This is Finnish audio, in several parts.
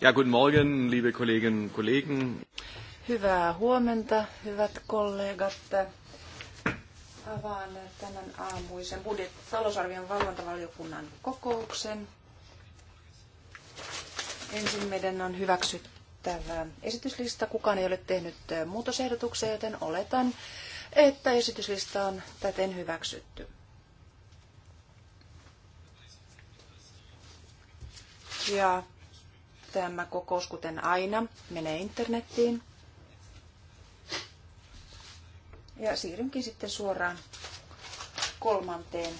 Ja, guten Morgen, liebe Kolleginnen und Kollegen. Hyvää huomenta, hyvät kollegat. Avaan tämän aamuisen budjet- talousarvion valvontavaliokunnan kokouksen. Ensin meidän on hyväksyttävä esityslista. Kukaan ei ole tehnyt äh, muutosehdotuksia, joten oletan, että esityslista on täten hyväksytty. Ja stm kokous kuten aina, menee internettiin. Ja siirrynkin sitten suoraan kolmanteen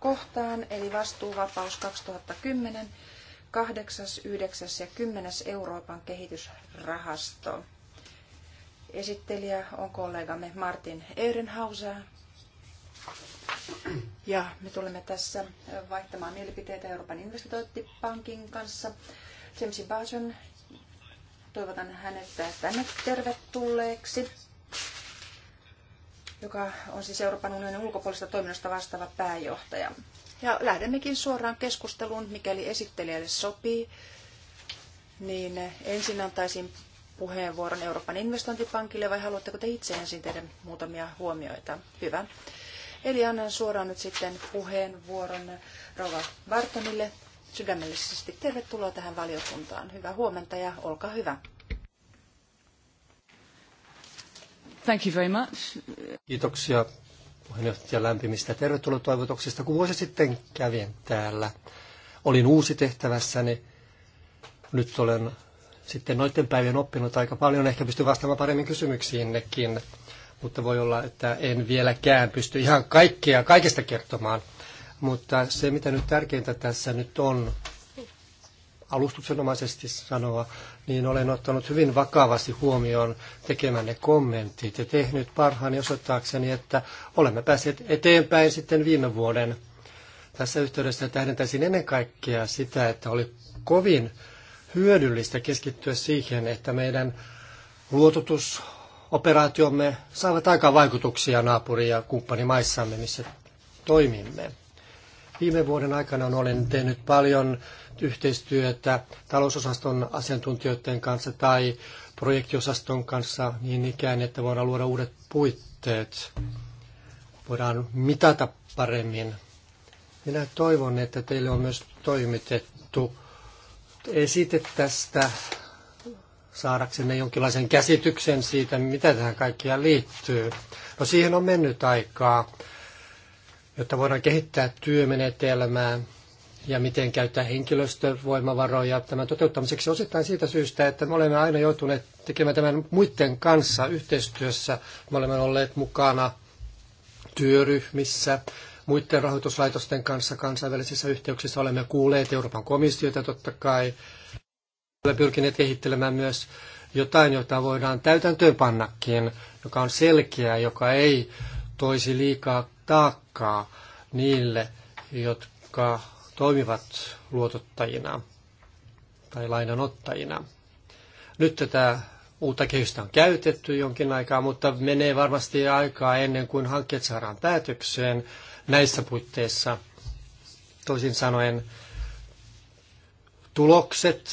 kohtaan, eli vastuuvapaus 2010, 8., 9. ja 10. Euroopan kehitysrahasto. Esittelijä on kollegamme Martin Ehrenhauser. Ja me tulemme tässä vaihtamaan mielipiteitä Euroopan investointipankin kanssa. James Barson, toivotan hänet tänne tervetulleeksi, joka on siis Euroopan unionin ulkopuolista toiminnasta vastaava pääjohtaja. Ja lähdemmekin suoraan keskusteluun, mikäli esittelijälle sopii. Niin ensin antaisin puheenvuoron Euroopan investointipankille vai haluatteko te itse ensin tehdä muutamia huomioita? Hyvä. Eli annan suoraan nyt sitten puheenvuoron Rova Bartonille. Sydämellisesti tervetuloa tähän valiokuntaan. Hyvää huomenta ja olkaa hyvä. Thank you very much. Kiitoksia puheenjohtaja lämpimistä tervetuloa Kun vuosi sitten kävin täällä, olin uusi tehtävässäni. Nyt olen sitten noiden päivien oppinut aika paljon. Ehkä pystyn vastaamaan paremmin kysymyksiinnekin mutta voi olla, että en vieläkään pysty ihan kaikkea, kaikesta kertomaan. Mutta se, mitä nyt tärkeintä tässä nyt on, alustuksenomaisesti sanoa, niin olen ottanut hyvin vakavasti huomioon tekemänne kommentit ja tehnyt parhaani osoittaakseni, että olemme päässeet eteenpäin sitten viime vuoden. Tässä yhteydessä tähdentäisin ennen kaikkea sitä, että oli kovin hyödyllistä keskittyä siihen, että meidän luototus operaatiomme saavat aikaan vaikutuksia naapuri- ja kumppanimaissamme, missä toimimme. Viime vuoden aikana olen tehnyt paljon yhteistyötä talousosaston asiantuntijoiden kanssa tai projektiosaston kanssa niin ikään, että voidaan luoda uudet puitteet. Voidaan mitata paremmin. Minä toivon, että teille on myös toimitettu esite tästä saadaksenne jonkinlaisen käsityksen siitä, mitä tähän kaikkiaan liittyy. No siihen on mennyt aikaa, jotta voidaan kehittää työmenetelmää ja miten käyttää henkilöstövoimavaroja tämän toteuttamiseksi osittain siitä syystä, että me olemme aina joutuneet tekemään tämän muiden kanssa yhteistyössä. Me olemme olleet mukana työryhmissä, muiden rahoituslaitosten kanssa kansainvälisissä yhteyksissä olemme kuulleet Euroopan komissiota totta kai, pyrkineet kehittelemään myös jotain, jota voidaan täytäntöön pannakin, joka on selkeä, joka ei toisi liikaa taakkaa niille, jotka toimivat luotottajina tai lainanottajina. Nyt tätä uutta kehystä on käytetty jonkin aikaa, mutta menee varmasti aikaa ennen kuin hankkeet saadaan päätökseen näissä puitteissa. Toisin sanoen tulokset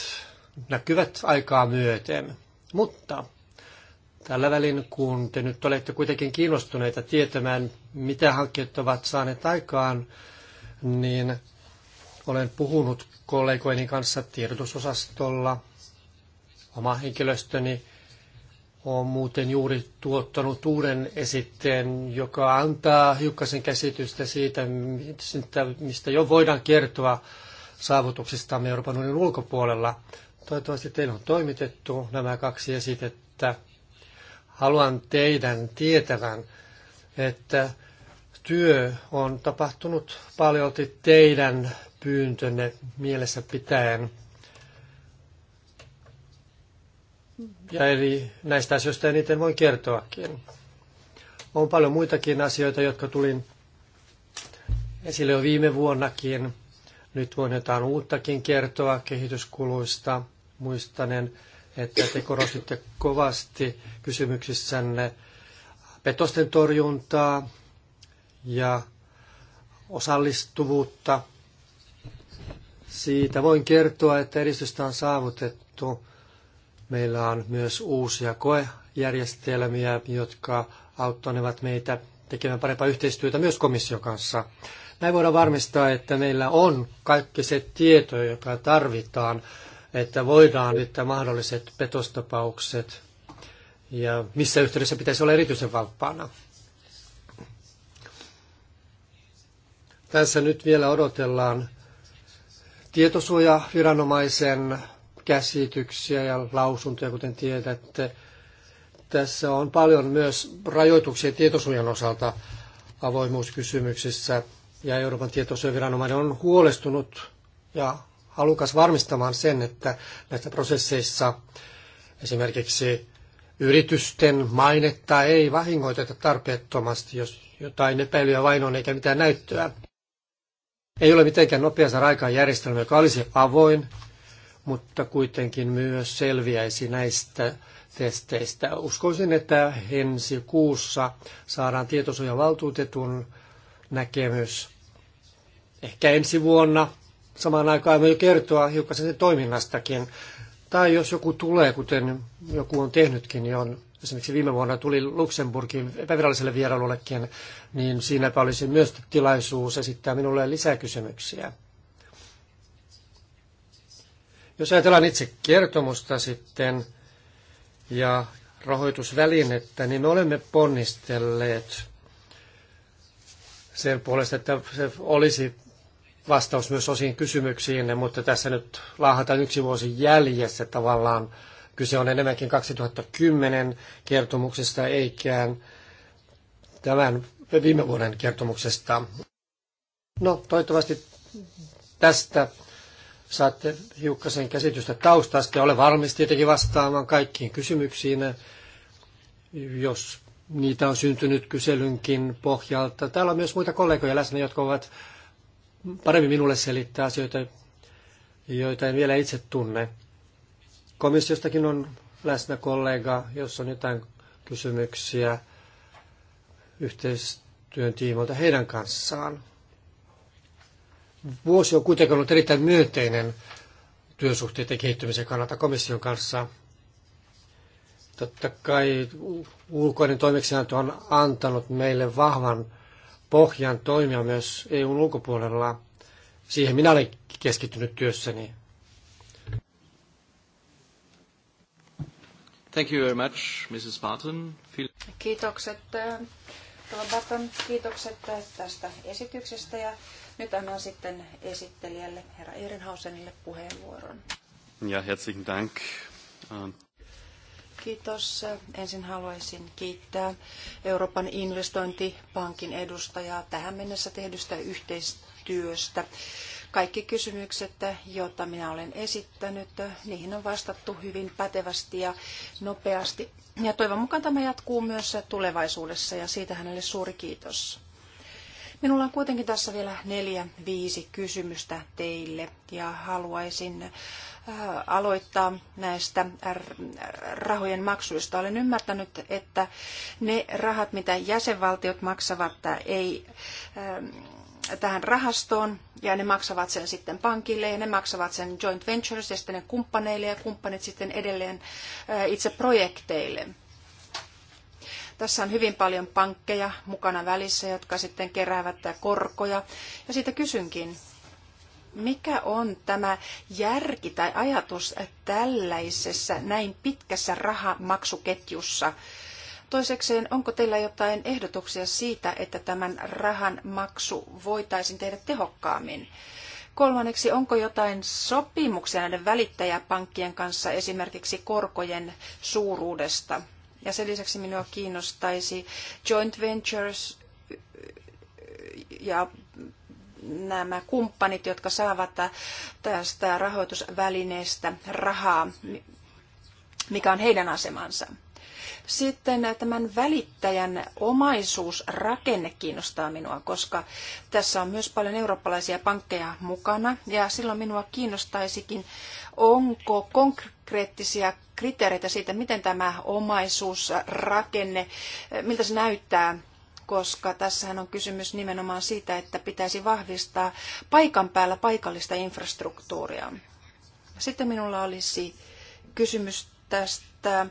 näkyvät aikaa myöten. Mutta tällä välin, kun te nyt olette kuitenkin kiinnostuneita tietämään, mitä hankkeet ovat saaneet aikaan, niin olen puhunut kollegoini kanssa tiedotusosastolla. Oma henkilöstöni on muuten juuri tuottanut uuden esitteen, joka antaa hiukkasen käsitystä siitä, mistä jo voidaan kertoa saavutuksistamme Euroopan unionin ulkopuolella Toivottavasti teille on toimitettu nämä kaksi esitettä. Haluan teidän tietävän, että työ on tapahtunut paljolti teidän pyyntönne mielessä pitäen. Ja eli näistä asioista eniten voin kertoakin. On paljon muitakin asioita, jotka tulin esille jo viime vuonnakin. Nyt voin jotain uuttakin kertoa kehityskuluista. Muistanen, että te korostitte kovasti kysymyksissänne petosten torjuntaa ja osallistuvuutta. Siitä voin kertoa, että edistystä on saavutettu. Meillä on myös uusia koejärjestelmiä, jotka auttanevat meitä tekemään parempaa yhteistyötä myös komission kanssa. Näin voidaan varmistaa, että meillä on kaikki se tieto, joka tarvitaan, että voidaan nyt mahdolliset petostapaukset ja missä yhteydessä pitäisi olla erityisen valppaana. Tässä nyt vielä odotellaan tietosuojaviranomaisen käsityksiä ja lausuntoja, kuten tiedätte. Tässä on paljon myös rajoituksia tietosuojan osalta avoimuuskysymyksissä ja Euroopan tietosuojaviranomainen on huolestunut ja halukas varmistamaan sen, että näissä prosesseissa esimerkiksi yritysten mainetta ei vahingoiteta tarpeettomasti, jos jotain epäilyä vain on eikä mitään näyttöä. Ei ole mitenkään nopeassa raikaan järjestelmä, joka olisi avoin, mutta kuitenkin myös selviäisi näistä testeistä. Uskoisin, että ensi kuussa saadaan tietosuojavaltuutetun näkemys. Ehkä ensi vuonna samaan aikaan voi kertoa hiukan sen toiminnastakin. Tai jos joku tulee, kuten joku on tehnytkin jo, niin on esimerkiksi viime vuonna tuli Luxemburgin epäviralliselle vierailullekin, niin siinäpä olisi myös tilaisuus esittää minulle lisäkysymyksiä. Jos ajatellaan itse kertomusta sitten ja rahoitusvälinettä, niin me olemme ponnistelleet sen puolesta, että se olisi vastaus myös osiin kysymyksiin, mutta tässä nyt laahataan yksi vuosi jäljessä tavallaan. Kyse on enemmänkin 2010 kertomuksesta eikä tämän viime vuoden kertomuksesta. No, toivottavasti tästä saatte hiukkasen käsitystä taustasta ja ole valmis tietenkin vastaamaan kaikkiin kysymyksiin. Jos Niitä on syntynyt kyselynkin pohjalta. Täällä on myös muita kollegoja läsnä, jotka ovat paremmin minulle selittää asioita, joita en vielä itse tunne. Komissiostakin on läsnä kollega, jos on jotain kysymyksiä yhteistyön tiimoilta heidän kanssaan. Vuosi on kuitenkin ollut erittäin myönteinen työsuhteiden kehittymisen kannalta komission kanssa. Totta kai ulkoinen toimeksianto on antanut meille vahvan pohjan toimia myös EUn ulkopuolella. Siihen minä olen keskittynyt työssäni. Thank you very much, Mrs. Äh, Barton. Kiitokset, Tuolla Barton, kiitokset tästä esityksestä ja nyt annan sitten esittelijälle, herra Ehrenhausenille, puheenvuoron. Ja herzlichen Dank. Ähm, Kiitos. Ensin haluaisin kiittää Euroopan investointipankin edustajaa tähän mennessä tehdystä yhteistyöstä. Kaikki kysymykset, joita minä olen esittänyt, niihin on vastattu hyvin pätevästi ja nopeasti. Ja toivon mukaan tämä jatkuu myös tulevaisuudessa ja siitä hänelle suuri kiitos. Minulla on kuitenkin tässä vielä neljä, viisi kysymystä teille ja haluaisin aloittaa näistä rahojen maksuista. Olen ymmärtänyt, että ne rahat, mitä jäsenvaltiot maksavat, ei tähän rahastoon ja ne maksavat sen sitten pankille ja ne maksavat sen joint ventures ja sitten ne kumppaneille ja kumppanit sitten edelleen itse projekteille. Tässä on hyvin paljon pankkeja mukana välissä, jotka sitten keräävät korkoja. Ja siitä kysynkin, mikä on tämä järki tai ajatus tällaisessa näin pitkässä rahamaksuketjussa? Toisekseen, onko teillä jotain ehdotuksia siitä, että tämän rahan maksu voitaisiin tehdä tehokkaammin? Kolmanneksi, onko jotain sopimuksia näiden välittäjäpankkien kanssa esimerkiksi korkojen suuruudesta? Ja sen lisäksi minua kiinnostaisi joint ventures ja nämä kumppanit, jotka saavat tästä rahoitusvälineestä rahaa, mikä on heidän asemansa. Sitten tämän välittäjän omaisuusrakenne kiinnostaa minua, koska tässä on myös paljon eurooppalaisia pankkeja mukana. Ja silloin minua kiinnostaisikin, onko konkreettisia kriteereitä siitä, miten tämä omaisuusrakenne, miltä se näyttää koska tässähän on kysymys nimenomaan siitä, että pitäisi vahvistaa paikan päällä paikallista infrastruktuuria. Sitten minulla olisi kysymys tästä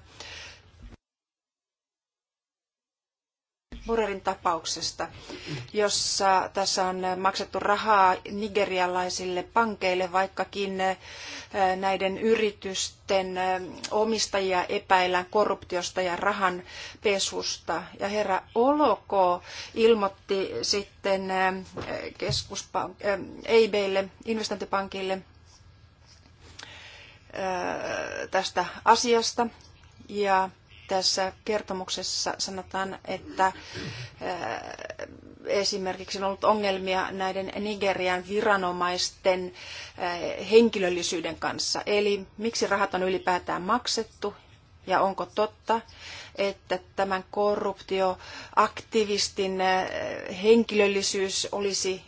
Burerin tapauksesta, jossa tässä on maksettu rahaa nigerialaisille pankeille, vaikkakin eh, näiden yritysten eh, omistajia epäillään korruptiosta ja rahan pesusta. Ja herra Oloko ilmoitti sitten eh, keskuspank- EIBille, investointipankille, tästä asiasta ja tässä kertomuksessa sanotaan, että äh, esimerkiksi on ollut ongelmia näiden Nigerian viranomaisten äh, henkilöllisyyden kanssa. Eli miksi rahat on ylipäätään maksettu ja onko totta, että tämän korruptioaktivistin äh, henkilöllisyys olisi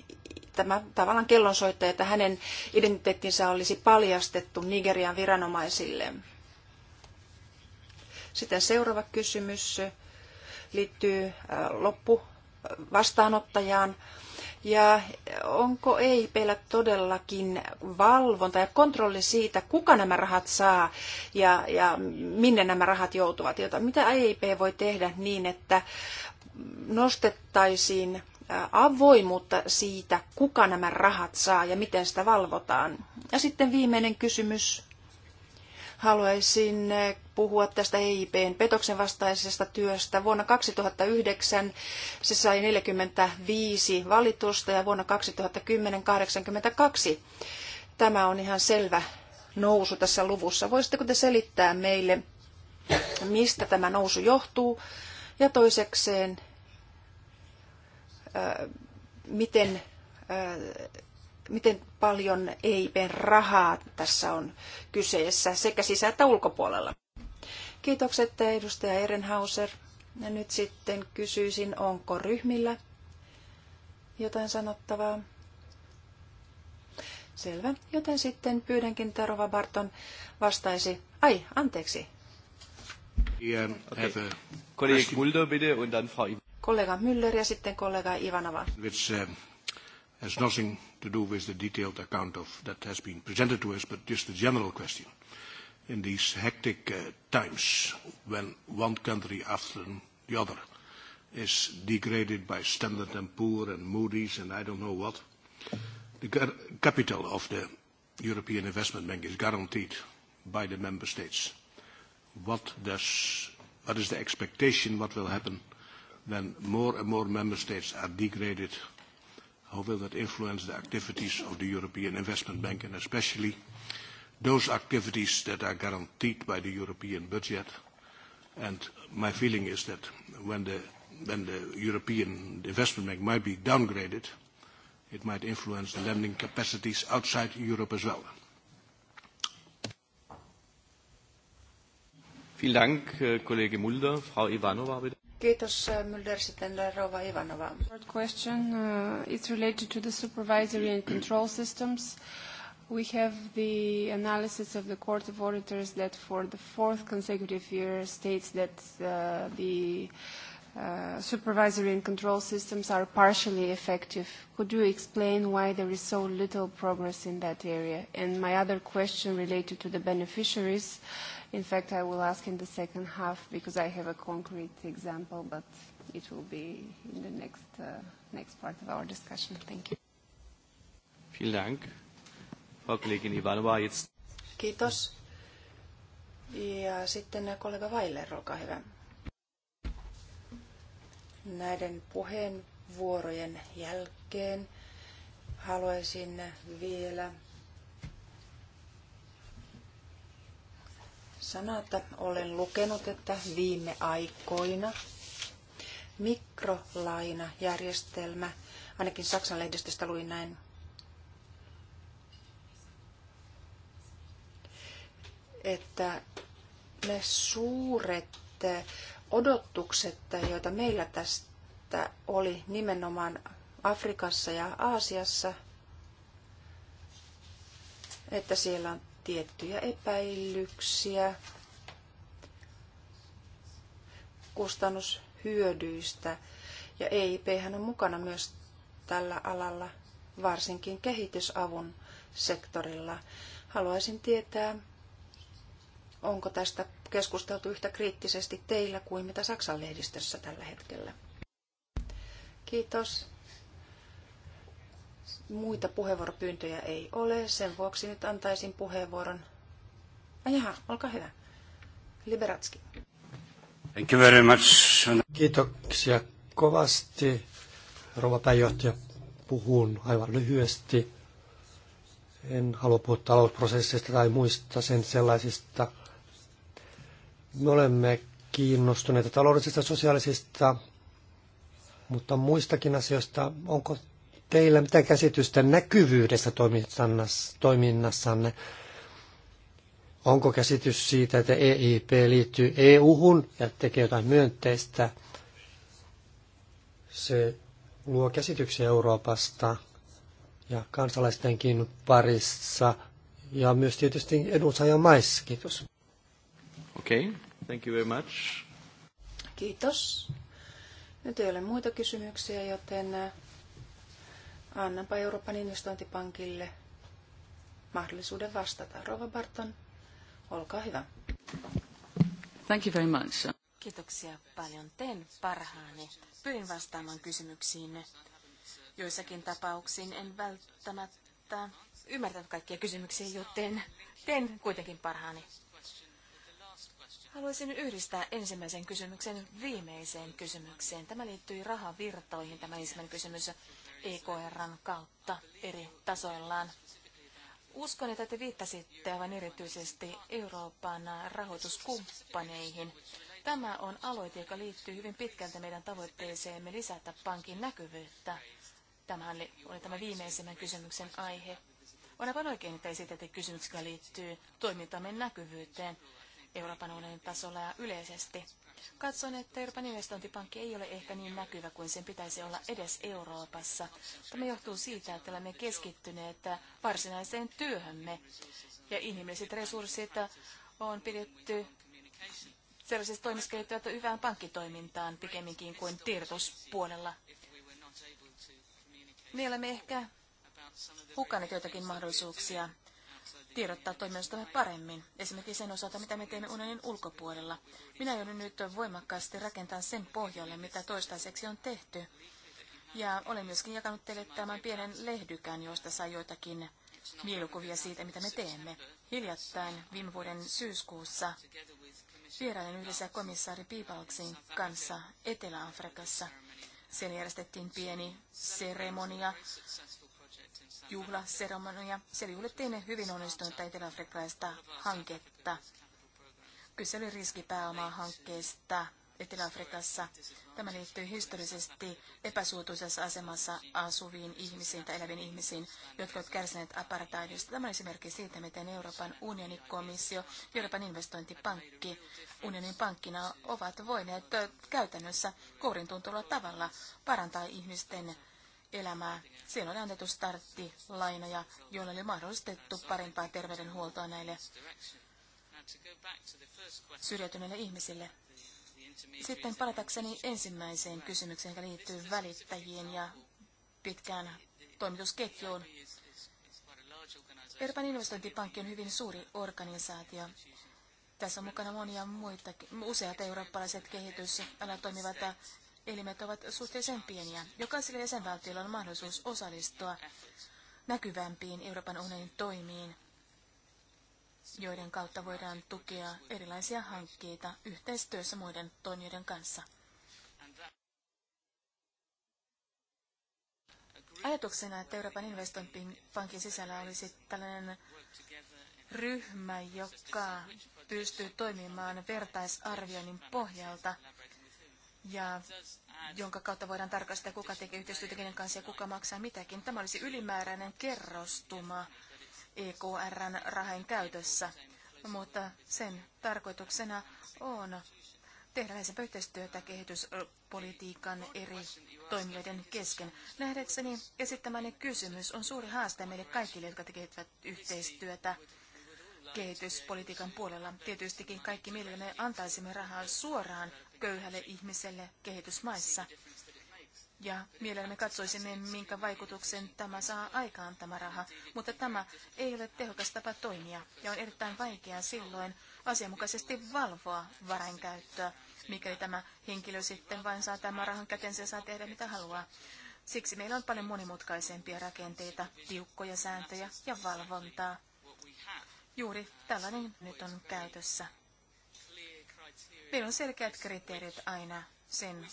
tämä tavallaan kellonsoittaja, että hänen identiteettinsä olisi paljastettu Nigerian viranomaisille. Sitten seuraava kysymys liittyy äh, loppu vastaanottajaan. Ja onko ei EIPllä todellakin valvonta ja kontrolli siitä, kuka nämä rahat saa ja, ja minne nämä rahat joutuvat? Jota, mitä EIP voi tehdä niin, että nostettaisiin äh, avoimuutta siitä, kuka nämä rahat saa ja miten sitä valvotaan? Ja sitten viimeinen kysymys Haluaisin eh, puhua tästä EIPn petoksen vastaisesta työstä. Vuonna 2009 se sai 45 valitusta ja vuonna 2010 82. Tämä on ihan selvä nousu tässä luvussa. Voisitteko te selittää meille, mistä tämä nousu johtuu? Ja toisekseen, eh, miten eh, miten paljon EIPn rahaa tässä on kyseessä sekä sisä- että ulkopuolella. Kiitokset edustaja Erenhauser. Ja nyt sitten kysyisin, onko ryhmillä jotain sanottavaa? Selvä. Joten sitten pyydänkin Rova Barton vastaisi. Ai, anteeksi. Um, kollega Kollega Müller ja sitten kollega Ivanova. Um, has nothing to do with the detailed account of that has been presented to us, but just a general question. In these hectic uh, times when one country after the other is degraded by Standard and Poor and Moody's and I don't know what, the capital of the European Investment Bank is guaranteed by the member states. What, does, what is the expectation what will happen when more and more member states are degraded How will that influence the activities of the European Investment Bank and especially those activities that are guaranteed by the European budget? And my feeling is that when the, when the European Investment Bank might be downgraded, it might influence the lending capacities outside Europe as well. Vielen Dank, äh, Kollege Mulder. Frau Ivanova, bitte. Kiitos äh, Mulder. Sitten äh, Rova Ivanova. Third question uh, is related to the supervisory and control systems. We have the analysis of the Court of Auditors that for the fourth consecutive year states that uh, the uh, supervisory and control systems are partially effective. Could you explain why there is so little progress in that area? And my other question related to the beneficiaries In fact, I will ask in the second half because I have a concrete example, but it will be in the next, uh, next part of our discussion. Thank you. Vielen Dank. Frau Kollegin Ivanova, jetzt. Kiitos. Ja sitten kollega Weiler, olkaa hyvä. Näiden puheenvuorojen jälkeen haluaisin vielä sanoa, että olen lukenut, että viime aikoina mikrolainajärjestelmä, ainakin Saksan lehdistöstä luin näin, että ne suuret odotukset, joita meillä tästä oli nimenomaan Afrikassa ja Aasiassa, että siellä on tiettyjä epäilyksiä kustannushyödyistä. Ja EIP on mukana myös tällä alalla, varsinkin kehitysavun sektorilla. Haluaisin tietää, onko tästä keskusteltu yhtä kriittisesti teillä kuin mitä Saksan lehdistössä tällä hetkellä. Kiitos. Muita puheenvuoropyyntöjä ei ole, sen vuoksi nyt antaisin puheenvuoron. Ah, olkaa hyvä. Liberatski. Thank you very much. Kiitoksia kovasti. Rouva pääjohtaja, puhun aivan lyhyesti. En halua puhua talousprosessista tai muista sen sellaisista. Me olemme kiinnostuneita taloudellisista, sosiaalisista, mutta muistakin asioista. Onko teillä mitä käsitystä näkyvyydestä toiminnassanne? Onko käsitys siitä, että EIP liittyy EU-hun ja tekee jotain myönteistä? Se luo käsityksiä Euroopasta ja kansalaistenkin parissa ja myös tietysti edunsaajan maissa. Kiitos. Okei, okay. thank you very much. Kiitos. Nyt ei ole muita kysymyksiä, joten annanpa Euroopan investointipankille mahdollisuuden vastata. Rova Barton, olkaa hyvä. Thank you very much. Kiitoksia paljon. Teen parhaani. Pyrin vastaamaan kysymyksiin. Joissakin tapauksiin en välttämättä ymmärtänyt kaikkia kysymyksiä, joten teen kuitenkin parhaani. Haluaisin yhdistää ensimmäisen kysymyksen viimeiseen kysymykseen. Tämä liittyy rahavirtoihin, tämä ensimmäinen kysymys. EKRn kautta eri tasoillaan. Uskon, että te viittasitte aivan erityisesti Euroopan rahoituskumppaneihin. Tämä on aloite, joka liittyy hyvin pitkälti meidän tavoitteeseemme lisätä pankin näkyvyyttä. Tämä oli tämä viimeisimmän kysymyksen aihe. On aivan oikein, että esitätte kysymyksiä liittyy toimintamme näkyvyyteen Euroopan unionin tasolla ja yleisesti. Katson, että Euroopan investointipankki ei ole ehkä niin näkyvä kuin sen pitäisi olla edes Euroopassa. Tämä johtuu siitä, että olemme keskittyneet varsinaiseen työhömme ja inhimilliset resurssit on pidetty sellaisissa toimissa kehittyvät hyvään pankkitoimintaan pikemminkin kuin tiedotuspuolella. Me olemme ehkä hukanneet joitakin mahdollisuuksia tiedottaa toimijastamme paremmin, esimerkiksi sen osalta, mitä me teemme unionin ulkopuolella. Minä joudun nyt voimakkaasti rakentamaan sen pohjalle, mitä toistaiseksi on tehty. Ja olen myöskin jakanut teille tämän pienen lehdykän, josta sai joitakin mielikuvia siitä, mitä me teemme. Hiljattain viime vuoden syyskuussa vierailin yhdessä komissaari Piipalksin kanssa Etelä-Afrikassa. Siellä järjestettiin pieni seremonia juhlaseremonia. Siellä juhlittiin hyvin onnistunutta eteläafrikkalaista hanketta. Kyse oli riskipääomaa hankkeesta Etelä-Afrikassa. Tämä liittyy historisesti epäsuotuisessa asemassa asuviin ihmisiin tai eläviin ihmisiin, jotka ovat kärsineet apartheidista. Tämä on esimerkki siitä, miten Euroopan unionin komissio Euroopan investointipankki unionin pankkina ovat voineet käytännössä kourintuntulla tavalla parantaa ihmisten elämää. Siellä oli annettu starttilainoja, joilla oli mahdollistettu parempaa terveydenhuoltoa näille syrjäytyneille ihmisille. Sitten palatakseni ensimmäiseen kysymykseen, joka liittyy välittäjiin ja pitkään toimitusketjuun. Euroopan investointipankki on hyvin suuri organisaatio. Tässä on mukana monia muita, useat eurooppalaiset kehitysalat toimivat elimet ovat suhteellisen pieniä. Jokaisella jäsenvaltiolla on mahdollisuus osallistua näkyvämpiin Euroopan unionin toimiin, joiden kautta voidaan tukea erilaisia hankkeita yhteistyössä muiden toimijoiden kanssa. Ajatuksena, että Euroopan investointipankin sisällä olisi tällainen ryhmä, joka pystyy toimimaan vertaisarvioinnin pohjalta ja jonka kautta voidaan tarkastaa, kuka tekee yhteistyötä kenen kanssa ja kuka maksaa mitäkin. Tämä olisi ylimääräinen kerrostuma EKRn rahain käytössä, mutta sen tarkoituksena on tehdä läheisempää yhteistyötä kehityspolitiikan eri toimijoiden kesken. Nähdäkseni esittämäni kysymys on suuri haaste meille kaikille, jotka tekevät yhteistyötä kehityspolitiikan puolella. Tietystikin kaikki mielellämme antaisimme rahaa suoraan köyhälle ihmiselle kehitysmaissa. Ja mielellämme katsoisimme, minkä vaikutuksen tämä saa aikaan tämä raha, mutta tämä ei ole tehokas tapa toimia ja on erittäin vaikeaa silloin asianmukaisesti valvoa varainkäyttöä, mikäli tämä henkilö sitten vain saa tämän rahan kätensä ja saa tehdä mitä haluaa. Siksi meillä on paljon monimutkaisempia rakenteita, tiukkoja sääntöjä ja valvontaa. Juuri tällainen nyt on käytössä. Meillä on selkeät kriteerit aina sen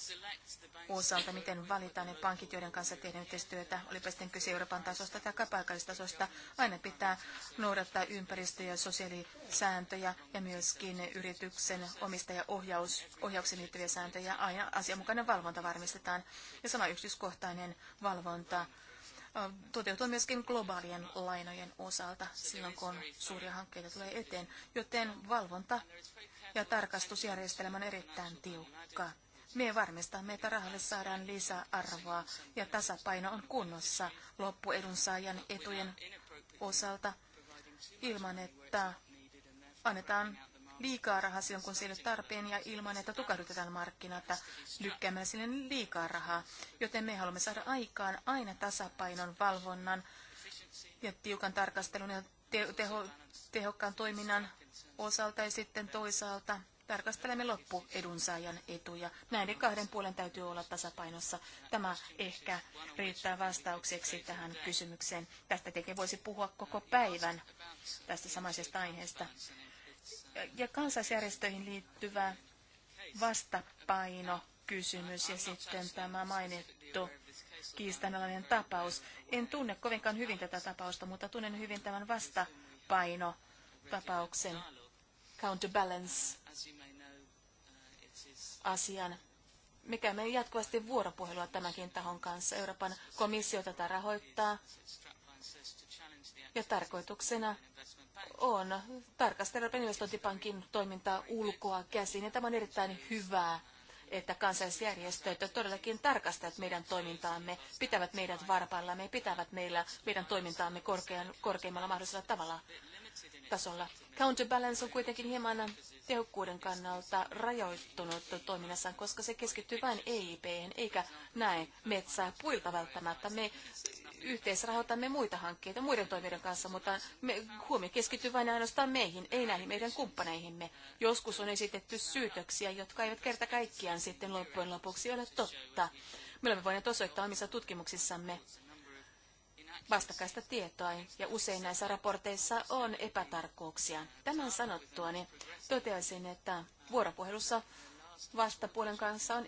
osalta, miten valitaan ne pankit, joiden kanssa tehdään yhteistyötä, olipa sitten kyse Euroopan tasosta tai paikallistasosta. Aina pitää noudattaa ympäristö- ja sosiaalisääntöjä ja myöskin yrityksen omistajaohjaukseen liittyviä sääntöjä. Aina asianmukainen valvonta varmistetaan ja sama yksityiskohtainen valvonta toteutuu myöskin globaalien lainojen osalta silloin, kun suuria hankkeita tulee eteen, joten valvonta ja tarkastusjärjestelmä on erittäin tiukka. Me varmistamme, että rahalle saadaan lisäarvoa ja tasapaino on kunnossa loppuedunsaajan etujen osalta ilman, että annetaan liikaa rahaa silloin, kun se ei ole tarpeen, ja ilman, että tukahdutetaan markkinoita lykkäämällä sinne liikaa rahaa. Joten me haluamme saada aikaan aina tasapainon, valvonnan ja tiukan tarkastelun ja teho, tehokkaan toiminnan osalta ja sitten toisaalta tarkastelemme loppuedunsaajan etuja. Näiden kahden puolen täytyy olla tasapainossa. Tämä ehkä riittää vastaukseksi tähän kysymykseen. Tästä tekee voisi puhua koko päivän tästä samaisesta aiheesta. Ja kansaisjärjestöihin liittyvä vastapaino kysymys ja sitten tämä mainittu kiistanalainen tapaus. En tunne kovinkaan hyvin tätä tapausta, mutta tunnen hyvin tämän vastapaino tapauksen counterbalance asian. Mikä me jatkuvasti vuoropuhelua tämänkin tahon kanssa. Euroopan komissio tätä rahoittaa. Ja tarkoituksena on tarkastella Euroopan investointipankin toimintaa ulkoa käsin. Ja tämä on erittäin hyvää että kansalaisjärjestöt todellakin tarkastavat meidän toimintaamme, pitävät meidät varpaillamme, pitävät meillä meidän toimintaamme korkean, korkeimmalla mahdollisella tavalla tasolla. Counterbalance on kuitenkin hieman tehokkuuden kannalta rajoittunut toiminnassaan, koska se keskittyy vain eip eikä näe metsää puilta välttämättä. Me yhteisrahoitamme muita hankkeita muiden toimijoiden kanssa, mutta me, huomio keskittyy vain ainoastaan meihin, ei näihin meidän kumppaneihimme. Joskus on esitetty syytöksiä, jotka eivät kerta kaikkiaan sitten loppujen lopuksi ole totta. Me olemme voineet osoittaa omissa tutkimuksissamme, vastakkaista tietoa ja usein näissä raporteissa on epätarkkuuksia. Tämän sanottua niin toteaisin, että vuoropuhelussa vastapuolen kanssa on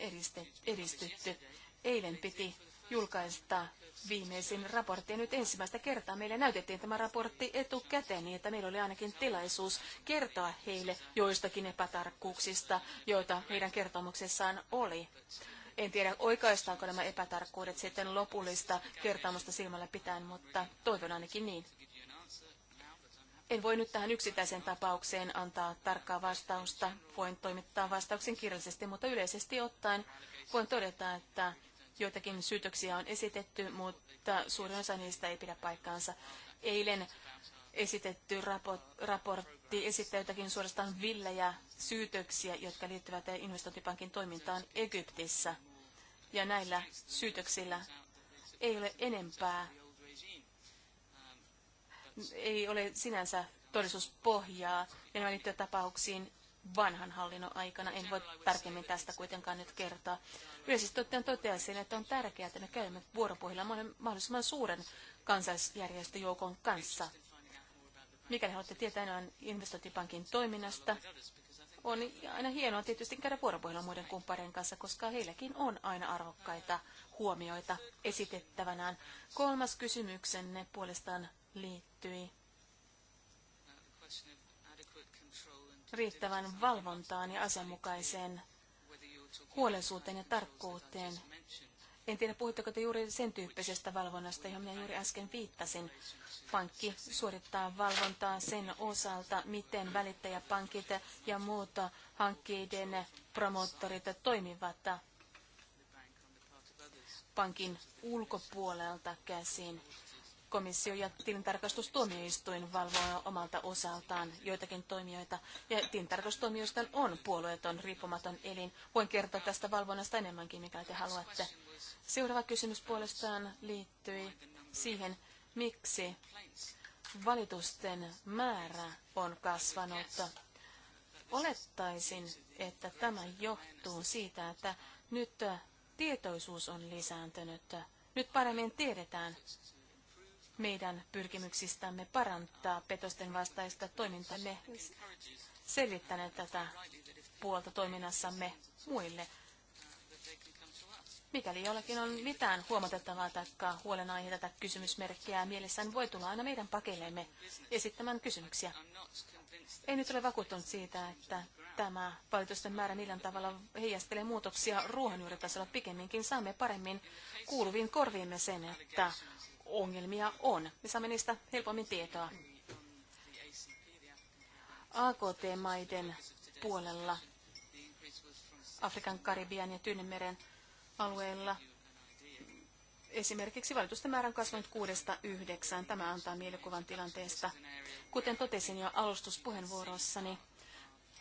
edistytty. Eilen piti julkaista viimeisin raportti. Nyt ensimmäistä kertaa meille näytettiin tämä raportti etukäteen niin, että meillä oli ainakin tilaisuus kertoa heille joistakin epätarkkuuksista, joita heidän kertomuksessaan oli. En tiedä, oikaistaanko nämä epätarkkuudet sitten lopullista kertaamusta silmällä pitäen, mutta toivon ainakin niin. En voi nyt tähän yksittäiseen tapaukseen antaa tarkkaa vastausta. Voin toimittaa vastauksen kirjallisesti, mutta yleisesti ottaen voin todeta, että joitakin syytöksiä on esitetty, mutta suurin osa niistä ei pidä paikkaansa. Eilen esitetty raportti esittää jotakin suorastaan villejä syytöksiä, jotka liittyvät investointipankin toimintaan Egyptissä ja näillä syytöksillä ei ole enempää, ei ole sinänsä todellisuuspohjaa ja nämä liittyvät tapauksiin vanhan hallinnon aikana. En voi tarkemmin tästä kuitenkaan nyt kertoa. Yleisesti ottaen toteaisin, että on tärkeää, että me käymme vuoropuhilla mahdollisimman suuren kansallisjärjestöjoukon kanssa. Mikäli haluatte tietää enemmän investointipankin toiminnasta on aina hienoa tietysti käydä vuoropuhelua muiden kumppaneiden kanssa, koska heilläkin on aina arvokkaita huomioita esitettävänään. Kolmas kysymyksenne puolestaan liittyi riittävän valvontaan ja asianmukaiseen huolellisuuteen ja tarkkuuteen en tiedä, puhutteko te juuri sen tyyppisestä valvonnasta, johon minä juuri äsken viittasin. Pankki suorittaa valvontaa sen osalta, miten välittäjäpankit ja muuta hankkeiden promottorit toimivat pankin ulkopuolelta käsin. Komissio ja tilintarkastustuomioistuin valvoo omalta osaltaan joitakin toimijoita, ja tilintarkastustuomioistuin on puolueeton, riippumaton elin. Voin kertoa tästä valvonnasta enemmänkin, mikä te haluatte. Seuraava kysymys puolestaan liittyi siihen, miksi valitusten määrä on kasvanut. Olettaisin, että tämä johtuu siitä, että nyt tietoisuus on lisääntynyt. Nyt paremmin tiedetään meidän pyrkimyksistämme parantaa petosten vastaista toimintaa. selvittäneet tätä puolta toiminnassamme muille. Mikäli jollakin on mitään huomatettavaa tai huolenaiheita tai kysymysmerkkiä mielessään, niin voi tulla aina meidän pakeleemme esittämään kysymyksiä. En nyt ole vakuuttunut siitä, että tämä valitusten määrä millään tavalla heijastelee muutoksia ruohonjuuritasolla. Pikemminkin saamme paremmin kuuluviin korviimme sen, että ongelmia on. Me saamme niistä helpommin tietoa. AKT-maiden puolella Afrikan, Karibian ja Tyynemeren alueella. Esimerkiksi valitusten määrän kasvanut kuudesta yhdeksään. Tämä antaa mielikuvan tilanteesta. Kuten totesin jo alustuspuheenvuorossani,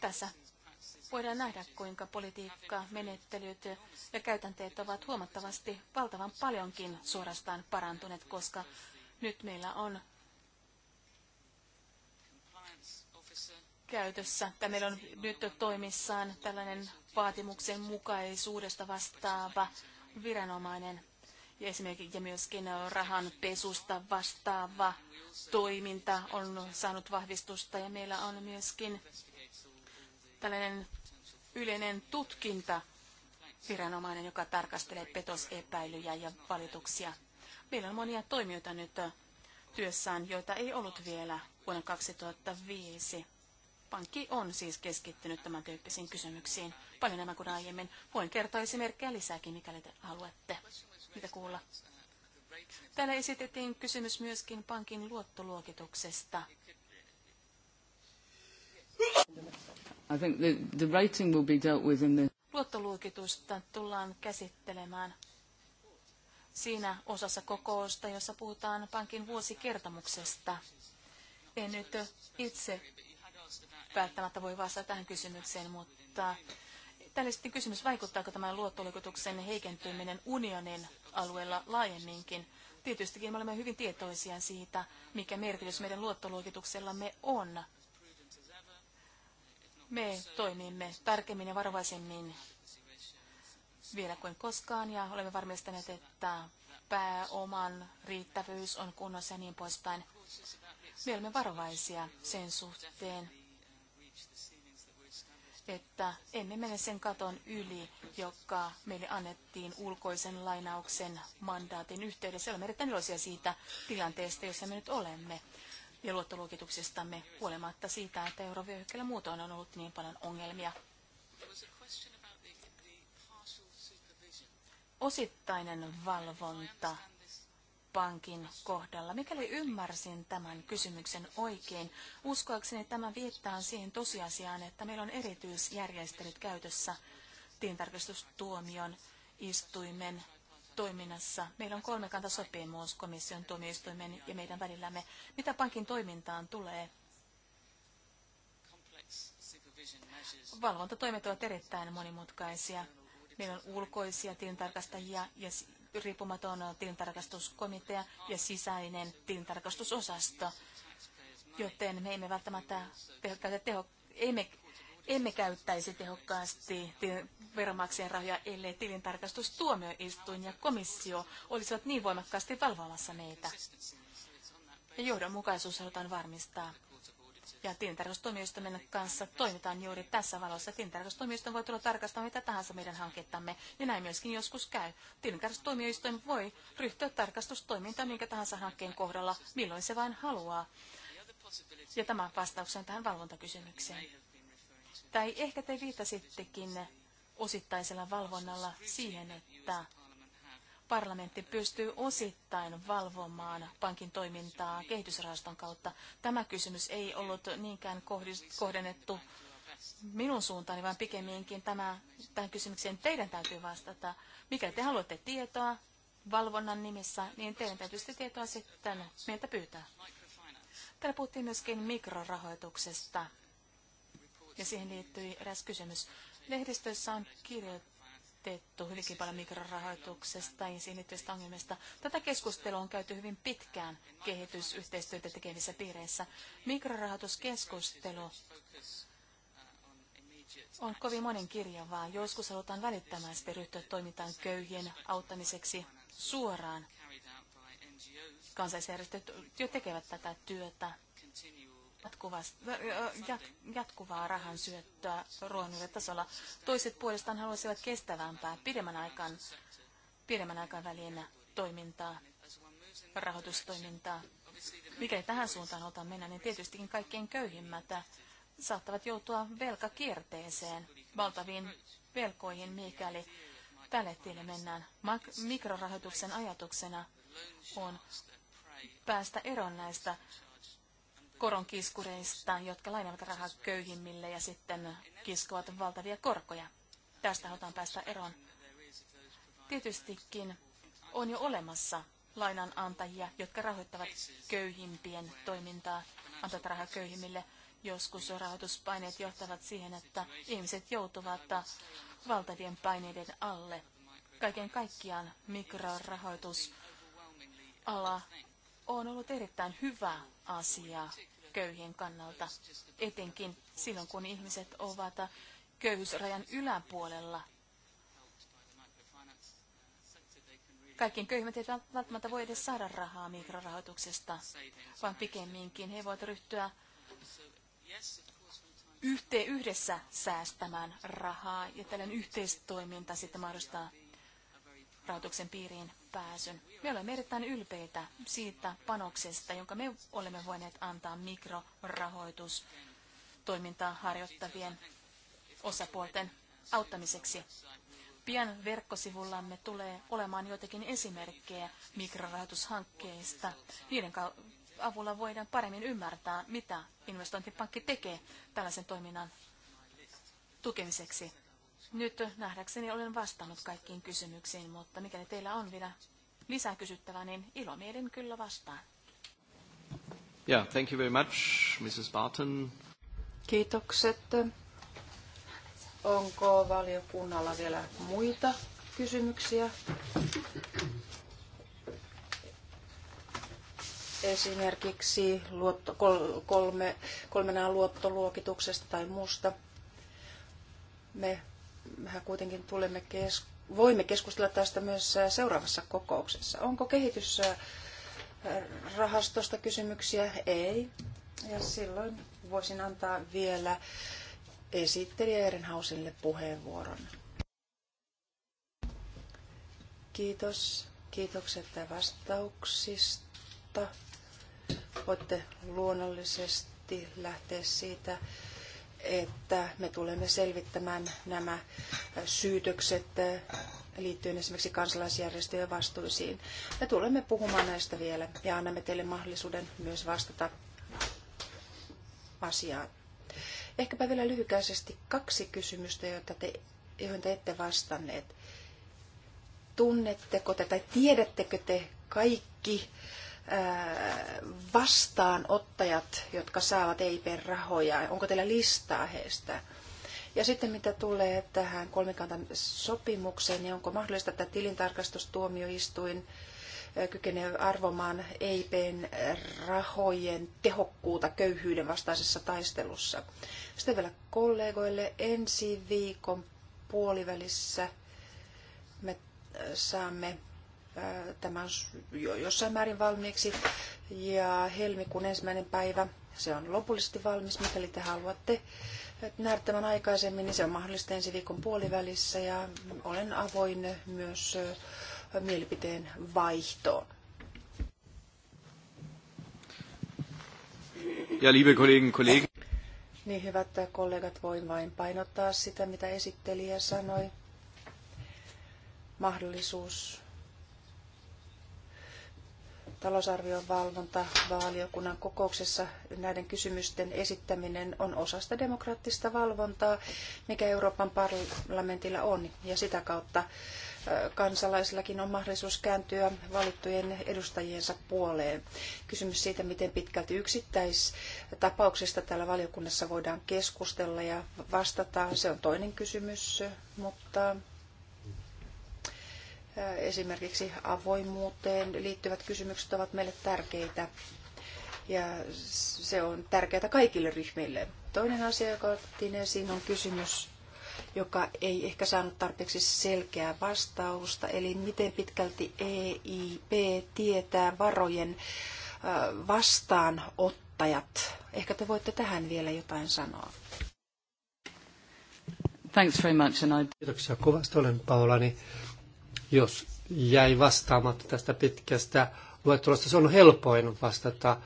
tässä voidaan nähdä, kuinka politiikka, menettelyt ja käytänteet ovat huomattavasti valtavan paljonkin suorastaan parantuneet, koska nyt meillä on käytössä, tai meillä on nyt toimissaan tällainen vaatimuksen mukaisuudesta vastaava viranomainen ja esimerkiksi ja myöskin rahan pesusta vastaava toiminta on saanut vahvistusta ja meillä on myöskin tällainen yleinen tutkinta viranomainen, joka tarkastelee petosepäilyjä ja valituksia. Meillä on monia toimijoita nyt työssään, joita ei ollut vielä vuonna 2005. Pankki on siis keskittynyt tämän tyyppisiin kysymyksiin paljon enemmän kuin aiemmin. Voin kertoa esimerkkejä lisääkin, mikäli te haluatte mitä kuulla. Täällä esitettiin kysymys myöskin pankin luottoluokituksesta. I think the, the rating will be dealt with in the... Luottoluokitusta tullaan käsittelemään siinä osassa kokousta, jossa puhutaan pankin vuosikertomuksesta. En nyt itse välttämättä voi vastata tähän kysymykseen, mutta täällä sitten kysymys, vaikuttaako tämä luottoluokituksen heikentyminen unionin alueella laajemminkin? Tietystikin me olemme hyvin tietoisia siitä, mikä merkitys meidän luottoluokituksellamme on. Me toimimme tarkemmin ja varovaisemmin vielä kuin koskaan ja olemme varmistaneet, että pääoman riittävyys on kunnossa ja niin poispäin. Me olemme varovaisia sen suhteen, että emme mene sen katon yli, joka meille annettiin ulkoisen lainauksen mandaatin yhteydessä. Olemme erittäin iloisia siitä tilanteesta, jossa me nyt olemme ja luottoluokituksestamme huolimatta siitä, että eurovyöhykkeellä muutoin on ollut niin paljon ongelmia. Osittainen valvonta pankin kohdalla. Mikäli ymmärsin tämän kysymyksen oikein, uskoakseni tämä viittaa siihen tosiasiaan, että meillä on erityisjärjestelyt käytössä tiintarkastustuomion istuimen toiminnassa. Meillä on kolmekanta sopimus komission tuomioistuimen ja meidän välillämme. Mitä pankin toimintaan tulee? Valvontatoimet ovat erittäin monimutkaisia. Meillä on ulkoisia tilintarkastajia ja riippumaton tilintarkastuskomitea ja sisäinen tilintarkastusosasto, joten me emme välttämättä käytä teho, emme, emme käyttäisi tehokkaasti veronmaksajien rahoja, ellei tilintarkastustuomioistuin ja komissio olisivat niin voimakkaasti valvomassa meitä. Ja johdonmukaisuus halutaan varmistaa. Ja tilintarkastustoimijoistamme kanssa toimitaan juuri tässä valossa. Tilintarkastustoimijoista voi tulla tarkastamaan mitä tahansa meidän hankettamme, ja näin myöskin joskus käy. Tilintarkastustoimijoistoin voi ryhtyä tarkastustoimintaan minkä tahansa hankkeen kohdalla, milloin se vain haluaa. Ja tämä vastauksen tähän valvontakysymykseen. Tai ehkä te viittasittekin osittaisella valvonnalla siihen, että parlamentti pystyy osittain valvomaan pankin toimintaa kehitysrahaston kautta. Tämä kysymys ei ollut niinkään kohdennettu minun suuntaani, vaan pikemminkin tämä, tähän kysymykseen teidän täytyy vastata. Mikä te haluatte tietoa valvonnan nimissä, niin teidän täytyy sitä tietoa sitten meiltä pyytää. Täällä puhuttiin myöskin mikrorahoituksesta, ja siihen liittyi eräs kysymys. Lehdistössä on kirjoitettu puhuttu hyvinkin paljon mikrorahoituksesta ja siihen liittyvistä ongelmista. Tätä keskustelua on käyty hyvin pitkään kehitysyhteistyötä tekevissä piireissä. Mikrorahoituskeskustelu on kovin monen kirjavaa. Joskus halutaan välittömästi ryhtyä toimintaan köyhien auttamiseksi suoraan. Kansaisjärjestöt jo tekevät tätä työtä jatkuvaa rahan syöttöä tasolla. Toiset puolestaan haluaisivat kestävämpää pidemmän aikaan, pidemmän aikavälin toimintaa, rahoitustoimintaa. Mikäli tähän suuntaan otan mennä, niin tietystikin kaikkein köyhimmät saattavat joutua velkakierteeseen, valtaviin velkoihin, mikäli tälle tielle mennään. Mak- mikrorahoituksen ajatuksena on päästä eroon näistä koronkiskureista, jotka lainaavat rahaa köyhimmille ja sitten kiskovat valtavia korkoja. Tästä halutaan päästä eroon. Tietystikin on jo olemassa lainanantajia, jotka rahoittavat köyhimpien toimintaa, antavat rahaa köyhimmille. Joskus rahoituspaineet johtavat siihen, että ihmiset joutuvat valtavien paineiden alle. Kaiken kaikkiaan mikrorahoitusala on ollut erittäin hyvä asia köyhien kannalta, etenkin silloin kun ihmiset ovat köyhyysrajan yläpuolella. Kaikkien köyhimmät eivät välttämättä voi edes saada rahaa mikrorahoituksesta, vaan pikemminkin he voivat ryhtyä yhteen yhdessä säästämään rahaa ja tällainen yhteistoiminta sitten mahdollistaa rahoituksen piiriin pääsyn. Me olemme erittäin ylpeitä siitä panoksesta, jonka me olemme voineet antaa mikrorahoitus toimintaa harjoittavien osapuolten auttamiseksi. Pian verkkosivullamme tulee olemaan joitakin esimerkkejä mikrorahoitushankkeista. Niiden avulla voidaan paremmin ymmärtää, mitä investointipankki tekee tällaisen toiminnan tukemiseksi. Nyt nähdäkseni olen vastannut kaikkiin kysymyksiin, mutta mikäli teillä on vielä lisää kysyttävää, niin ilomielin kyllä vastaan. Yeah, thank you very much, Mrs. Barton. Kiitokset. Onko valiokunnalla vielä muita kysymyksiä? Esimerkiksi luotto, kolme, kolmenaan luottoluokituksesta tai muusta. Me mehän kuitenkin tulemme kes- voimme keskustella tästä myös äh, seuraavassa kokouksessa. Onko kehitysrahastosta äh, kysymyksiä? Ei. Ja silloin voisin antaa vielä esittelijä Ehrenhausille puheenvuoron. Kiitos. Kiitokset vastauksista. Voitte luonnollisesti lähteä siitä, että me tulemme selvittämään nämä syytökset liittyen esimerkiksi kansalaisjärjestöjen vastuisiin. Me tulemme puhumaan näistä vielä ja annamme teille mahdollisuuden myös vastata asiaan. Ehkäpä vielä lyhykäisesti kaksi kysymystä, joita te, joihin te ette vastanneet. Tunnetteko te tai tiedättekö te kaikki vastaanottajat, jotka saavat eip rahoja? Onko teillä listaa heistä? Ja sitten mitä tulee tähän kolmikantan sopimukseen, niin onko mahdollista, että tilintarkastustuomioistuin kykenee arvomaan EIPn rahojen tehokkuutta köyhyyden vastaisessa taistelussa. Sitten vielä kollegoille ensi viikon puolivälissä me saamme Tämä on jo jossain määrin valmiiksi. Ja helmikuun ensimmäinen päivä, se on lopullisesti valmis, mikäli te haluatte nähdä tämän aikaisemmin, niin se on mahdollista ensi viikon puolivälissä ja olen avoin myös mielipiteen vaihtoon. Ja liebe Kollegen, Kollegen. Niin hyvät kollegat, voin vain painottaa sitä, mitä esittelijä sanoi. Mahdollisuus talousarvion valvonta valiokunnan kokouksessa näiden kysymysten esittäminen on osa sitä demokraattista valvontaa, mikä Euroopan parlamentilla on. Ja sitä kautta kansalaisillakin on mahdollisuus kääntyä valittujen edustajiensa puoleen. Kysymys siitä, miten pitkälti yksittäistapauksista täällä valiokunnassa voidaan keskustella ja vastata, se on toinen kysymys, mutta Esimerkiksi avoimuuteen liittyvät kysymykset ovat meille tärkeitä ja se on tärkeää kaikille ryhmille. Toinen asia, joka otettiin esiin, on kysymys, joka ei ehkä saanut tarpeeksi selkeää vastausta, eli miten pitkälti EIP tietää varojen vastaanottajat. Ehkä te voitte tähän vielä jotain sanoa. Thanks very much, and I... Kiitoksia kovasti, olen Paulani. Jos jäi vastaamatta tästä pitkästä luettelosta, se on helpoin vastata.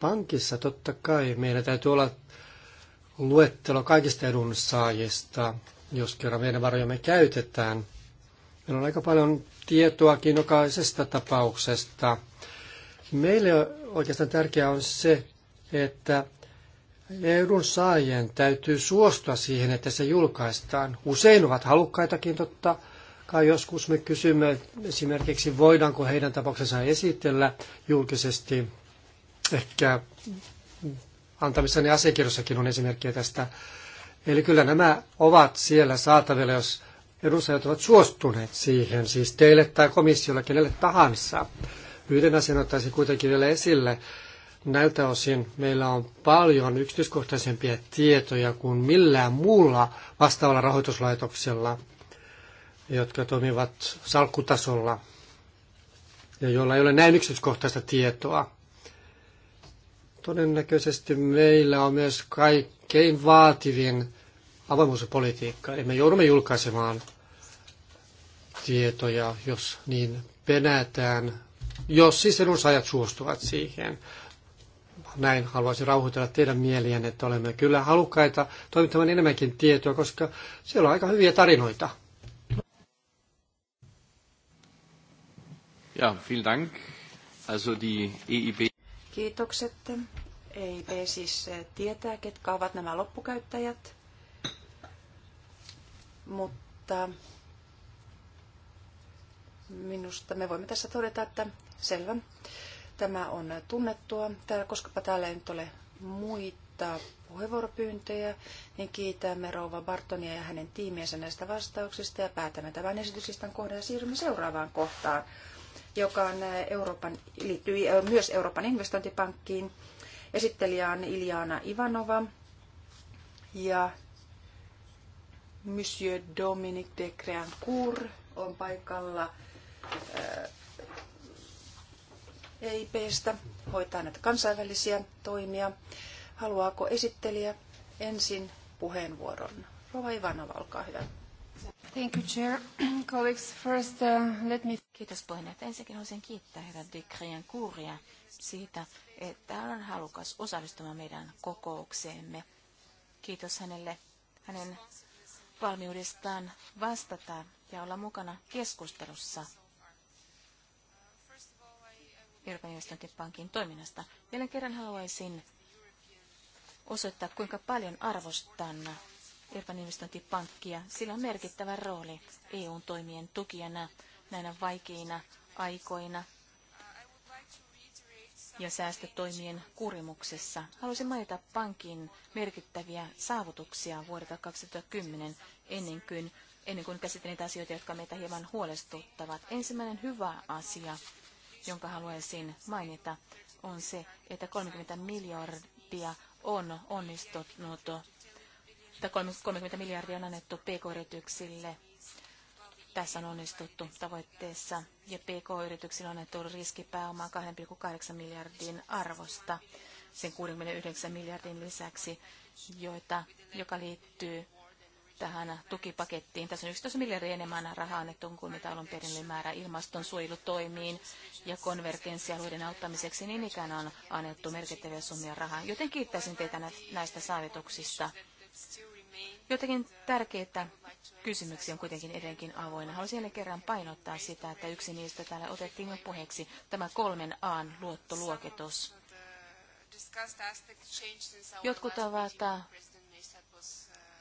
Pankissa totta kai meillä täytyy olla luettelo kaikista edunsaajista, jos kerran meidän varojamme käytetään. Meillä on aika paljon tietoakin jokaisesta tapauksesta. Meille oikeastaan tärkeää on se, että edun saajien täytyy suostua siihen, että se julkaistaan. Usein ovat halukkaitakin totta, kai joskus me kysymme esimerkiksi, voidaanko heidän tapauksensa esitellä julkisesti. Ehkä antamissani asiakirjossakin on esimerkkejä tästä. Eli kyllä nämä ovat siellä saatavilla, jos edustajat ovat suostuneet siihen, siis teille tai komissiolle, kenelle tahansa. Yhden asian ottaisin kuitenkin vielä esille. Näiltä osin meillä on paljon yksityiskohtaisempia tietoja kuin millään muulla vastaavalla rahoituslaitoksella – jotka toimivat salkkutasolla ja joilla ei ole näin yksityiskohtaista tietoa. Todennäköisesti meillä on myös kaikkein vaativin avoimuuspolitiikka, eli me joudumme julkaisemaan tietoja, jos niin penätään, jos siis edunsaajat suostuvat siihen. Näin haluaisin rauhoitella teidän mieliänne, että olemme kyllä halukkaita toimittamaan enemmänkin tietoa, koska siellä on aika hyviä tarinoita. Ja, vielen Dank. Also die EIB. Kiitokset. EIB siis eh, tietää, ketkä ovat nämä loppukäyttäjät, mutta minusta me voimme tässä todeta, että selvä, tämä on tunnettua. Täällä, koskapa täällä ei nyt ole muita puheenvuoropyyntöjä, niin kiitämme rouva Bartonia ja hänen tiimiensä näistä vastauksista ja päätämme tämän esityslistan kohdan ja siirrymme seuraavaan kohtaan joka on Euroopan, liittyy myös Euroopan investointipankkiin. Esittelijä on Iljana Ivanova ja Monsieur Dominique de Creancourt on paikalla EIPstä, hoitaa näitä kansainvälisiä toimia. Haluaako esittelijä ensin puheenvuoron? Rova Ivanova, olkaa hyvä. Thank you, Chair. Colleagues, first, uh, let me... Kiitos puheenjohtaja. Ensinnäkin haluaisin kiittää herra Dikrien kuuria siitä, että hän on halukas osallistumaan meidän kokoukseemme. Kiitos hänelle hänen valmiudestaan vastata ja olla mukana keskustelussa Euroopan investointipankin toiminnasta. Vielä kerran haluaisin osoittaa, kuinka paljon arvostan Euroopan investointipankkia. Sillä on merkittävä rooli EUn toimien tukijana näinä vaikeina aikoina ja säästötoimien kurimuksessa. Haluaisin mainita pankin merkittäviä saavutuksia vuodelta 2010 ennen kuin, ennen kuin käsitin niitä asioita, jotka meitä hieman huolestuttavat. Ensimmäinen hyvä asia, jonka haluaisin mainita, on se, että 30 miljardia on onnistunut että 30 miljardia on annettu pk-yrityksille. Tässä on onnistuttu tavoitteessa ja pk-yrityksille on annettu riskipääomaa 2,8 miljardin arvosta sen 69 miljardin lisäksi, joita, joka liittyy tähän tukipakettiin. Tässä on 11 miljardia enemmän rahaa annettu kuin mitä alun perin oli määrä ilmastonsuojelutoimiin ja konvergenssialueiden auttamiseksi, niin ikään on annettu merkittäviä summia rahaa. Joten kiittäisin teitä näistä saavutuksista. Jotakin tärkeitä kysymyksiä on kuitenkin edelleenkin avoinna. Haluaisin jälleen kerran painottaa sitä, että yksi niistä täällä otettiin jo puheeksi, tämä kolmen aan luottoluokitus. Jotkut ovat äh,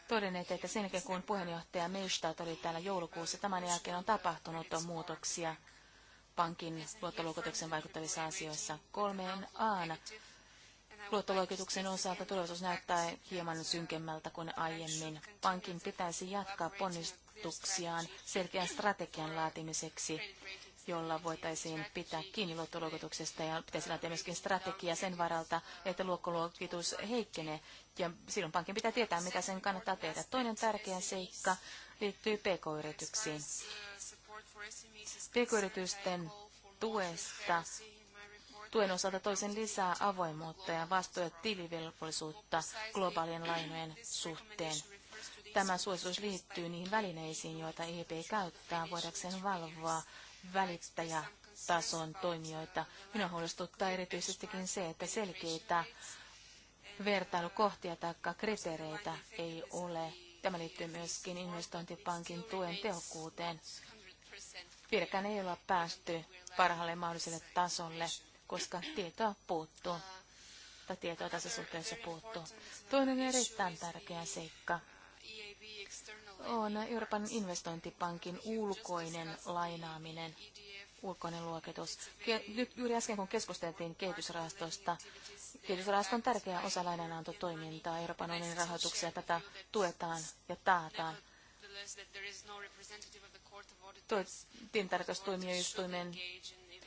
todenneet, että sen jälkeen kun puheenjohtaja Meistat oli täällä joulukuussa, tämän jälkeen on tapahtunut on muutoksia pankin luottoluokituksen vaikuttavissa asioissa. Kolmeen aan luottoluokituksen osalta tulosus näyttää hieman synkemmältä kuin aiemmin. Pankin pitäisi jatkaa ponnistuksiaan selkeän strategian laatimiseksi, jolla voitaisiin pitää kiinni luottoluokituksesta ja pitäisi laatia myöskin strategia sen varalta, että luokkoluokitus heikkenee ja silloin pankin pitää tietää, mitä sen kannattaa tehdä. Toinen tärkeä seikka liittyy pk-yrityksiin. PK-yritysten tuesta tuen osalta toisen lisää avoimuutta ja vastuuta ja tilivelvollisuutta globaalien lainojen suhteen. Tämä suositus liittyy niihin välineisiin, joita EIP käyttää voidakseen valvoa välittäjätason toimijoita. Minua huolestuttaa erityisestikin se, että selkeitä vertailukohtia tai kriteereitä ei ole. Tämä liittyy myöskin investointipankin tuen tehokkuuteen. Vieläkään ei ole päästy parhaalle mahdolliselle tasolle koska tietoa puuttuu, tai tietoa tässä suhteessa puuttuu. Toinen erittäin tärkeä seikka on Euroopan investointipankin ulkoinen lainaaminen, ulkoinen luokitus. Nyt juuri äsken, kun keskusteltiin kehitysrahastosta, kehitysrahasto on tärkeä osa lainanantotoimintaa. Euroopan unionin rahoituksia tätä tuetaan ja taataan. Tilintarkastustuomioistuimen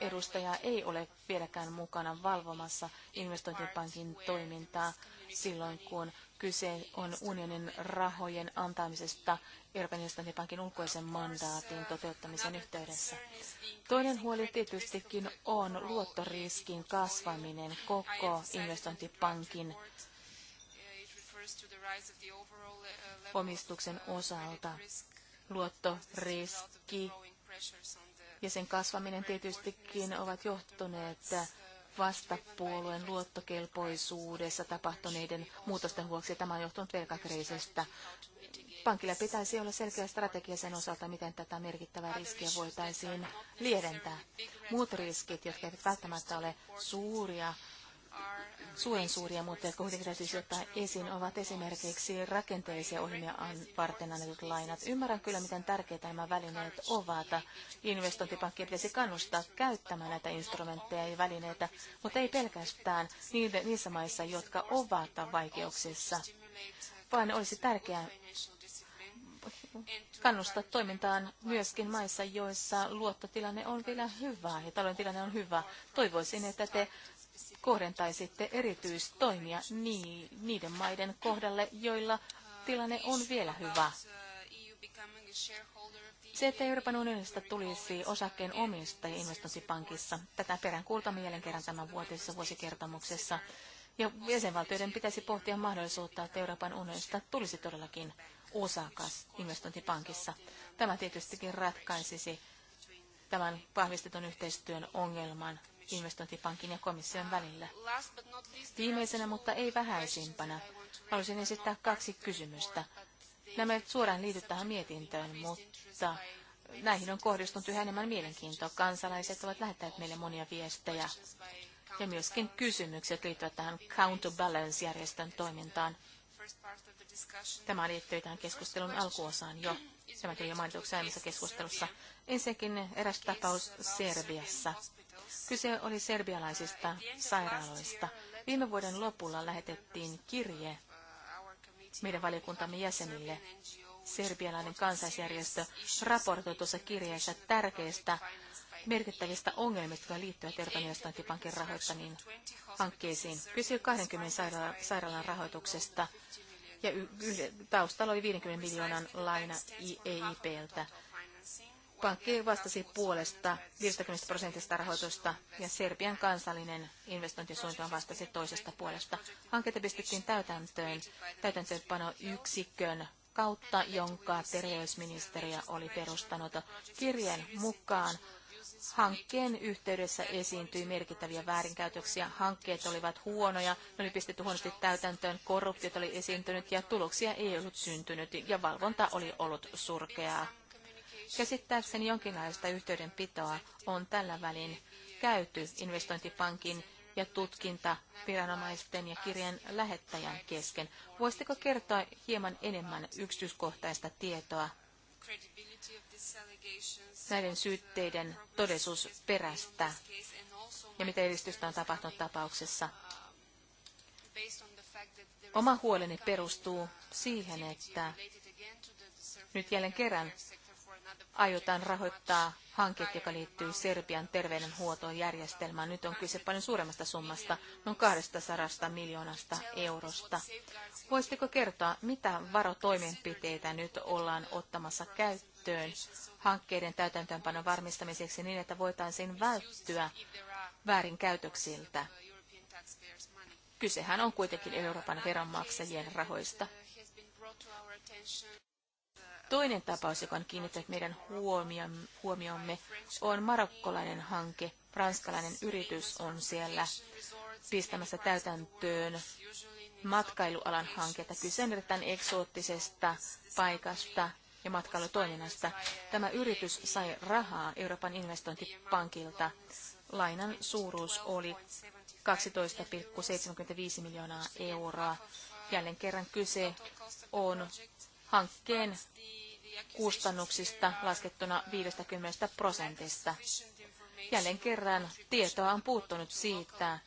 edustaja ei ole vieläkään mukana valvomassa investointipankin toimintaa silloin, kun kyse on unionin rahojen antamisesta Euroopan investointipankin ulkoisen mandaatin toteuttamisen yhteydessä. Toinen huoli tietystikin on luottoriskin kasvaminen koko investointipankin omistuksen osalta. Luottoriski ja sen kasvaminen tietystikin ovat johtuneet vastapuolueen luottokelpoisuudessa tapahtuneiden muutosten vuoksi. Tämä on johtunut velkakriisistä. Pankilla pitäisi olla selkeä strategia sen osalta, miten tätä merkittävää riskiä voitaisiin lieventää. Muut riskit, jotka eivät välttämättä ole suuria, suen suuria muutteita, kuitenkin täytyisi ottaa esiin, ovat esimerkiksi rakenteellisia ohjelmia varten annetut lainat. Ymmärrän kyllä, miten tärkeitä nämä välineet ovat. Investointipankkia pitäisi kannustaa käyttämään näitä instrumentteja ja välineitä, mutta ei pelkästään niissä maissa, jotka ovat vaikeuksissa, vaan olisi tärkeää kannustaa toimintaan myöskin maissa, joissa luottotilanne on vielä hyvä ja talouden tilanne on hyvä. Toivoisin, että te kohdentaisitte erityistoimia niiden maiden kohdalle, joilla tilanne on vielä hyvä. Se, että Euroopan unionista tulisi osakkeen omistaja investointipankissa, tätä perään kuultamme jälleen kerran tämän vuotisessa vuosikertomuksessa. Ja jäsenvaltioiden pitäisi pohtia mahdollisuutta, että Euroopan unionista tulisi todellakin osakas investointipankissa. Tämä tietystikin ratkaisisi tämän vahvistetun yhteistyön ongelman investointipankin ja komission välillä. Viimeisenä, mutta ei vähäisimpänä, haluaisin esittää kaksi kysymystä. Nämä eivät suoraan liity tähän mietintöön, mutta näihin on kohdistunut yhä enemmän mielenkiintoa. Kansalaiset ovat lähettäneet meille monia viestejä ja myöskin kysymykset liittyvät tähän counterbalance-järjestön toimintaan. Tämä liittyy tähän keskustelun alkuosaan jo. Tämä tuli jo mainituksi aiemmassa keskustelussa. Ensinnäkin eräs tapaus Serbiassa. Kyse oli serbialaisista sairaaloista. Viime vuoden lopulla lähetettiin kirje meidän valiokuntamme jäsenille. Serbialainen kansaisjärjestö raportoi tuossa kirjeessä tärkeistä merkittävistä ongelmista, jotka liittyvät Euroopan investointipankin rahoittamiin hankkeisiin. Kyse 20 sairaalan rahoituksesta ja taustalla oli 50 miljoonan laina EIPltä. Pankki vastasi puolesta 50 prosentista rahoitusta ja Serbian kansallinen investointisuunnitelma vastasi toisesta puolesta. Hanketta pistettiin täytäntöön täytäntöönpanoyksikön kautta, jonka terveysministeriö oli perustanut. Kirjeen mukaan hankkeen yhteydessä esiintyi merkittäviä väärinkäytöksiä. Hankkeet olivat huonoja, ne oli pistetty huonosti täytäntöön, korruptiot oli esiintynyt ja tuloksia ei ollut syntynyt ja valvonta oli ollut surkeaa. Käsittääkseni jonkinlaista yhteydenpitoa on tällä välin käyty investointipankin ja tutkinta viranomaisten ja kirjeen lähettäjän kesken. Voisitteko kertoa hieman enemmän yksityiskohtaista tietoa näiden syytteiden todellisuusperästä ja mitä edistystä on tapahtunut tapauksessa? Oma huoleni perustuu siihen, että nyt jälleen kerran aiotaan rahoittaa hanke, joka liittyy Serbian terveydenhuoltojärjestelmään. Nyt on kyse paljon suuremmasta summasta, noin 200 miljoonasta eurosta. Voisitteko kertoa, mitä varotoimenpiteitä nyt ollaan ottamassa käyttöön hankkeiden täytäntöönpanon varmistamiseksi niin, että voitaisiin välttyä väärinkäytöksiltä? Kysehän on kuitenkin Euroopan veronmaksajien rahoista. Toinen tapaus, joka on kiinnittänyt meidän huomiomme, on marokkolainen hanke. Ranskalainen yritys on siellä pistämässä täytäntöön matkailualan hanketta. Kyse on erittäin eksoottisesta paikasta ja matkailutoiminnasta. Tämä yritys sai rahaa Euroopan investointipankilta. Lainan suuruus oli 12,75 miljoonaa euroa. Jälleen kerran kyse on hankkeen kustannuksista laskettuna 50 prosentista. Jälleen kerran tietoa on puuttunut siitä,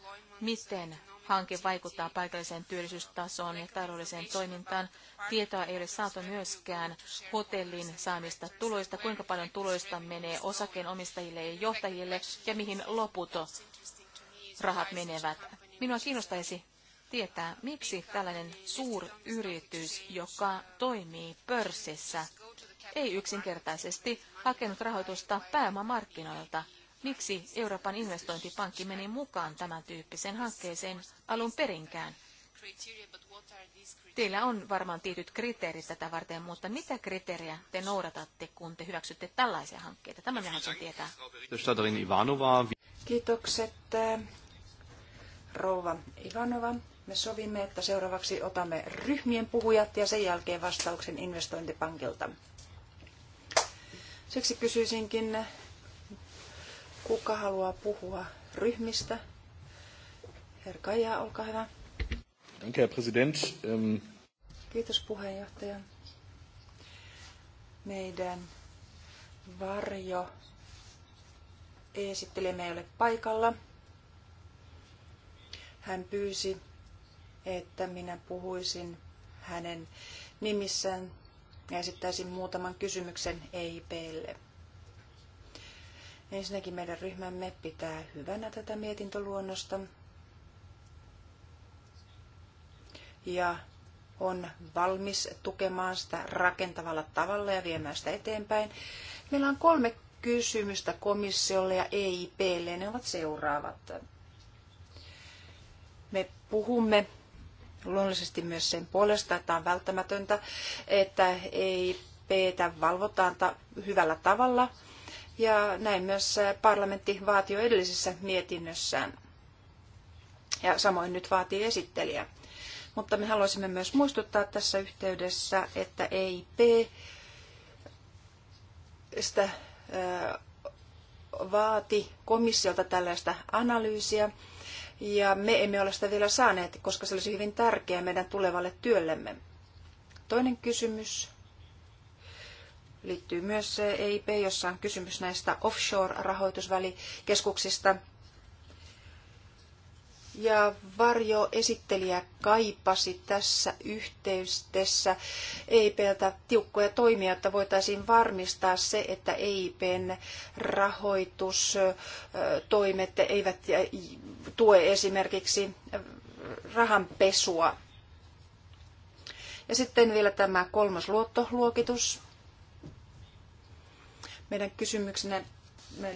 miten hanke vaikuttaa paikalliseen työllisyystasoon ja taloudelliseen toimintaan. Tietoa ei ole saatu myöskään hotellin saamista tuloista, kuinka paljon tuloista menee osakkeenomistajille ja johtajille ja mihin loput rahat menevät. Minua kiinnostaisi tietää, miksi tällainen suuryritys, joka toimii pörssissä, ei yksinkertaisesti hakenut rahoitusta pääomamarkkinoilta. Miksi Euroopan investointipankki meni mukaan tämän tyyppiseen hankkeeseen alun perinkään? Teillä on varmaan tietyt kriteerit tätä varten, mutta mitä kriteeriä te noudatatte, kun te hyväksytte tällaisia hankkeita? Tämä minä haluaisin tietää. Kiitokset rouva Ivanova. Me sovimme, että seuraavaksi otamme ryhmien puhujat ja sen jälkeen vastauksen investointipankilta. Siksi kysyisinkin, kuka haluaa puhua ryhmistä? Herra Kaija, olkaa hyvä. Danke, Herr Präsident. Ähm, Kiitos puheenjohtaja. Meidän varjo esittelemme ei ole paikalla. Hän pyysi että minä puhuisin hänen nimissään ja esittäisin muutaman kysymyksen EIPlle. Ensinnäkin meidän ryhmämme pitää hyvänä tätä mietintöluonnosta ja on valmis tukemaan sitä rakentavalla tavalla ja viemään sitä eteenpäin. Meillä on kolme kysymystä komissiolle ja EIPlle. Ne ovat seuraavat. Me puhumme luonnollisesti myös sen puolesta, että on välttämätöntä, että ei peetä valvotaan hyvällä tavalla. Ja näin myös parlamentti vaati jo edellisessä mietinnössään. Ja samoin nyt vaatii esittelijä. Mutta me haluaisimme myös muistuttaa tässä yhteydessä, että EIP sitä vaati komissiolta tällaista analyysiä, ja me emme ole sitä vielä saaneet, koska se olisi hyvin tärkeää meidän tulevalle työllemme. Toinen kysymys liittyy myös EIP, e jossa on kysymys näistä offshore-rahoitusvälikeskuksista – ja varjoesittelijä kaipasi tässä yhteydessä EIPltä tiukkoja toimia, että voitaisiin varmistaa se, että EIPn rahoitustoimet eivät tue esimerkiksi rahanpesua. Ja sitten vielä tämä kolmas luottoluokitus. Meidän kysymyksenä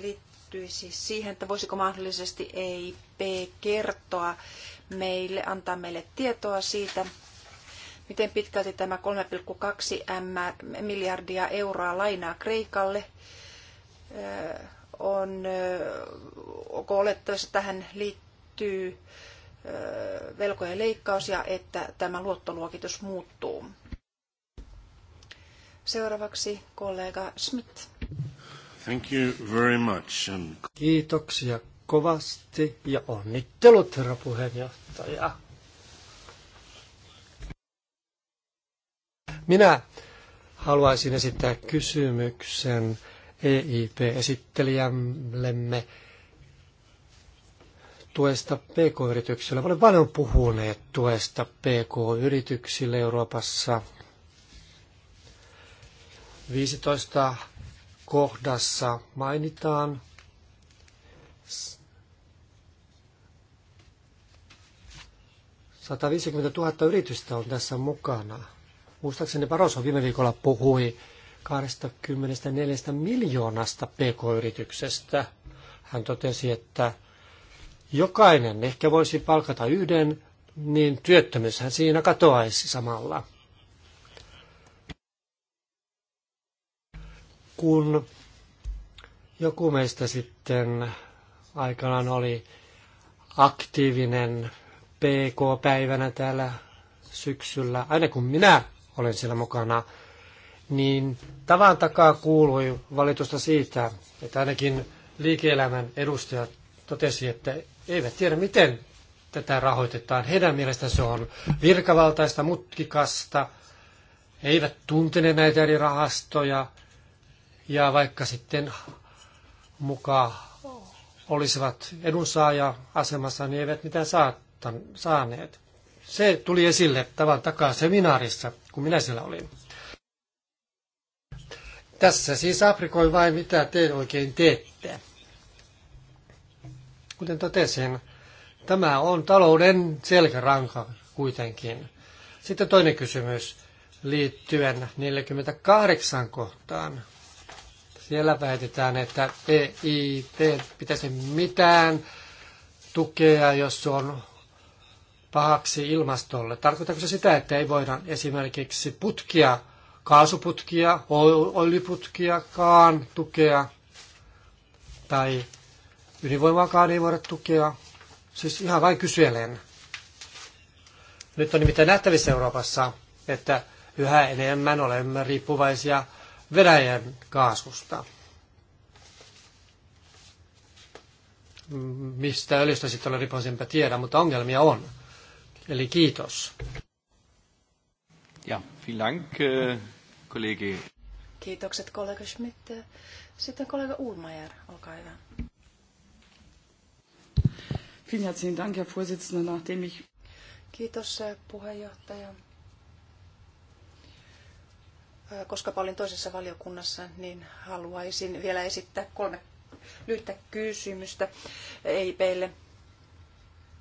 liittyy liittyisi siihen, että voisiko mahdollisesti EIP kertoa meille, antaa meille tietoa siitä, miten pitkälti tämä 3,2 miljardia euroa lainaa Kreikalle on, onko olettavissa tähän liittyy velkojen leikkaus ja että tämä luottoluokitus muuttuu. Seuraavaksi kollega Schmidt. Thank you very much. And... Kiitoksia kovasti ja onnittelut, herra puheenjohtaja. Minä haluaisin esittää kysymyksen eip esittelijämme tuesta PK-yrityksille. Olen paljon puhuneet tuesta PK-yrityksille Euroopassa. 15 kohdassa mainitaan Sataviisikymmentä 000 yritystä on tässä mukana. Muistaakseni Paroso viime viikolla puhui 24 miljoonasta pk-yrityksestä. Hän totesi, että jokainen ehkä voisi palkata yhden, niin työttömyyshän siinä katoaisi samalla. kun joku meistä sitten aikanaan oli aktiivinen PK-päivänä täällä syksyllä, aina kun minä olen siellä mukana, niin tavan takaa kuului valitusta siitä, että ainakin liike-elämän edustajat totesi, että eivät tiedä miten tätä rahoitetaan. Heidän mielestään se on virkavaltaista, mutkikasta, he eivät tuntene näitä eri rahastoja, ja vaikka sitten mukaan olisivat edunsaaja-asemassa, niin eivät mitään saattan, saaneet. Se tuli esille tavan takaa seminaarissa, kun minä siellä olin. Tässä siis aprikoi vain, mitä te oikein teette. Kuten totesin, tämä on talouden selkäranka kuitenkin. Sitten toinen kysymys liittyen 48 kohtaan. Siellä väitetään, että EIT pitäisi mitään tukea, jos se on pahaksi ilmastolle. Tarkoittaako se sitä, että ei voida esimerkiksi putkia, kaasuputkia, öljyputkiakaan tukea tai ydinvoimaakaan ei voida tukea? Siis ihan vain kyselen. Nyt on nimittäin nähtävissä Euroopassa, että yhä enemmän olemme riippuvaisia Venäjän kaasusta. Mistä öljystä sitten olen ripoisenpä tiedä, mutta ongelmia on. Eli kiitos. Ja, dank, äh, kollegi. Kiitokset kollega Schmidt. Sitten kollega Uhlmeier, olkaa hyvä. Vielen herzlichen Dank, Herr Vorsitzender, nachdem ich Kiitos äh, puheenjohtaja koska olin toisessa valiokunnassa, niin haluaisin vielä esittää kolme lyhyttä kysymystä EIPlle.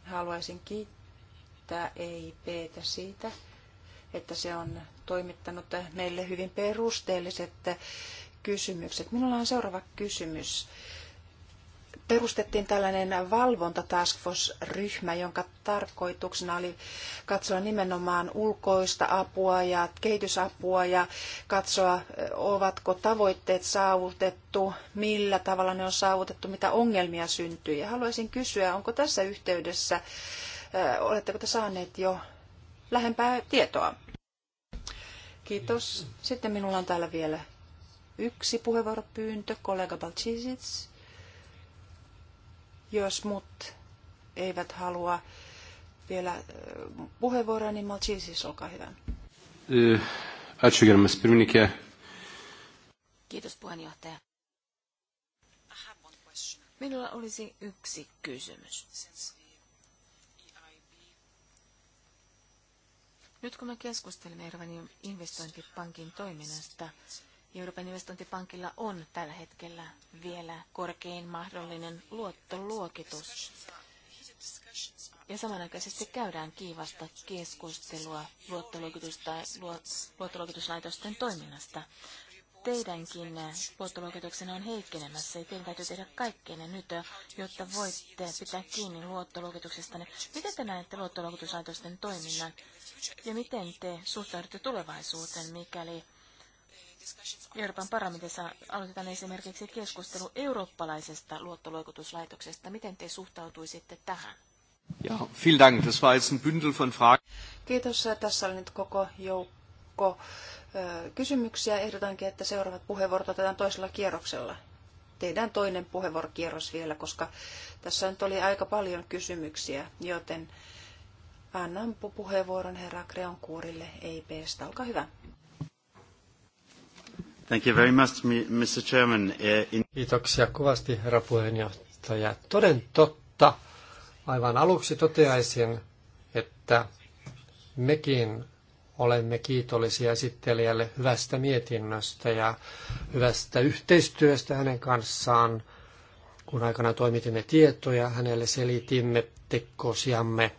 Haluaisin kiittää EIPtä siitä, että se on toimittanut meille hyvin perusteelliset kysymykset. Minulla on seuraava kysymys perustettiin tällainen valvonta task force-ryhmä, jonka tarkoituksena oli katsoa nimenomaan ulkoista apua ja kehitysapua ja katsoa, ovatko tavoitteet saavutettu, millä tavalla ne on saavutettu, mitä ongelmia syntyy. Ja haluaisin kysyä, onko tässä yhteydessä, oletteko te saaneet jo lähempää tietoa? Kiitos. Sitten minulla on täällä vielä yksi puheenvuoropyyntö, kollega Balcisits. Jos mut eivät halua vielä puheenvuoroa, niin Malchisis, olkaa hyvä. Kiitos, puheenjohtaja. Minulla olisi yksi kysymys. Nyt kun me keskustelimme Irvanin investointipankin toiminnasta, Euroopan investointipankilla on tällä hetkellä vielä korkein mahdollinen luottoluokitus. Ja samanaikaisesti käydään kiivasta keskustelua luottoluokituslaitosten toiminnasta. Teidänkin luottoluokituksenne on heikkenemässä ja teidän täytyy tehdä kaikkeenne nyt, jotta voitte pitää kiinni luottoluokituksesta. Miten te näette luottoluokituslaitosten toiminnan ja miten te suhtaudutte tulevaisuuteen, mikäli Euroopan parlamentissa aloitetaan esimerkiksi keskustelu eurooppalaisesta luottoluokituslaitoksesta. Miten te suhtautuisitte tähän? Ja, vielen Dank. Das war jetzt ein Bündel von Fragen. Kiitos. Tässä oli nyt koko joukko kysymyksiä. Ehdotankin, että seuraavat puheenvuorot otetaan toisella kierroksella. Tehdään toinen puheenvuorokierros vielä, koska tässä nyt oli aika paljon kysymyksiä, joten annan puheenvuoron herra Kreonkuurille EIPstä. Olkaa hyvä. Thank you very much, Mr. Chairman. Uh, in... Kiitoksia kovasti, herra puheenjohtaja. Toden totta, aivan aluksi toteaisin, että mekin olemme kiitollisia esittelijälle hyvästä mietinnöstä ja hyvästä yhteistyöstä hänen kanssaan. Kun aikana toimitimme tietoja, hänelle selitimme tekosiamme,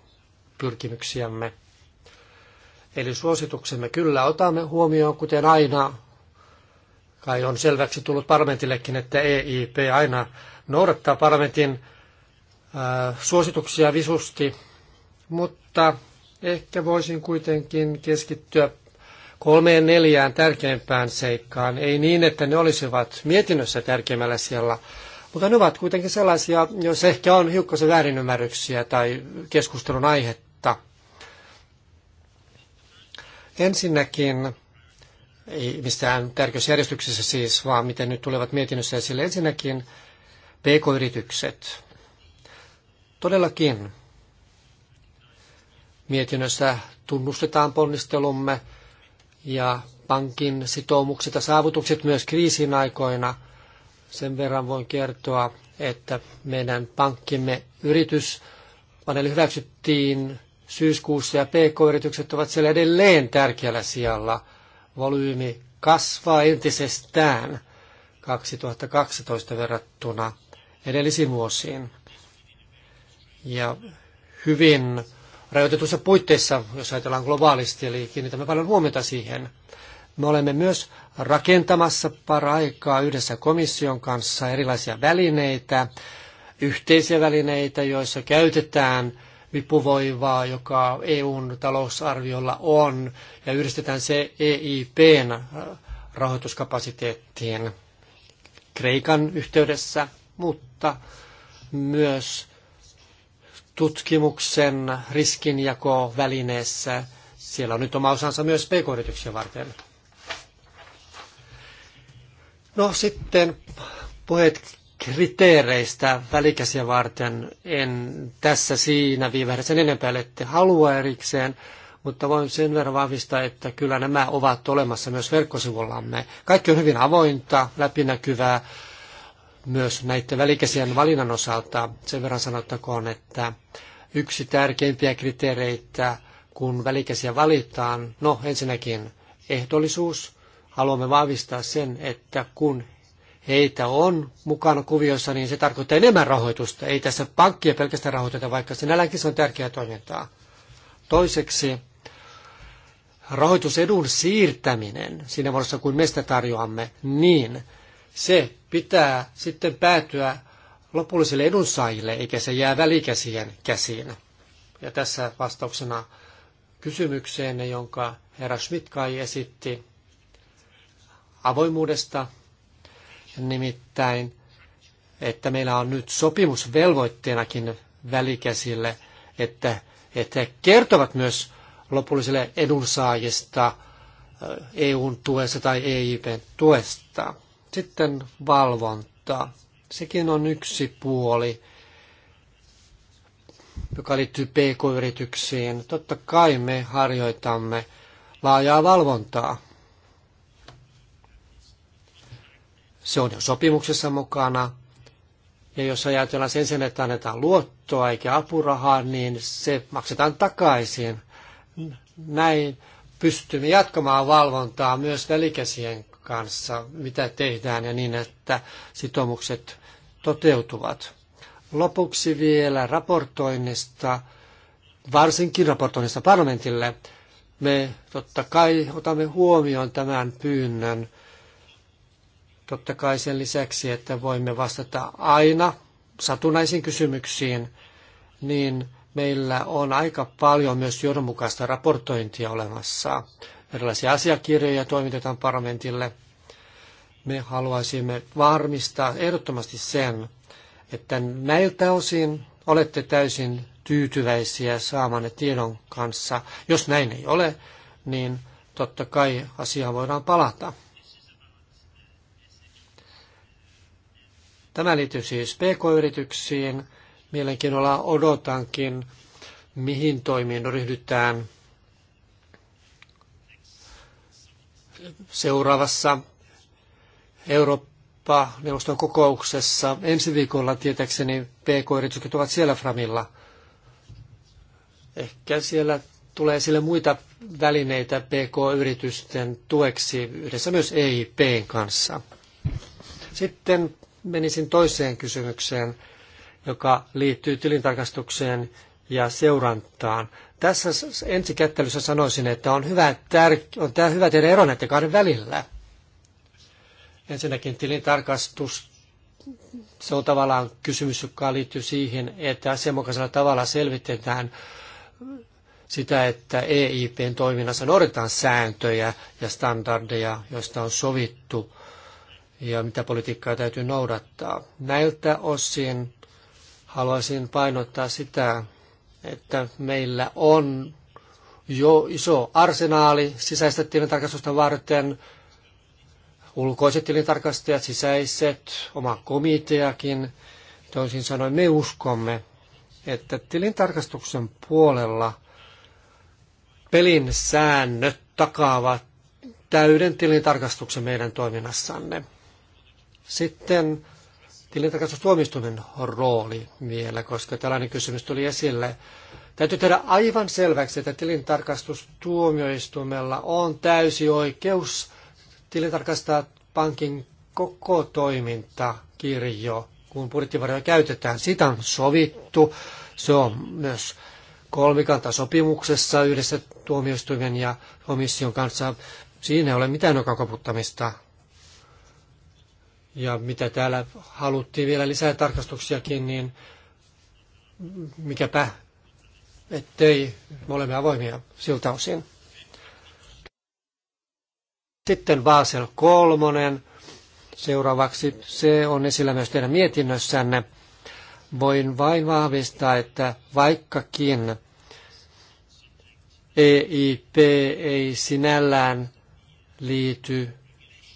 pyrkimyksiämme. Eli suosituksemme kyllä otamme huomioon, kuten aina, Kai on selväksi tullut parlamentillekin, että EIP aina noudattaa parlamentin suosituksia visusti, mutta ehkä voisin kuitenkin keskittyä kolmeen neljään tärkeimpään seikkaan. Ei niin, että ne olisivat mietinnössä tärkeimmällä siellä, mutta ne ovat kuitenkin sellaisia, jos ehkä on hiukkasen väärinymmärryksiä tai keskustelun aihetta. Ensinnäkin ei mistään tärkeysjärjestyksessä siis, vaan miten nyt tulevat mietinnössä esille. Ensinnäkin PK-yritykset. Todellakin mietinnössä tunnustetaan ponnistelumme ja pankin sitoumukset ja saavutukset myös kriisin aikoina. Sen verran voin kertoa, että meidän pankkimme yritys paneeli hyväksyttiin syyskuussa ja PK-yritykset ovat siellä edelleen tärkeällä sijalla – volyymi kasvaa entisestään 2012 verrattuna edellisiin vuosiin. Ja hyvin rajoitetuissa puitteissa, jos ajatellaan globaalisti, eli kiinnitämme paljon huomiota siihen. Me olemme myös rakentamassa paraikaa yhdessä komission kanssa erilaisia välineitä, yhteisiä välineitä, joissa käytetään vipuvoivaa, joka EUn talousarviolla on, ja yhdistetään se EIPn äh, rahoituskapasiteettiin Kreikan yhteydessä, mutta myös tutkimuksen riskinjakovälineessä. Siellä on nyt oma osansa myös pk varten. No sitten puheet kriteereistä välikäsiä varten. En tässä siinä viivähdä sen enempää, että halua erikseen, mutta voin sen verran vahvistaa, että kyllä nämä ovat olemassa myös verkkosivullamme. Kaikki on hyvin avointa, läpinäkyvää myös näiden välikäsien valinnan osalta. Sen verran sanottakoon, että yksi tärkeimpiä kriteereitä, kun välikäsiä valitaan, no ensinnäkin ehdollisuus. Haluamme vahvistaa sen, että kun heitä on mukana kuviossa niin se tarkoittaa enemmän rahoitusta. Ei tässä pankkia pelkästään rahoiteta, vaikka sinälläänkin se on tärkeää toimintaa. Toiseksi rahoitusedun siirtäminen siinä muodossa, kuin me sitä tarjoamme, niin se pitää sitten päätyä lopullisille edunsaajille, eikä se jää välikäsien käsiin. Ja tässä vastauksena kysymykseen, jonka herra Schmidt kai esitti avoimuudesta nimittäin, että meillä on nyt sopimusvelvoitteenakin välikäsille, että, että he kertovat myös lopullisille edunsaajista EUn tuesta tai EIPn tuesta. Sitten valvonta. Sekin on yksi puoli, joka liittyy pk-yrityksiin. Totta kai me harjoitamme laajaa valvontaa Se on jo sopimuksessa mukana. Ja jos ajatellaan sen sen, että annetaan luottoa eikä apurahaa, niin se maksetaan takaisin. Näin pystymme jatkamaan valvontaa myös välikäsien kanssa, mitä tehdään ja niin, että sitoumukset toteutuvat. Lopuksi vielä raportoinnista, varsinkin raportoinnista parlamentille. Me totta kai otamme huomioon tämän pyynnön Totta kai sen lisäksi, että voimme vastata aina satunnaisiin kysymyksiin, niin meillä on aika paljon myös johdonmukaista raportointia olemassa. Erilaisia asiakirjoja toimitetaan parlamentille. Me haluaisimme varmistaa ehdottomasti sen, että näiltä osin olette täysin tyytyväisiä saamanne tiedon kanssa. Jos näin ei ole, niin totta kai asiaan voidaan palata. Tämä liittyy siis PK-yrityksiin. Mielenkiinnolla odotankin, mihin toimiin ryhdytään seuraavassa Eurooppa-neuvoston kokouksessa. Ensi viikolla tietääkseni PK-yritykset ovat siellä Framilla. Ehkä siellä tulee sille muita välineitä PK-yritysten tueksi yhdessä myös EIPn kanssa. Sitten menisin toiseen kysymykseen, joka liittyy tilintarkastukseen ja seurantaan. Tässä ensikättelyssä sanoisin, että on hyvä, tär- on tää hyvä tehdä ero näiden kahden välillä. Ensinnäkin tilintarkastus, se on tavallaan kysymys, joka liittyy siihen, että asianmukaisella tavalla selvitetään sitä, että EIPn toiminnassa noudatetaan sääntöjä ja standardeja, joista on sovittu ja mitä politiikkaa täytyy noudattaa. Näiltä osin haluaisin painottaa sitä, että meillä on jo iso arsenaali sisäistä tilintarkastusta varten, ulkoiset tilintarkastajat, sisäiset, oma komiteakin. Toisin sanoen me uskomme, että tilintarkastuksen puolella pelin säännöt takaavat täyden tilintarkastuksen meidän toiminnassanne. Sitten tilintarkastustuomistuimen rooli vielä, koska tällainen kysymys tuli esille. Täytyy tehdä aivan selväksi, että tilintarkastustuomioistuimella on täysi oikeus tilintarkastaa pankin koko toimintakirjo, kun budjettivaroja käytetään. Sitä on sovittu. Se on myös sopimuksessa yhdessä tuomioistuimen ja komission kanssa. Siinä ei ole mitään nokakoputtamista. Ja mitä täällä haluttiin vielä lisää tarkastuksiakin, niin mikäpä, ettei me olemme avoimia siltä osin. Sitten Basel kolmonen. Seuraavaksi se on esillä myös teidän mietinnössänne. Voin vain vahvistaa, että vaikkakin EIP ei sinällään liity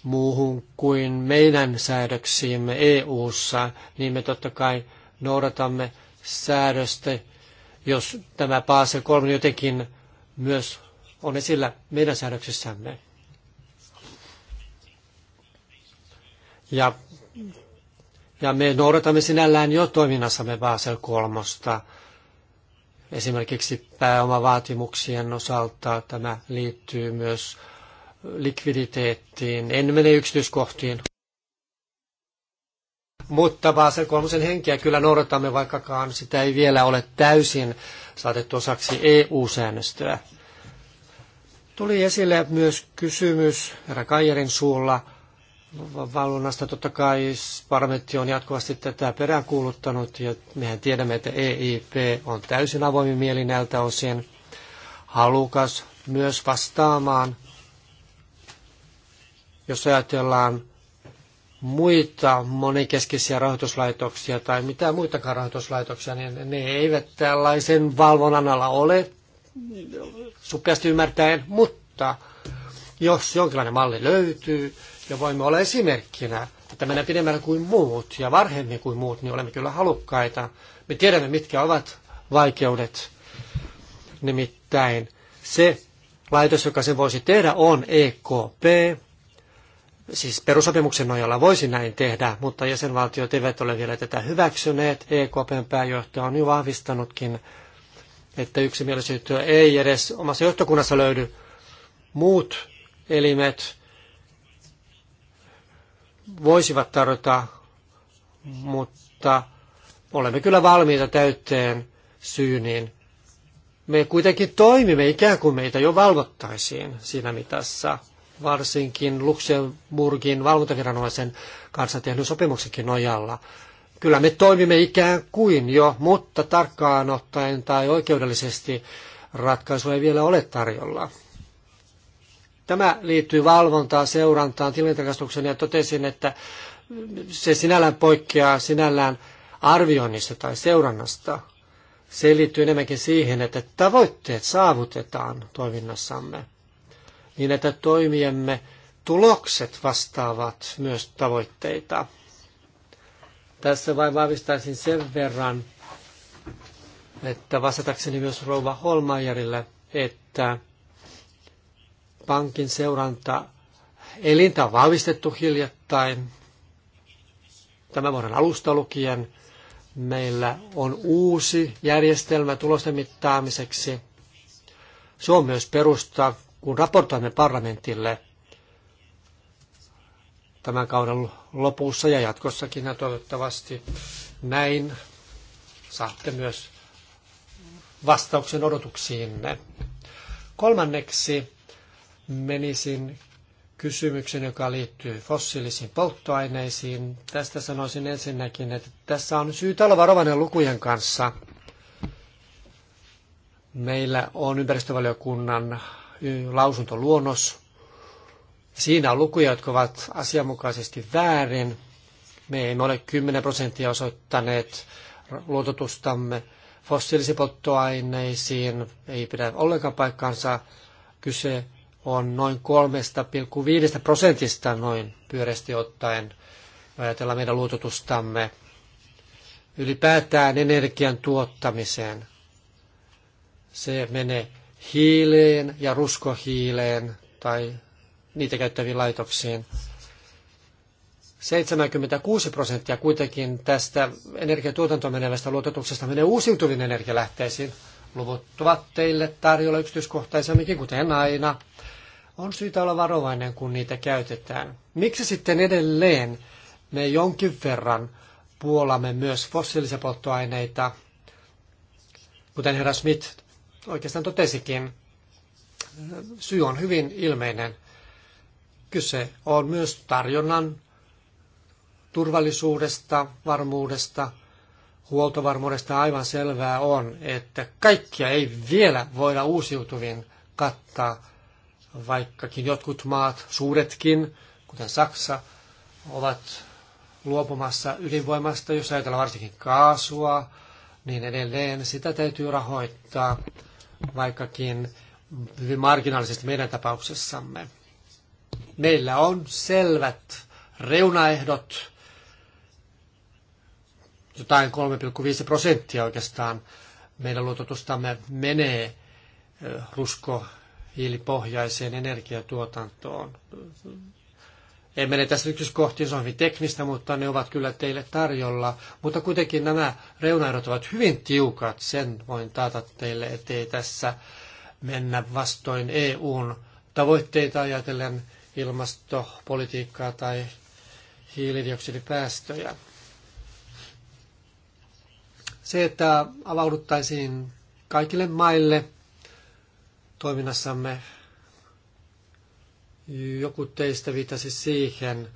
muuhun kuin meidän säädöksiimme EU-ssa, niin me totta kai noudatamme säädöstä, jos tämä Basel 3 jotenkin myös on esillä meidän säädöksissämme. Ja, ja me noudatamme sinällään jo toiminnassamme Basel 3 esimerkiksi pääomavaatimuksien osalta tämä liittyy myös likviditeettiin. En mene yksityiskohtiin. Mutta Basel kolmosen henkeä kyllä noudatamme, vaikkakaan sitä ei vielä ole täysin saatettu osaksi EU-säännöstöä. Tuli esille myös kysymys herra Kajerin suulla valvonnasta. Totta kai parlamentti on jatkuvasti tätä peräänkuuluttanut ja mehän tiedämme, että EIP on täysin avoimin mieli näiltä osin halukas myös vastaamaan jos ajatellaan muita monikeskeisiä rahoituslaitoksia tai mitä muitakaan rahoituslaitoksia, niin ne eivät tällaisen valvonnan alla ole, suppeasti ymmärtäen, mutta jos jonkinlainen malli löytyy ja voimme olla esimerkkinä, että mennään pidemmällä kuin muut ja varhemmin kuin muut, niin olemme kyllä halukkaita. Me tiedämme, mitkä ovat vaikeudet. Nimittäin se laitos, joka sen voisi tehdä, on EKP, siis perusopimuksen nojalla voisi näin tehdä, mutta jäsenvaltiot eivät ole vielä tätä hyväksyneet. EKPn pääjohtaja on jo vahvistanutkin, että yksimielisyyttä ei edes omassa johtokunnassa löydy. Muut elimet voisivat tarjota, mutta olemme kyllä valmiita täyteen syyniin. Me kuitenkin toimimme ikään kuin meitä jo valvottaisiin siinä mitassa varsinkin Luxemburgin valvontaviranomaisen kanssa tehnyt sopimuksenkin nojalla. Kyllä me toimimme ikään kuin jo, mutta tarkkaan ottaen tai oikeudellisesti ratkaisu ei vielä ole tarjolla. Tämä liittyy valvontaan, seurantaan, tilintarkastukseen ja totesin, että se sinällään poikkeaa sinällään arvioinnista tai seurannasta. Se liittyy enemmänkin siihen, että tavoitteet saavutetaan toiminnassamme niin että toimiemme tulokset vastaavat myös tavoitteita. Tässä vain vahvistaisin sen verran, että vastatakseni myös rouva Holmajerille, että pankin seuranta elintä on vahvistettu hiljattain. Tämän vuoden alusta lukien meillä on uusi järjestelmä tulosten mittaamiseksi. Se on myös perusta kun raportoimme parlamentille tämän kauden lopussa ja jatkossakin ja toivottavasti näin saatte myös vastauksen odotuksiinne. Kolmanneksi menisin kysymyksen, joka liittyy fossiilisiin polttoaineisiin. Tästä sanoisin ensinnäkin, että tässä on syytä olla varovainen lukujen kanssa. Meillä on ympäristövaliokunnan lausuntoluonnos. Siinä on lukuja, jotka ovat asianmukaisesti väärin. Me emme ole 10 prosenttia osoittaneet luototustamme fossiilisiin polttoaineisiin. Ei pidä ollenkaan paikkaansa. Kyse on noin 3,5 prosentista noin pyöreästi ottaen ajatella meidän luototustamme ylipäätään energian tuottamiseen. Se menee hiileen ja ruskohiileen tai niitä käyttäviin laitoksiin. 76 prosenttia kuitenkin tästä energiatuotantoon menevästä luototuksesta menee uusiutuviin energialähteisiin. Luvut ovat teille tarjolla yksityiskohtaisemminkin, kuten aina. On syytä olla varovainen, kun niitä käytetään. Miksi sitten edelleen me jonkin verran puolamme myös fossiilisia polttoaineita, kuten herra Smith oikeastaan totesikin, syy on hyvin ilmeinen. Kyse on myös tarjonnan turvallisuudesta, varmuudesta, huoltovarmuudesta aivan selvää on, että kaikkia ei vielä voida uusiutuvin kattaa, vaikkakin jotkut maat, suuretkin, kuten Saksa, ovat luopumassa ydinvoimasta, jos ajatellaan varsinkin kaasua, niin edelleen sitä täytyy rahoittaa vaikkakin hyvin marginaalisesti meidän tapauksessamme. Meillä on selvät reunaehdot, jotain 3,5 prosenttia oikeastaan meidän luototustamme menee eh, rusko hiilipohjaiseen energiatuotantoon. En mene tässä yksityiskohtiin, se on hyvin teknistä, mutta ne ovat kyllä teille tarjolla. Mutta kuitenkin nämä reunaerot ovat hyvin tiukat, sen voin taata teille, ettei tässä mennä vastoin EUn tavoitteita ajatellen ilmastopolitiikkaa tai hiilidioksidipäästöjä. Se, että avauduttaisiin kaikille maille toiminnassamme joku teistä viitasi siihen,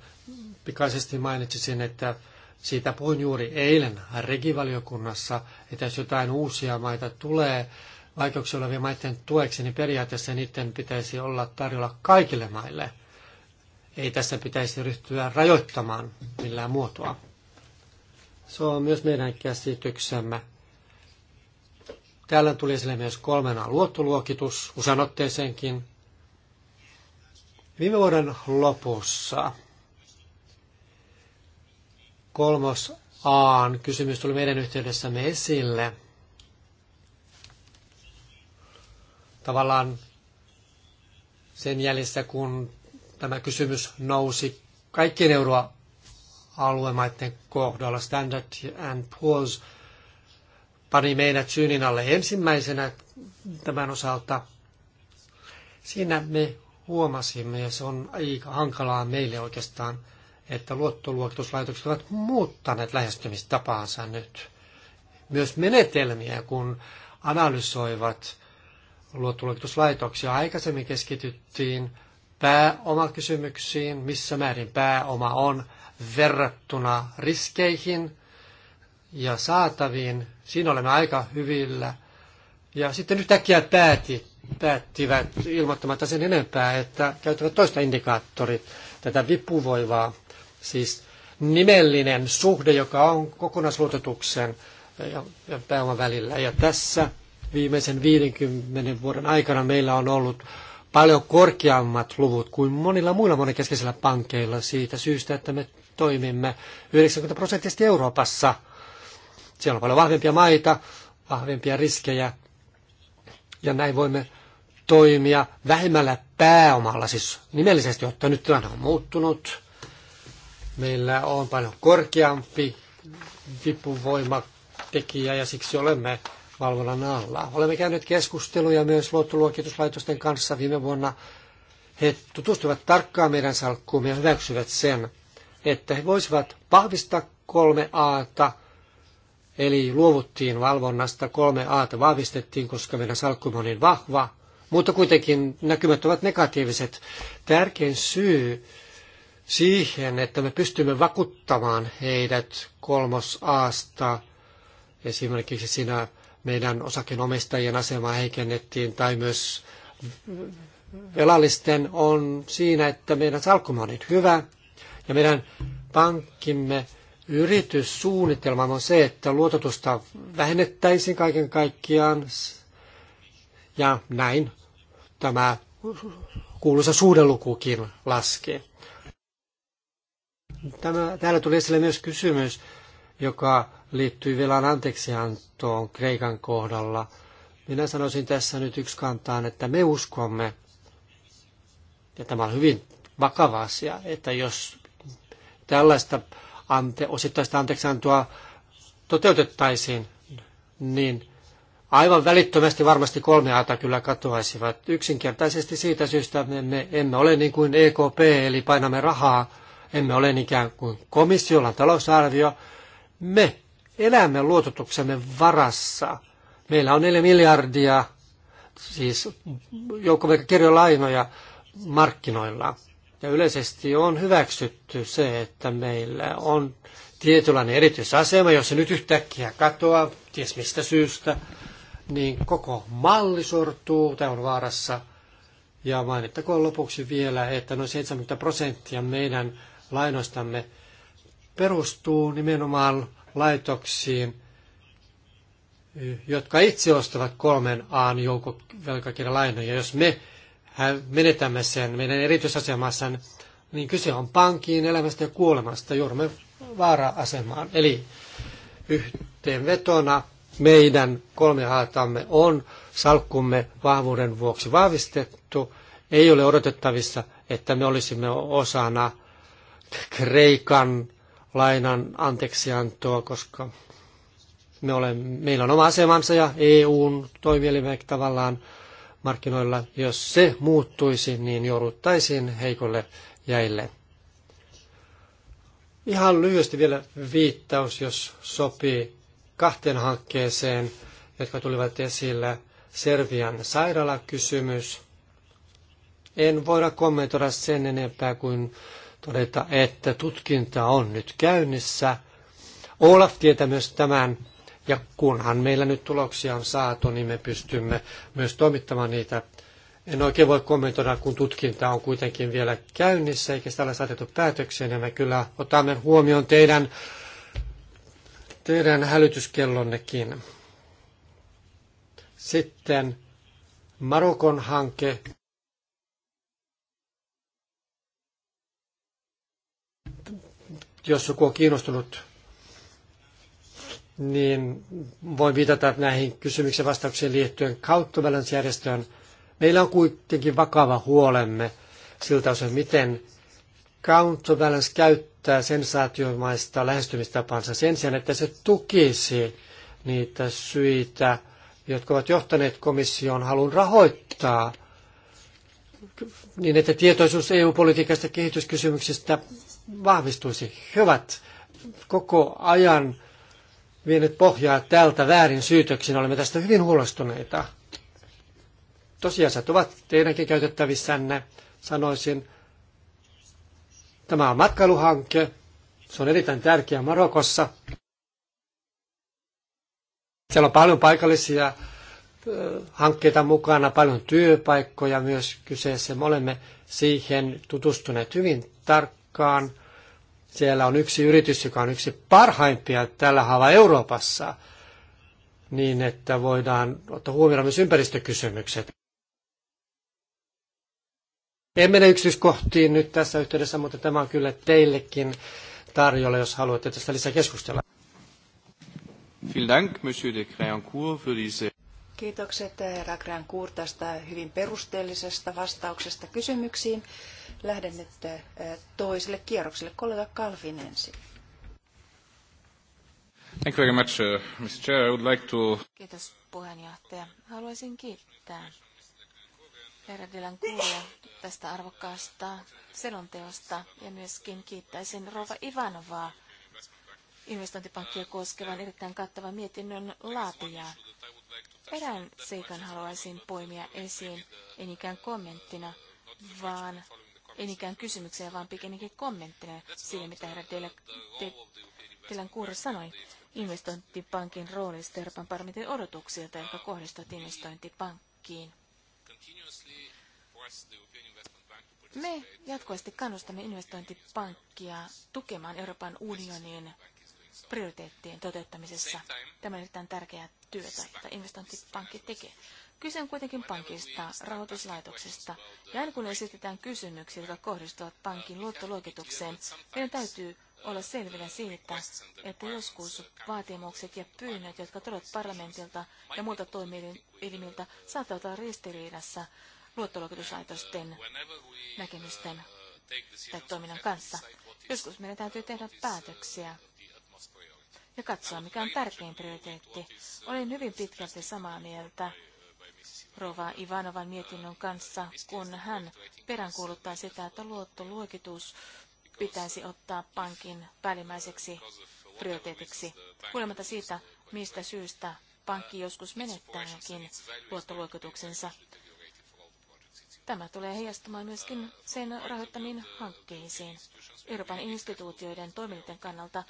pikaisesti mainitsisin, että siitä puhuin juuri eilen regivaliokunnassa, että jos jotain uusia maita tulee vaikeuksia olevien maiden tueksi, niin periaatteessa niiden pitäisi olla tarjolla kaikille maille. Ei tässä pitäisi ryhtyä rajoittamaan millään muotoa. Se on myös meidän käsityksemme. Täällä tuli esille myös kolmena luottoluokitus, usean Viime vuoden lopussa kolmos Aan kysymys tuli meidän yhteydessämme esille. Tavallaan sen jäljessä, kun tämä kysymys nousi kaikkien euroaluemaiden kohdalla, Standard and Poor's pani meidät syynin alle ensimmäisenä tämän osalta. Siinä me huomasimme, ja se on aika hankalaa meille oikeastaan, että luottoluokituslaitokset ovat muuttaneet lähestymistapaansa nyt. Myös menetelmiä, kun analysoivat luottoluokituslaitoksia. Aikaisemmin keskityttiin pääomakysymyksiin, missä määrin pääoma on verrattuna riskeihin ja saataviin. Siinä olemme aika hyvillä. Ja sitten yhtäkkiä päätit päättivät ilmoittamatta sen enempää, että käyttävät toista indikaattorit, tätä vipuvoivaa, siis nimellinen suhde, joka on kokonaisluototuksen ja, ja pääoman välillä. Ja tässä viimeisen 50 vuoden aikana meillä on ollut paljon korkeammat luvut kuin monilla muilla monikeskeisillä pankeilla siitä syystä, että me toimimme 90 prosenttisesti Euroopassa. Siellä on paljon vahvempia maita, vahvempia riskejä ja näin voimme toimia vähemmällä pääomalla, siis nimellisesti ottaen nyt tilanne on muuttunut. Meillä on paljon korkeampi vipuvoimatekijä ja siksi olemme valvonnan alla. Olemme käyneet keskusteluja myös luottoluokituslaitosten kanssa viime vuonna. He tutustuivat tarkkaan meidän salkkuumme ja hyväksyvät sen, että he voisivat vahvistaa kolme aata Eli luovuttiin valvonnasta, kolme aata vahvistettiin, koska meidän salkkumme on niin vahva, mutta kuitenkin näkymät ovat negatiiviset. Tärkein syy siihen, että me pystymme vakuuttamaan heidät kolmos Aasta, esimerkiksi siinä meidän osakenomistajien asemaa heikennettiin, tai myös velallisten on siinä, että meidän salkkumme on niin hyvä, ja meidän pankkimme yrityssuunnitelma on se, että luototusta vähennettäisiin kaiken kaikkiaan. Ja näin tämä kuuluisa suhdelukukin laskee. Tämä, täällä tuli esille myös kysymys, joka liittyy velan anteeksiantoon Kreikan kohdalla. Minä sanoisin tässä nyt yksi kantaan, että me uskomme, ja tämä on hyvin vakava asia, että jos tällaista ante, osittaista anteeksiantoa toteutettaisiin, niin aivan välittömästi varmasti kolme aata kyllä katoaisivat. Yksinkertaisesti siitä syystä me, me emme ole niin kuin EKP, eli painamme rahaa, emme ole ikään kuin komissiolla talousarvio. Me elämme luototuksemme varassa. Meillä on 4 miljardia, siis joukkovelkakirjolainoja markkinoilla. Ja yleisesti on hyväksytty se, että meillä on tietynlainen erityisasema, jos se nyt yhtäkkiä katoaa, ties mistä syystä, niin koko malli sortuu tämä on vaarassa. Ja mainittakoon lopuksi vielä, että noin 70 prosenttia meidän lainoistamme perustuu nimenomaan laitoksiin, jotka itse ostavat kolmen A-joukkovelkakirjalainoja. Jos me menetämme sen meidän erityisasemassa, niin kyse on pankiin elämästä ja kuolemasta, joudumme vaara-asemaan. Eli yhteenvetona meidän kolme haatamme on salkkumme vahvuuden vuoksi vahvistettu. Ei ole odotettavissa, että me olisimme osana Kreikan lainan anteeksiantoa, koska me olemme, meillä on oma asemansa ja EUn toimielimet tavallaan markkinoilla. Jos se muuttuisi, niin jouduttaisiin heikolle jäille. Ihan lyhyesti vielä viittaus, jos sopii kahteen hankkeeseen, jotka tulivat esillä. Servian sairaalakysymys. En voida kommentoida sen enempää kuin todeta, että tutkinta on nyt käynnissä. Olaf tietää myös tämän ja kunhan meillä nyt tuloksia on saatu, niin me pystymme myös toimittamaan niitä. En oikein voi kommentoida, kun tutkinta on kuitenkin vielä käynnissä, eikä sitä ole saatettu päätökseen, ja me kyllä otamme huomioon teidän, teidän hälytyskellonnekin. Sitten Marokon hanke. Jos joku on kiinnostunut niin voin viitata näihin kysymyksen vastauksiin liittyen kauttovälänsjärjestöön. Meillä on kuitenkin vakava huolemme siltä osin, miten counterbalance käyttää sensaatiomaista lähestymistapansa sen sijaan, että se tukisi niitä syitä, jotka ovat johtaneet komission halun rahoittaa niin, että tietoisuus EU-politiikasta kehityskysymyksistä vahvistuisi. He ovat koko ajan vienyt pohjaa tältä väärin syytöksiin. Olemme tästä hyvin huolestuneita. Tosiasiat ovat teidänkin käytettävissänne, sanoisin. Tämä on matkailuhanke. Se on erittäin tärkeä Marokossa. Siellä on paljon paikallisia hankkeita mukana, paljon työpaikkoja myös kyseessä. Me olemme siihen tutustuneet hyvin tarkkaan siellä on yksi yritys, joka on yksi parhaimpia tällä haava Euroopassa, niin että voidaan ottaa huomioon myös ympäristökysymykset. En mene yksityiskohtiin nyt tässä yhteydessä, mutta tämä on kyllä teillekin tarjolla, jos haluatte tästä lisää keskustella. Kiitokset eh, herra Grancourt tästä hyvin perusteellisesta vastauksesta kysymyksiin lähden nyt toiselle kierrokselle. Kollega Kalvin ensin. Thank you very much, uh, Mr. Chair. I would like to... Kiitos puheenjohtaja. Haluaisin kiittää herra Dylan Kuria tästä arvokkaasta selonteosta ja myöskin kiittäisin Rova Ivanovaa investointipankkia koskevan erittäin kattavan mietinnön laatijaa. Erään seikan haluaisin poimia esiin, en ikään kommenttina, vaan ei niinkään kysymyksiä, vaan pikemminkin kommenttina siihen, mitä herra teillä, te, sanoi investointipankin roolista Euroopan parlamentin odotuksilta, jotka kohdistuvat investointipankkiin. Me jatkuvasti kannustamme investointipankkia tukemaan Euroopan unionin prioriteettien toteuttamisessa. Tämä on erittäin tärkeää työtä, jota investointipankki tekee. Kyse on kuitenkin pankista, rahoituslaitoksesta. Ja aina kun esitetään kysymyksiä, jotka kohdistuvat pankin luottoluokitukseen, meidän täytyy olla selvillä siitä, että joskus vaatimukset ja pyynnöt, jotka tulevat parlamentilta ja muilta toimielimiltä, saattavat olla ristiriidassa luottoluokituslaitosten näkemysten tai toiminnan kanssa. Joskus meidän täytyy tehdä päätöksiä ja katsoa, mikä on tärkein prioriteetti. Olen hyvin pitkälti samaa mieltä Rova Ivanovan mietinnön kanssa, kun hän peräänkuuluttaa sitä, että luottoluokitus pitäisi ottaa pankin päällimmäiseksi prioriteetiksi, huolimatta siitä, mistä syystä pankki joskus menettääkin luottoluokituksensa. Tämä tulee heijastumaan myöskin sen rahoittamiin hankkeisiin. Euroopan instituutioiden toiminnan kannalta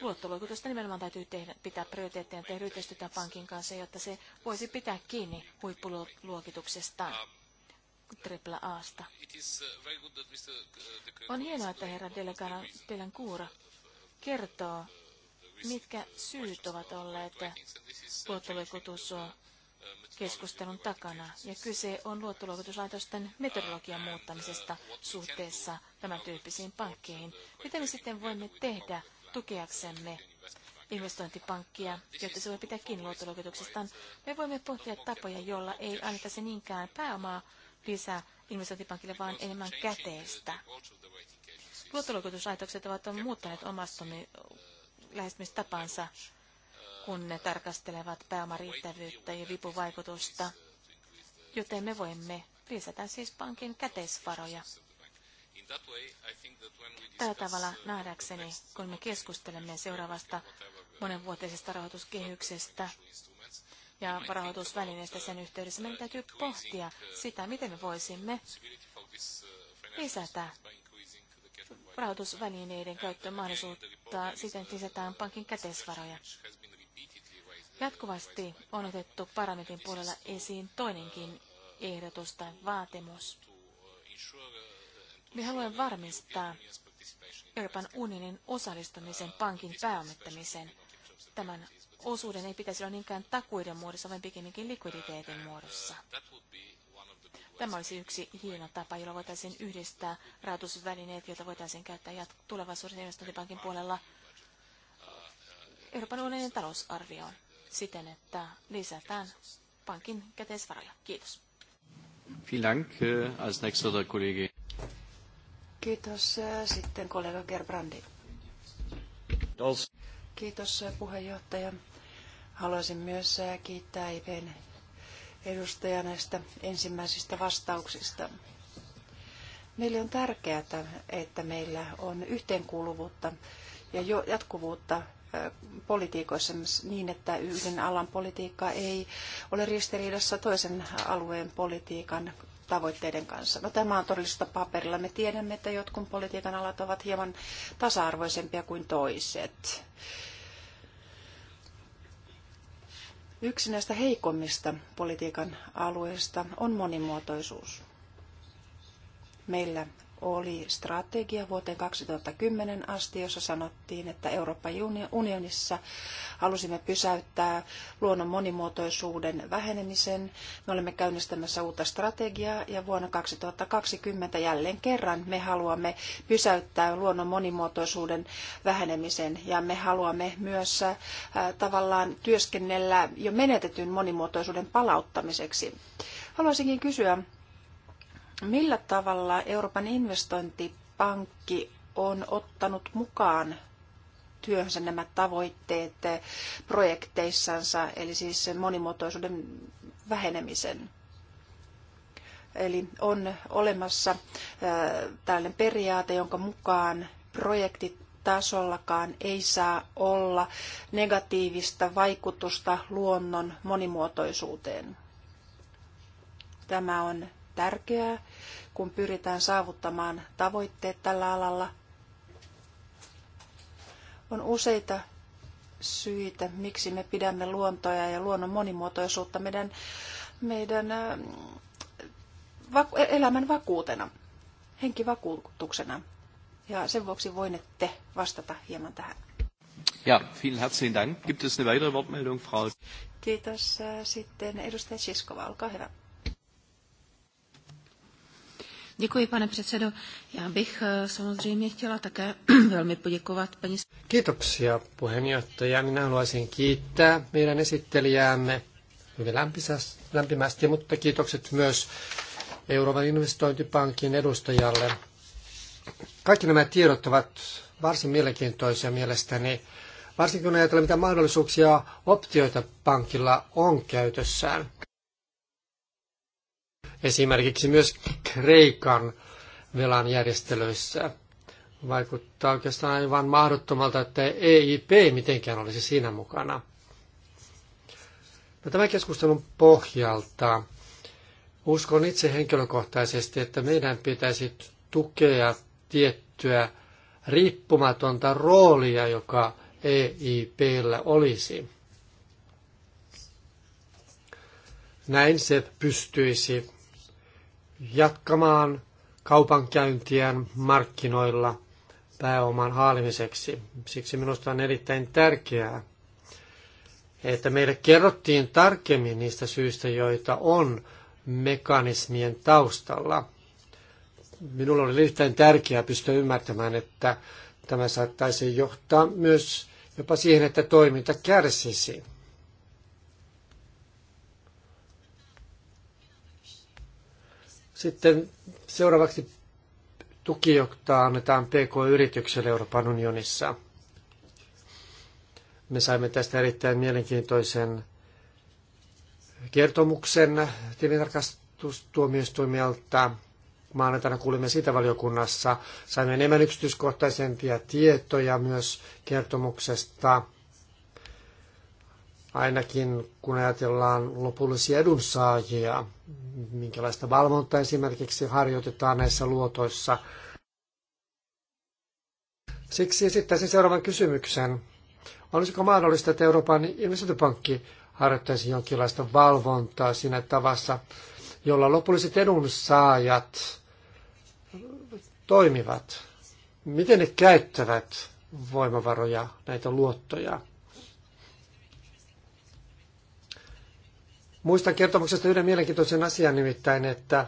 Luottoluokitusta nimenomaan täytyy tehdä, pitää prioriteetteja tehdä yhteistyötä pankin kanssa, jotta se voisi pitää kiinni huippuluokituksestaan. Triple Asta. On hienoa, että herra Kuura kertoo, mitkä syyt ovat olleet keskustelun takana. Ja kyse on luottoluokituslaitosten metodologian muuttamisesta suhteessa tämän tyyppisiin pankkeihin. Mitä me sitten voimme tehdä tukeaksemme investointipankkia, jotta se voi pitää kiinni luottoluokituksestaan. Me voimme pohtia tapoja, jolla ei annettaisi niinkään pääomaa lisää investointipankille, vaan enemmän käteistä. Luottoluokituslaitokset ovat muuttaneet omastomi lähestymistapansa, kun ne tarkastelevat pääomariittävyyttä ja vipuvaikutusta, joten me voimme lisätä siis pankin käteisvaroja. Tällä tavalla uh, nähdäkseni, kun me keskustelemme uh, seuraavasta uh, monenvuotisesta rahoituskehyksestä ja rahoitusvälineestä sen yhteydessä, meidän täytyy pohtia sitä, miten me voisimme lisätä rahoitusvälineiden käyttömahdollisuutta siten, että lisätään pankin käteisvaroja. Jatkuvasti on otettu parlamentin puolella esiin toinenkin ehdotus tai vaatimus me haluamme varmistaa Euroopan unionin osallistumisen pankin pääomittamiseen. Tämän osuuden ei pitäisi olla niinkään takuiden muodossa, vaan pikemminkin likviditeetin muodossa. Tämä olisi yksi hieno tapa, jolla voitaisiin yhdistää rahoitusvälineet, joita voitaisiin käyttää jat- tulevaisuuden investointipankin puolella Euroopan unionin talousarvioon siten, että lisätään pankin käteisvaroja. Kiitos. Vielen Dank. Äh, als nächster der Kollege Kiitos. Sitten kollega Gerbrandi. Kiitos puheenjohtaja. Haluaisin myös kiittää IPn edustaja näistä ensimmäisistä vastauksista. Meille on tärkeää, että meillä on yhteenkuuluvuutta ja jatkuvuutta politiikoissa niin, että yhden alan politiikka ei ole ristiriidassa toisen alueen politiikan tavoitteiden kanssa. No tämä on todellista paperilla. Me tiedämme, että jotkut politiikan alat ovat hieman tasa-arvoisempia kuin toiset. Yksi näistä heikommista politiikan alueista on monimuotoisuus. Meillä oli strategia vuoteen 2010 asti, jossa sanottiin, että Euroopan unionissa halusimme pysäyttää luonnon monimuotoisuuden vähenemisen. Me olemme käynnistämässä uutta strategiaa ja vuonna 2020 jälleen kerran me haluamme pysäyttää luonnon monimuotoisuuden vähenemisen ja me haluamme myös äh, tavallaan työskennellä jo menetetyn monimuotoisuuden palauttamiseksi. Haluaisinkin kysyä Millä tavalla Euroopan investointipankki on ottanut mukaan työhönsä nämä tavoitteet projekteissansa, eli siis sen monimuotoisuuden vähenemisen? Eli on olemassa tällainen periaate, jonka mukaan projektit tasollakaan ei saa olla negatiivista vaikutusta luonnon monimuotoisuuteen. Tämä on tärkeää, kun pyritään saavuttamaan tavoitteet tällä alalla. On useita syitä, miksi me pidämme luontoa ja luonnon monimuotoisuutta meidän, meidän ähm, elämän vakuutena, henkivakuutuksena. Ja sen vuoksi voinette vastata hieman tähän. Ja, vielen herzlichen Dank. Gibt es eine weitere Wortmeldung, Frau? Kiitos. Äh, sitten edustaja Siskova, olkaa hyvä. Děkuji, pane předsedo. Já bych eh, samozřejmě chtěla také velmi poděkovat paní... Kiitoksia, puheenjohtaja. Minä haluaisin kiittää meidän esittelijäämme hyvin lämpimästi, mutta kiitokset myös Euroopan investointipankin edustajalle. Kaikki nämä tiedot ovat varsin mielenkiintoisia mielestäni, varsinkin kun ajatellaan, mitä mahdollisuuksia optioita pankilla on käytössään. Esimerkiksi myös Kreikan velan järjestelyissä vaikuttaa oikeastaan aivan mahdottomalta, että EIP mitenkään olisi siinä mukana. No, tämän keskustelun pohjalta uskon itse henkilökohtaisesti, että meidän pitäisi tukea tiettyä riippumatonta roolia, joka EIPllä olisi. Näin se pystyisi jatkamaan kaupankäyntiään markkinoilla pääoman haalimiseksi. Siksi minusta on erittäin tärkeää, että meille kerrottiin tarkemmin niistä syistä, joita on mekanismien taustalla. Minulla oli erittäin tärkeää pystyä ymmärtämään, että tämä saattaisi johtaa myös jopa siihen, että toiminta kärsisi. Sitten seuraavaksi tuki, jota annetaan PK-yritykselle Euroopan unionissa. Me saimme tästä erittäin mielenkiintoisen kertomuksen tilintarkastustuomioistuimelta. Maanantaina kuulimme siitä valiokunnassa. Saimme enemmän yksityiskohtaisempia tietoja myös kertomuksesta – ainakin kun ajatellaan lopullisia edunsaajia, minkälaista valvontaa esimerkiksi harjoitetaan näissä luotoissa. Siksi esittäisin seuraavan kysymyksen. Olisiko mahdollista, että Euroopan investointipankki harjoittaisi jonkinlaista valvontaa siinä tavassa, jolla lopulliset edunsaajat toimivat? Miten ne käyttävät voimavaroja, näitä luottoja? Muistan kertomuksesta yhden mielenkiintoisen asian nimittäin, että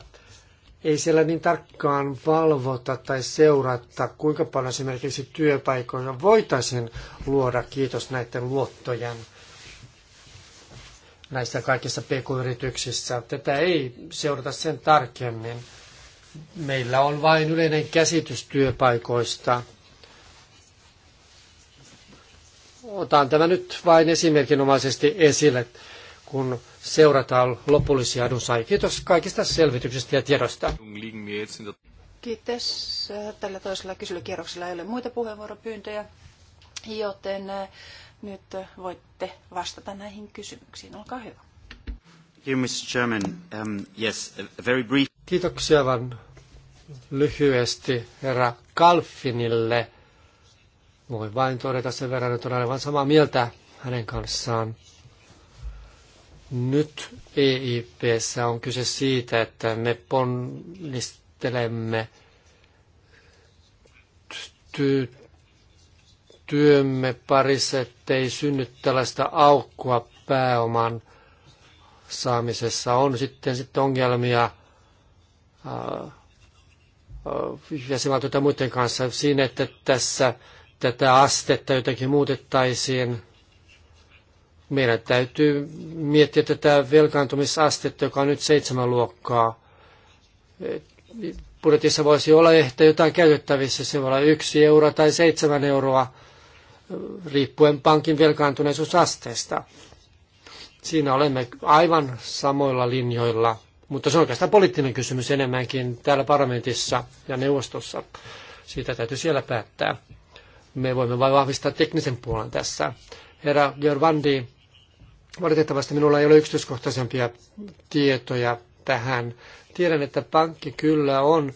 ei siellä niin tarkkaan valvota tai seurata, kuinka paljon esimerkiksi työpaikoja voitaisiin luoda, kiitos näiden luottojen näissä kaikissa pk-yrityksissä. Tätä ei seurata sen tarkemmin. Meillä on vain yleinen käsitys työpaikoista. Otan tämä nyt vain esimerkinomaisesti esille kun seurataan lopullisia edunsaajia. Kiitos kaikista selvityksistä ja tiedosta. Kiitos. Tällä toisella kyselykierroksella ei ole muita puheenvuoropyyntöjä, joten äh, nyt voitte vastata näihin kysymyksiin. Olkaa hyvä. Um, Kiitoksia vain lyhyesti herra Kalfinille. Voin vain todeta sen verran, että olen aivan samaa mieltä hänen kanssaan. Nyt EIP on kyse siitä, että me ponnistelemme ty- työmme parissa, ettei synny tällaista aukkoa pääoman saamisessa. On sitten, sitten ongelmia jäsenvaltioita muiden kanssa siinä, että tässä tätä astetta jotenkin muutettaisiin meidän täytyy miettiä tätä velkaantumisastetta, joka on nyt seitsemän luokkaa. Budjetissa voisi olla ehkä jotain käytettävissä, se voi olla yksi euro tai seitsemän euroa, riippuen pankin velkaantuneisuusasteesta. Siinä olemme aivan samoilla linjoilla, mutta se on oikeastaan poliittinen kysymys enemmänkin täällä parlamentissa ja neuvostossa. Siitä täytyy siellä päättää. Me voimme vain vahvistaa teknisen puolen tässä. Herra Gervandi, Valitettavasti minulla ei ole yksityiskohtaisempia tietoja tähän. Tiedän, että pankki kyllä on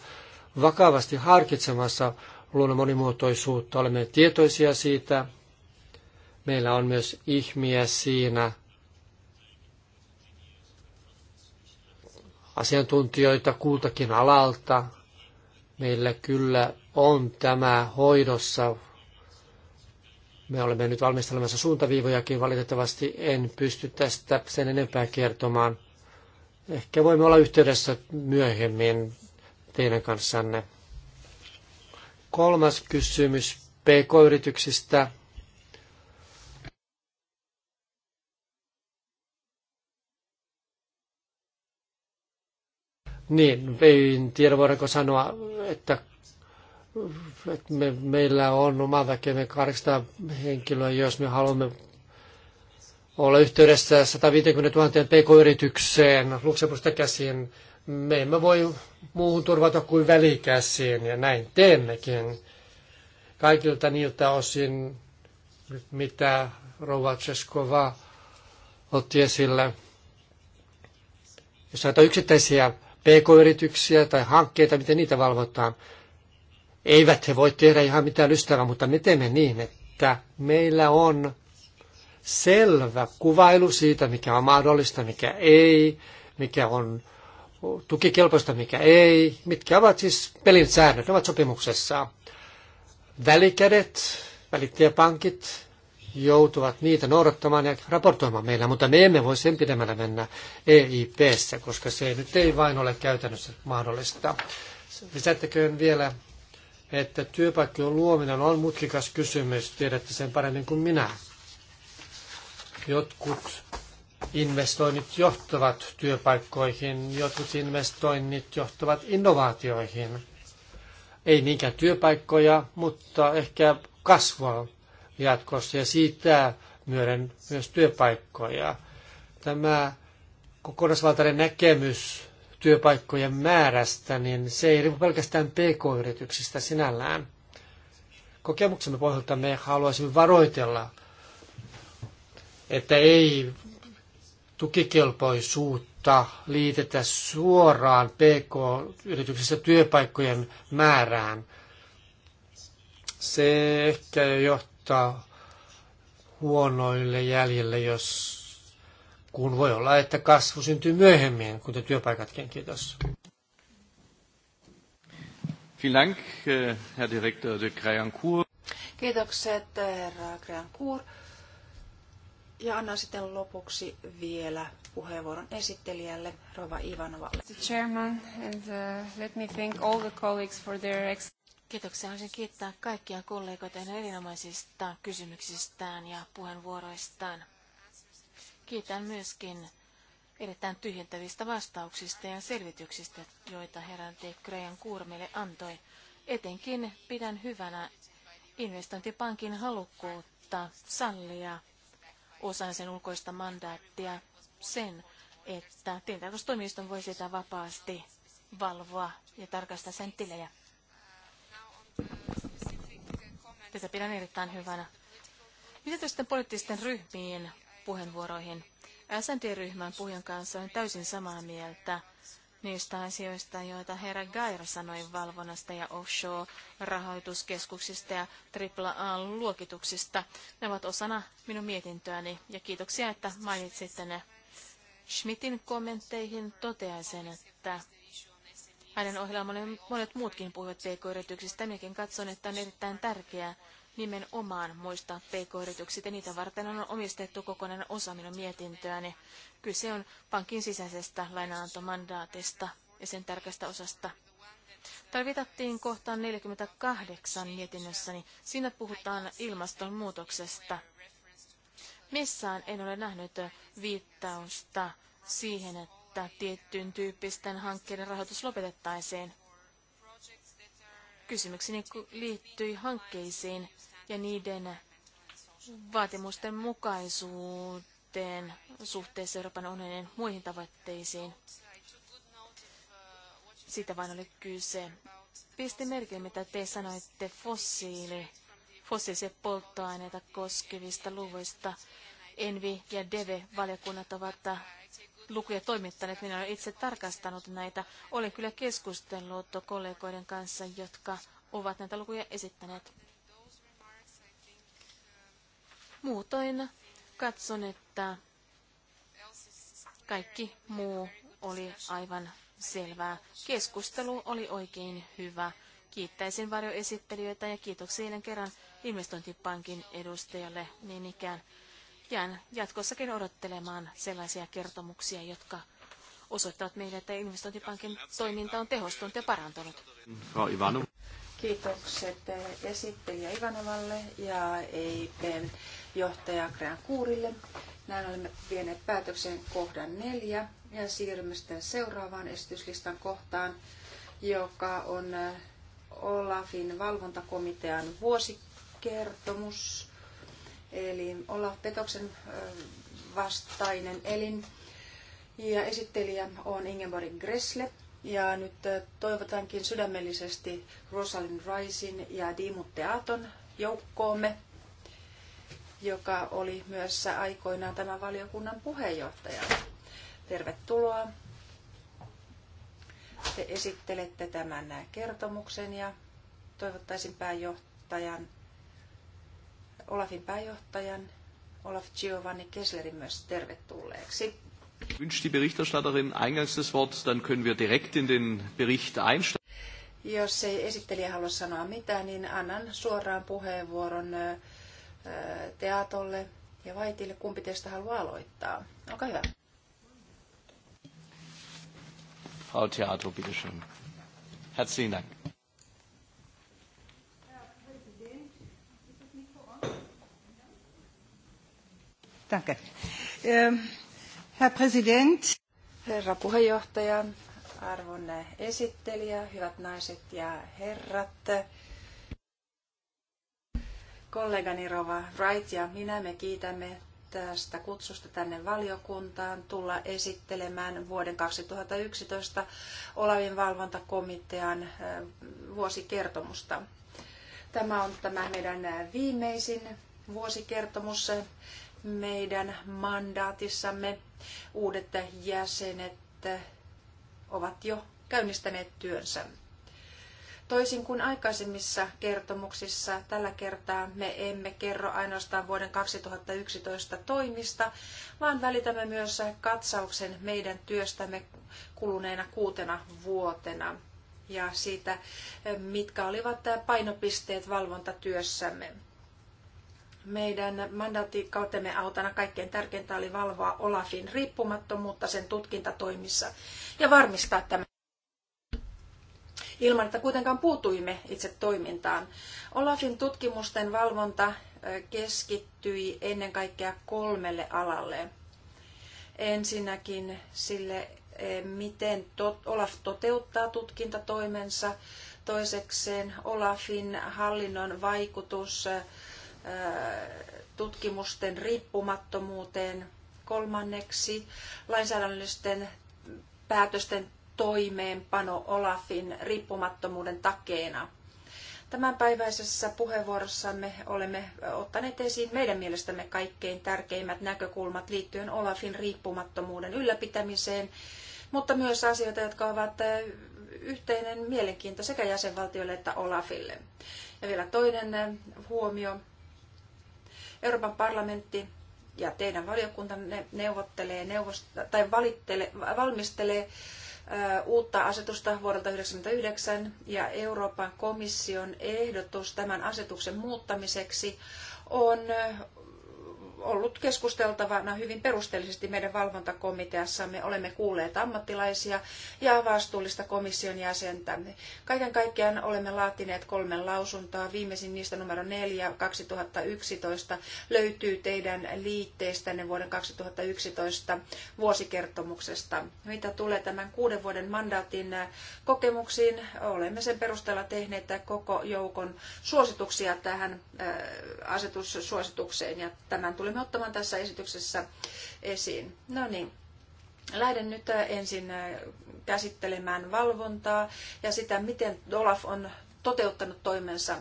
vakavasti harkitsemassa luonnon monimuotoisuutta. Olemme tietoisia siitä. Meillä on myös ihmiä siinä. Asiantuntijoita kultakin alalta. Meillä kyllä on tämä hoidossa me olemme nyt valmistelemassa suuntaviivojakin. Valitettavasti en pysty tästä sen enempää kertomaan. Ehkä voimme olla yhteydessä myöhemmin teidän kanssanne. Kolmas kysymys PK-yrityksistä. Niin, en tiedä voidaanko sanoa, että että me, meillä on oma väkemme 800 henkilöä, jos me haluamme olla yhteydessä 150 000 pk-yritykseen Luxemburgista käsiin. Me emme voi muuhun turvata kuin välikäsiin, ja näin teemmekin. Kaikilta niiltä osin, mitä Rova Cheskova otti esille. Jos näitä yksittäisiä pk-yrityksiä tai hankkeita, miten niitä valvotaan, eivät he voi tehdä ihan mitään lystävää, mutta me teemme niin, että meillä on selvä kuvailu siitä, mikä on mahdollista, mikä ei, mikä on tukikelpoista, mikä ei, mitkä ovat siis pelin säännöt, ne ovat sopimuksessa. Välikädet, välittäjäpankit joutuvat niitä noudattamaan ja raportoimaan meillä, mutta me emme voi sen pidemmällä mennä EIPssä, koska se nyt ei vain ole käytännössä mahdollista. Lisättäköön vielä, että työpaikkojen luominen on mutkikas kysymys, tiedätte sen paremmin kuin minä. Jotkut investoinnit johtavat työpaikkoihin, jotkut investoinnit johtavat innovaatioihin. Ei niinkään työpaikkoja, mutta ehkä kasvua jatkossa ja siitä myöden myös työpaikkoja. Tämä kokonaisvaltainen näkemys työpaikkojen määrästä, niin se ei riipu pelkästään pk-yrityksistä sinällään. Kokemuksemme pohjalta me haluaisimme varoitella, että ei tukikelpoisuutta liitetä suoraan pk-yrityksissä työpaikkojen määrään. Se ehkä johtaa huonoille jäljille, jos kun voi olla, että kasvu syntyy myöhemmin, kuten työpaikatkin. Kiitos. Eh, Kiitokset, eh, herra Krajancourt. Ja annan sitten lopuksi vielä puheenvuoron esittelijälle, Rova Ivanovalle. chairman, and uh, let me thank all the colleagues for their Kiitoksia. Haluaisin kiittää kaikkia kollegoita erinomaisista kysymyksistään ja puheenvuoroistaan. Kiitän myöskin erittäin tyhjentävistä vastauksista ja selvityksistä, joita herra de Crean kuurmille antoi. Etenkin pidän hyvänä investointipankin halukkuutta sallia osan sen ulkoista mandaattia sen, että tilintarkastustoimiston voi sitä vapaasti valvoa ja tarkastaa sen tilejä. Tätä pidän erittäin hyvänä. Mitä sitten poliittisten ryhmien puheenvuoroihin. SND-ryhmän puhujan kanssa olen täysin samaa mieltä niistä asioista, joita herra Gair sanoi valvonnasta ja offshore-rahoituskeskuksista ja AAA-luokituksista. Ne ovat osana minun mietintöäni ja kiitoksia, että mainitsitte ne. Schmidtin kommentteihin toteaisin, että hänen ohjelmallaan monet muutkin puhuvat pk-yrityksistä. Minäkin katson, että on erittäin tärkeää, nimenomaan muista pk-yritykset ja niitä varten on omistettu kokonainen osa minun mietintöäni. Kyse on pankin sisäisestä lainaantomandaatista ja sen tärkeästä osasta. Tarvitattiin kohtaan 48 mietinnössäni. Siinä puhutaan ilmastonmuutoksesta. Missään en ole nähnyt viittausta siihen, että tiettyyn tyyppisten hankkeiden rahoitus lopetettaisiin. Kysymykseni liittyi hankkeisiin ja niiden vaatimusten mukaisuuteen suhteessa Euroopan unionin muihin tavoitteisiin. Siitä vain oli kyse. Pisti merkille, mitä te sanoitte fossiili, fossiilisia polttoaineita koskevista luvuista. Envi ja Deve-valiokunnat ovat lukuja toimittaneet. Minä olen itse tarkastanut näitä. Olen kyllä keskustellut kollegoiden kanssa, jotka ovat näitä lukuja esittäneet. Muutoin katson, että kaikki muu oli aivan selvää. Keskustelu oli oikein hyvä. Kiittäisin varjoesittelijöitä ja kiitoksia kerran investointipankin edustajalle niin ikään jään jatkossakin odottelemaan sellaisia kertomuksia, jotka osoittavat meille, että investointipankin toiminta on tehostunut ja parantunut. Kiitokset eh, esittelijä Ivanovalle ja EIPn johtaja Krean Kuurille. Näin olemme vieneet päätöksen kohdan neljä ja siirrymme sitten seuraavaan esityslistan kohtaan, joka on eh, Olafin valvontakomitean vuosikertomus eli olla petoksen vastainen elin. Ja esittelijä on Ingeborg Gressle. Ja nyt toivotankin sydämellisesti Rosalind Ricein ja Dimut Teaton joukkoomme, joka oli myös aikoinaan tämän valiokunnan puheenjohtaja. Tervetuloa. Te esittelette tämän kertomuksen ja toivottaisin pääjohtajan Olafin pääjohtajan Olaf Giovanni Kesslerin myös tervetulleeksi. Wünscht die Berichterstatterin eingangs das Wort, dann können wir direkt in den Bericht einsteigen. Jos ei esittelijä halua sanoa mitään, niin annan suoraan puheenvuoron Teatolle ja Vaitille. Kumpi teistä haluaa aloittaa? Olkaa hyvä. Frau Theato, schön. Herzlichen Dank. Danke. Ähm, Herr Präsident. Herra puheenjohtaja, arvon esittelijä, hyvät naiset ja herrat. Kollegani Rova Wright ja minä me kiitämme tästä kutsusta tänne valiokuntaan tulla esittelemään vuoden 2011 Olavin valvontakomitean äh, vuosikertomusta. Tämä on tämä meidän viimeisin vuosikertomus meidän mandaatissamme uudet jäsenet ovat jo käynnistäneet työnsä. Toisin kuin aikaisemmissa kertomuksissa, tällä kertaa me emme kerro ainoastaan vuoden 2011 toimista, vaan välitämme myös katsauksen meidän työstämme kuluneena kuutena vuotena ja siitä, mitkä olivat painopisteet valvontatyössämme. Meidän mandaattikautemme autana kaikkein tärkeintä oli valvoa Olafin riippumattomuutta sen tutkintatoimissa ja varmistaa tämä ilman, että kuitenkaan puutuimme itse toimintaan. Olafin tutkimusten valvonta keskittyi ennen kaikkea kolmelle alalle. Ensinnäkin sille, miten Olaf toteuttaa tutkintatoimensa, toisekseen Olafin hallinnon vaikutus tutkimusten riippumattomuuteen. Kolmanneksi lainsäädännöllisten päätösten toimeenpano Olafin riippumattomuuden takeena. Tämänpäiväisessä puheenvuorossamme olemme ottaneet esiin meidän mielestämme kaikkein tärkeimmät näkökulmat liittyen Olafin riippumattomuuden ylläpitämiseen, mutta myös asioita, jotka ovat yhteinen mielenkiinto sekä jäsenvaltioille että Olafille. Ja vielä toinen huomio Euroopan parlamentti ja teidän valiokuntanne neuvottelee, tai valittele, valmistelee uutta asetusta vuodelta 1999 ja Euroopan komission ehdotus tämän asetuksen muuttamiseksi on ollut keskusteltavana hyvin perusteellisesti meidän valvontakomiteassamme. Olemme kuulleet ammattilaisia ja vastuullista komission jäsentä. Kaiken kaikkiaan olemme laatineet kolme lausuntoa. Viimeisin niistä numero 4 2011 löytyy teidän liitteistänne vuoden 2011 vuosikertomuksesta. Mitä tulee tämän kuuden vuoden mandaatin äh, kokemuksiin, olemme sen perusteella tehneet koko joukon suosituksia tähän äh, asetussuositukseen ja tämän tulee pyrimme ottamaan tässä esityksessä esiin. No niin, lähden nyt äh, ensin äh, käsittelemään valvontaa ja sitä, miten Olaf on toteuttanut toimensa.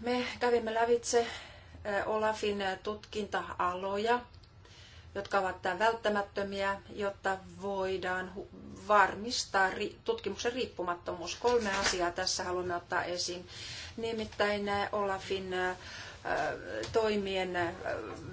Me kävimme lävitse äh, Olafin tutkinta-aloja, jotka ovat välttämättömiä, jotta voidaan varmistaa tutkimuksen riippumattomuus. Kolme asiaa tässä haluamme ottaa esiin. Nimittäin Olafin toimien äh,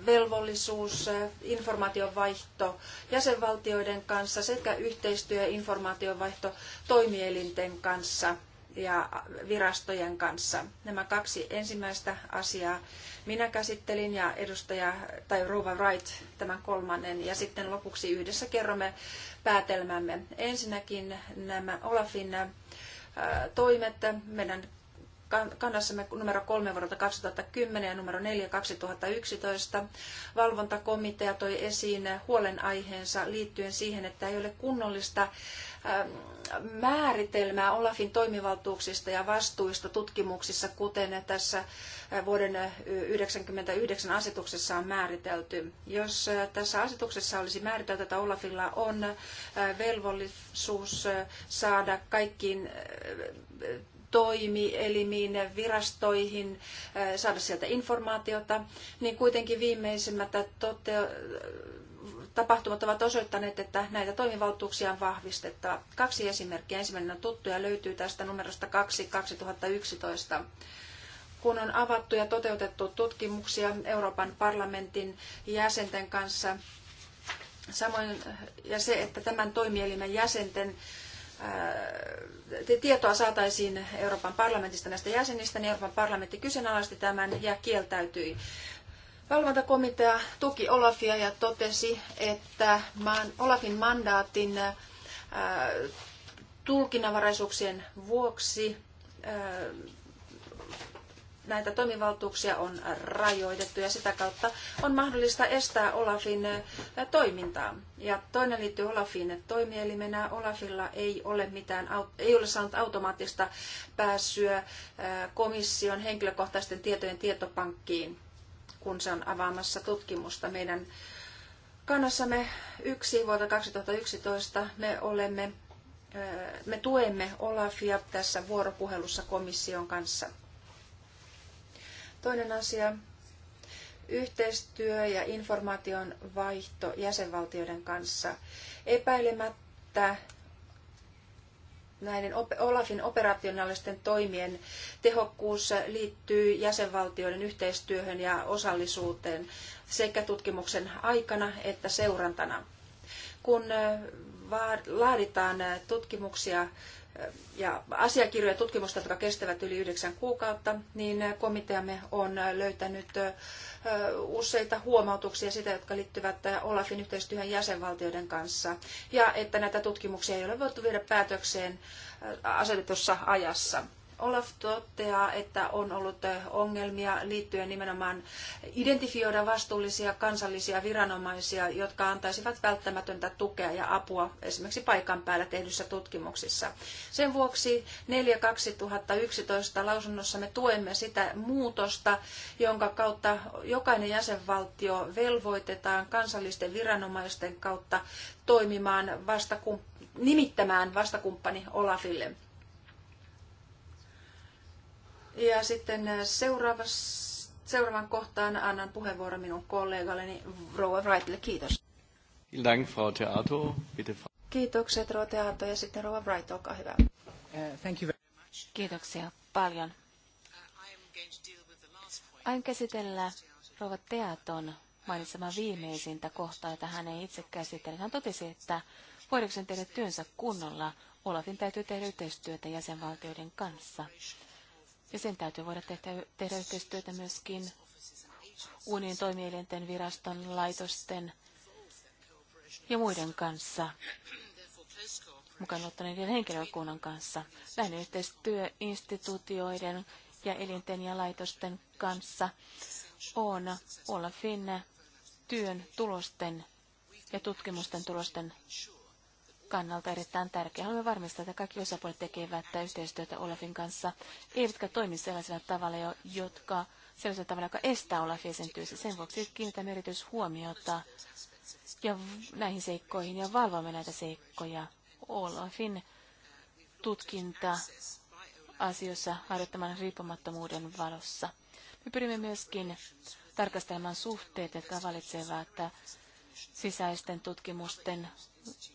velvollisuus, äh, informaationvaihto jäsenvaltioiden kanssa sekä yhteistyö ja informaationvaihto toimielinten kanssa ja virastojen kanssa. Nämä kaksi ensimmäistä asiaa minä käsittelin ja edustaja tai Rova Wright tämän kolmannen ja sitten lopuksi yhdessä kerromme päätelmämme. Ensinnäkin nämä Olafin äh, toimet. Meidän kannassamme numero 3 vuodelta 2010 ja numero 4 2011. Valvontakomitea toi esiin huolenaiheensa liittyen siihen, että ei ole kunnollista ähm, määritelmää Olafin toimivaltuuksista ja vastuista tutkimuksissa, kuten tässä äh, vuoden 1999 äh, asetuksessa on määritelty. Jos äh, tässä asetuksessa olisi määritelty, että Olafilla on velvollisuus saada kaikkiin toimielimiin, virastoihin, äh, saada sieltä informaatiota, niin kuitenkin viimeisimmät tote- tapahtumat ovat osoittaneet, että näitä toimivaltuuksia on vahvistettava. Kaksi esimerkkiä. Ensimmäinen on tuttu ja löytyy tästä numerosta 2 2011 kun on avattu ja toteutettu tutkimuksia Euroopan parlamentin jäsenten kanssa Samoin ja se, että tämän toimielimen jäsenten tietoa saataisiin Euroopan parlamentista näistä jäsenistä, niin Euroopan parlamentti kyseenalaisti tämän ja kieltäytyi. Valvontakomitea tuki Olafia ja totesi, että Olafin mandaatin tulkinnanvaraisuuksien vuoksi näitä toimivaltuuksia on rajoitettu ja sitä kautta on mahdollista estää Olafin toimintaa. Ja toinen liittyy Olafin toimielimenä. Olafilla ei ole, mitään, ei ole saanut automaattista pääsyä komission henkilökohtaisten tietojen tietopankkiin, kun se on avaamassa tutkimusta meidän kannassamme yksi vuotta 2011 me olemme me tuemme Olafia tässä vuoropuhelussa komission kanssa. Toinen asia, yhteistyö ja informaation vaihto jäsenvaltioiden kanssa. Epäilemättä näiden Olafin operationaalisten toimien tehokkuus liittyy jäsenvaltioiden yhteistyöhön ja osallisuuteen sekä tutkimuksen aikana että seurantana. Kun äh, laaditaan äh, tutkimuksia ja asiakirjoja tutkimusta, jotka kestävät yli yhdeksän kuukautta, niin komiteamme on löytänyt useita huomautuksia sitä, jotka liittyvät Olafin yhteistyöhön jäsenvaltioiden kanssa, ja että näitä tutkimuksia ei ole voitu viedä päätökseen asetetussa ajassa. Olaf toteaa, että on ollut ongelmia liittyen nimenomaan identifioida vastuullisia kansallisia viranomaisia, jotka antaisivat välttämätöntä tukea ja apua esimerkiksi paikan päällä tehdyissä tutkimuksissa. Sen vuoksi 4.2011 lausunnossa me tuemme sitä muutosta, jonka kautta jokainen jäsenvaltio velvoitetaan kansallisten viranomaisten kautta toimimaan vastakum- nimittämään vastakumppani Olafille. Ja sitten äh, seuraavan kohtaan annan puheenvuoron minun kollegalleni Rouva Wrightille. Kiitos. Dank, Frau Theato. Bitte. Kiitokset, Rouva Theato, ja sitten Rova Wright, olkaa hyvä. Uh, thank you very much. Kiitoksia paljon. Aion käsitellä Rova Teaton mainitsema viimeisintä kohtaa, jota hän ei itse käsitellä. Hän totesi, että voidaanko tehdä työnsä kunnolla, Olafin täytyy tehdä yhteistyötä jäsenvaltioiden kanssa. Ja sen täytyy voida tehdä, tehdä yhteistyötä myöskin unionin toimielinten, viraston, laitosten ja muiden kanssa, mukaan ottaneiden henkilökunnan kanssa. Lähinnä yhteistyö instituutioiden ja elinten ja laitosten kanssa on finne työn tulosten ja tutkimusten tulosten kannalta erittäin tärkeä. Haluamme varmistaa, että kaikki osapuolet tekevät yhteistyötä Olafin kanssa, eivätkä toimi sellaisella tavalla, jotka, sellaisella tavalla, joka estää Olafin sen työssä. Sen vuoksi kiinnitämme erityishuomiota ja näihin seikkoihin ja valvomme näitä seikkoja. Olafin tutkinta asioissa harjoittaman riippumattomuuden valossa. Me pyrimme myöskin tarkastelemaan suhteet, jotka valitsevat sisäisten tutkimusten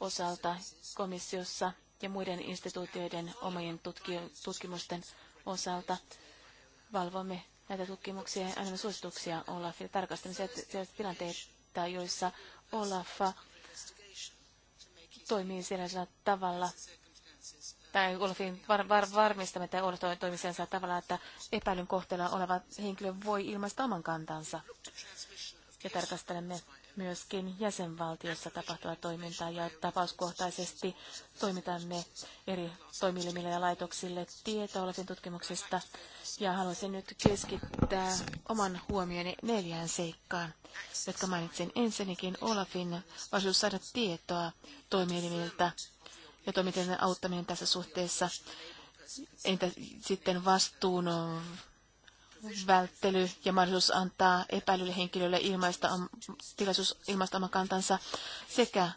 osalta komissiossa ja muiden instituutioiden omien tutkimusten osalta. Valvomme näitä tutkimuksia ja annamme suosituksia Olafille tarkastamiseen tilanteita, joissa Olaf toimii sellaisella tavalla, tai Olafin var, var, varmistamme, että Olaf toimii sellaisella tavalla, että epäilyn kohteella oleva henkilö voi ilmaista oman kantansa. Ja tarkastelemme myöskin jäsenvaltiossa tapahtuvaa toimintaa ja tapauskohtaisesti toimitamme eri toimielimille ja laitoksille tietoa olevien tutkimuksesta. Ja haluaisin nyt keskittää oman huomioni neljään seikkaan, jotka mainitsin ensinnäkin Olafin mahdollisuus saada tietoa toimielimiltä ja toimielimien auttaminen tässä suhteessa. Entä sitten vastuun välttely ja mahdollisuus antaa epäilylle henkilölle ilmaista, tilaisuus ilmaista oma kantansa sekä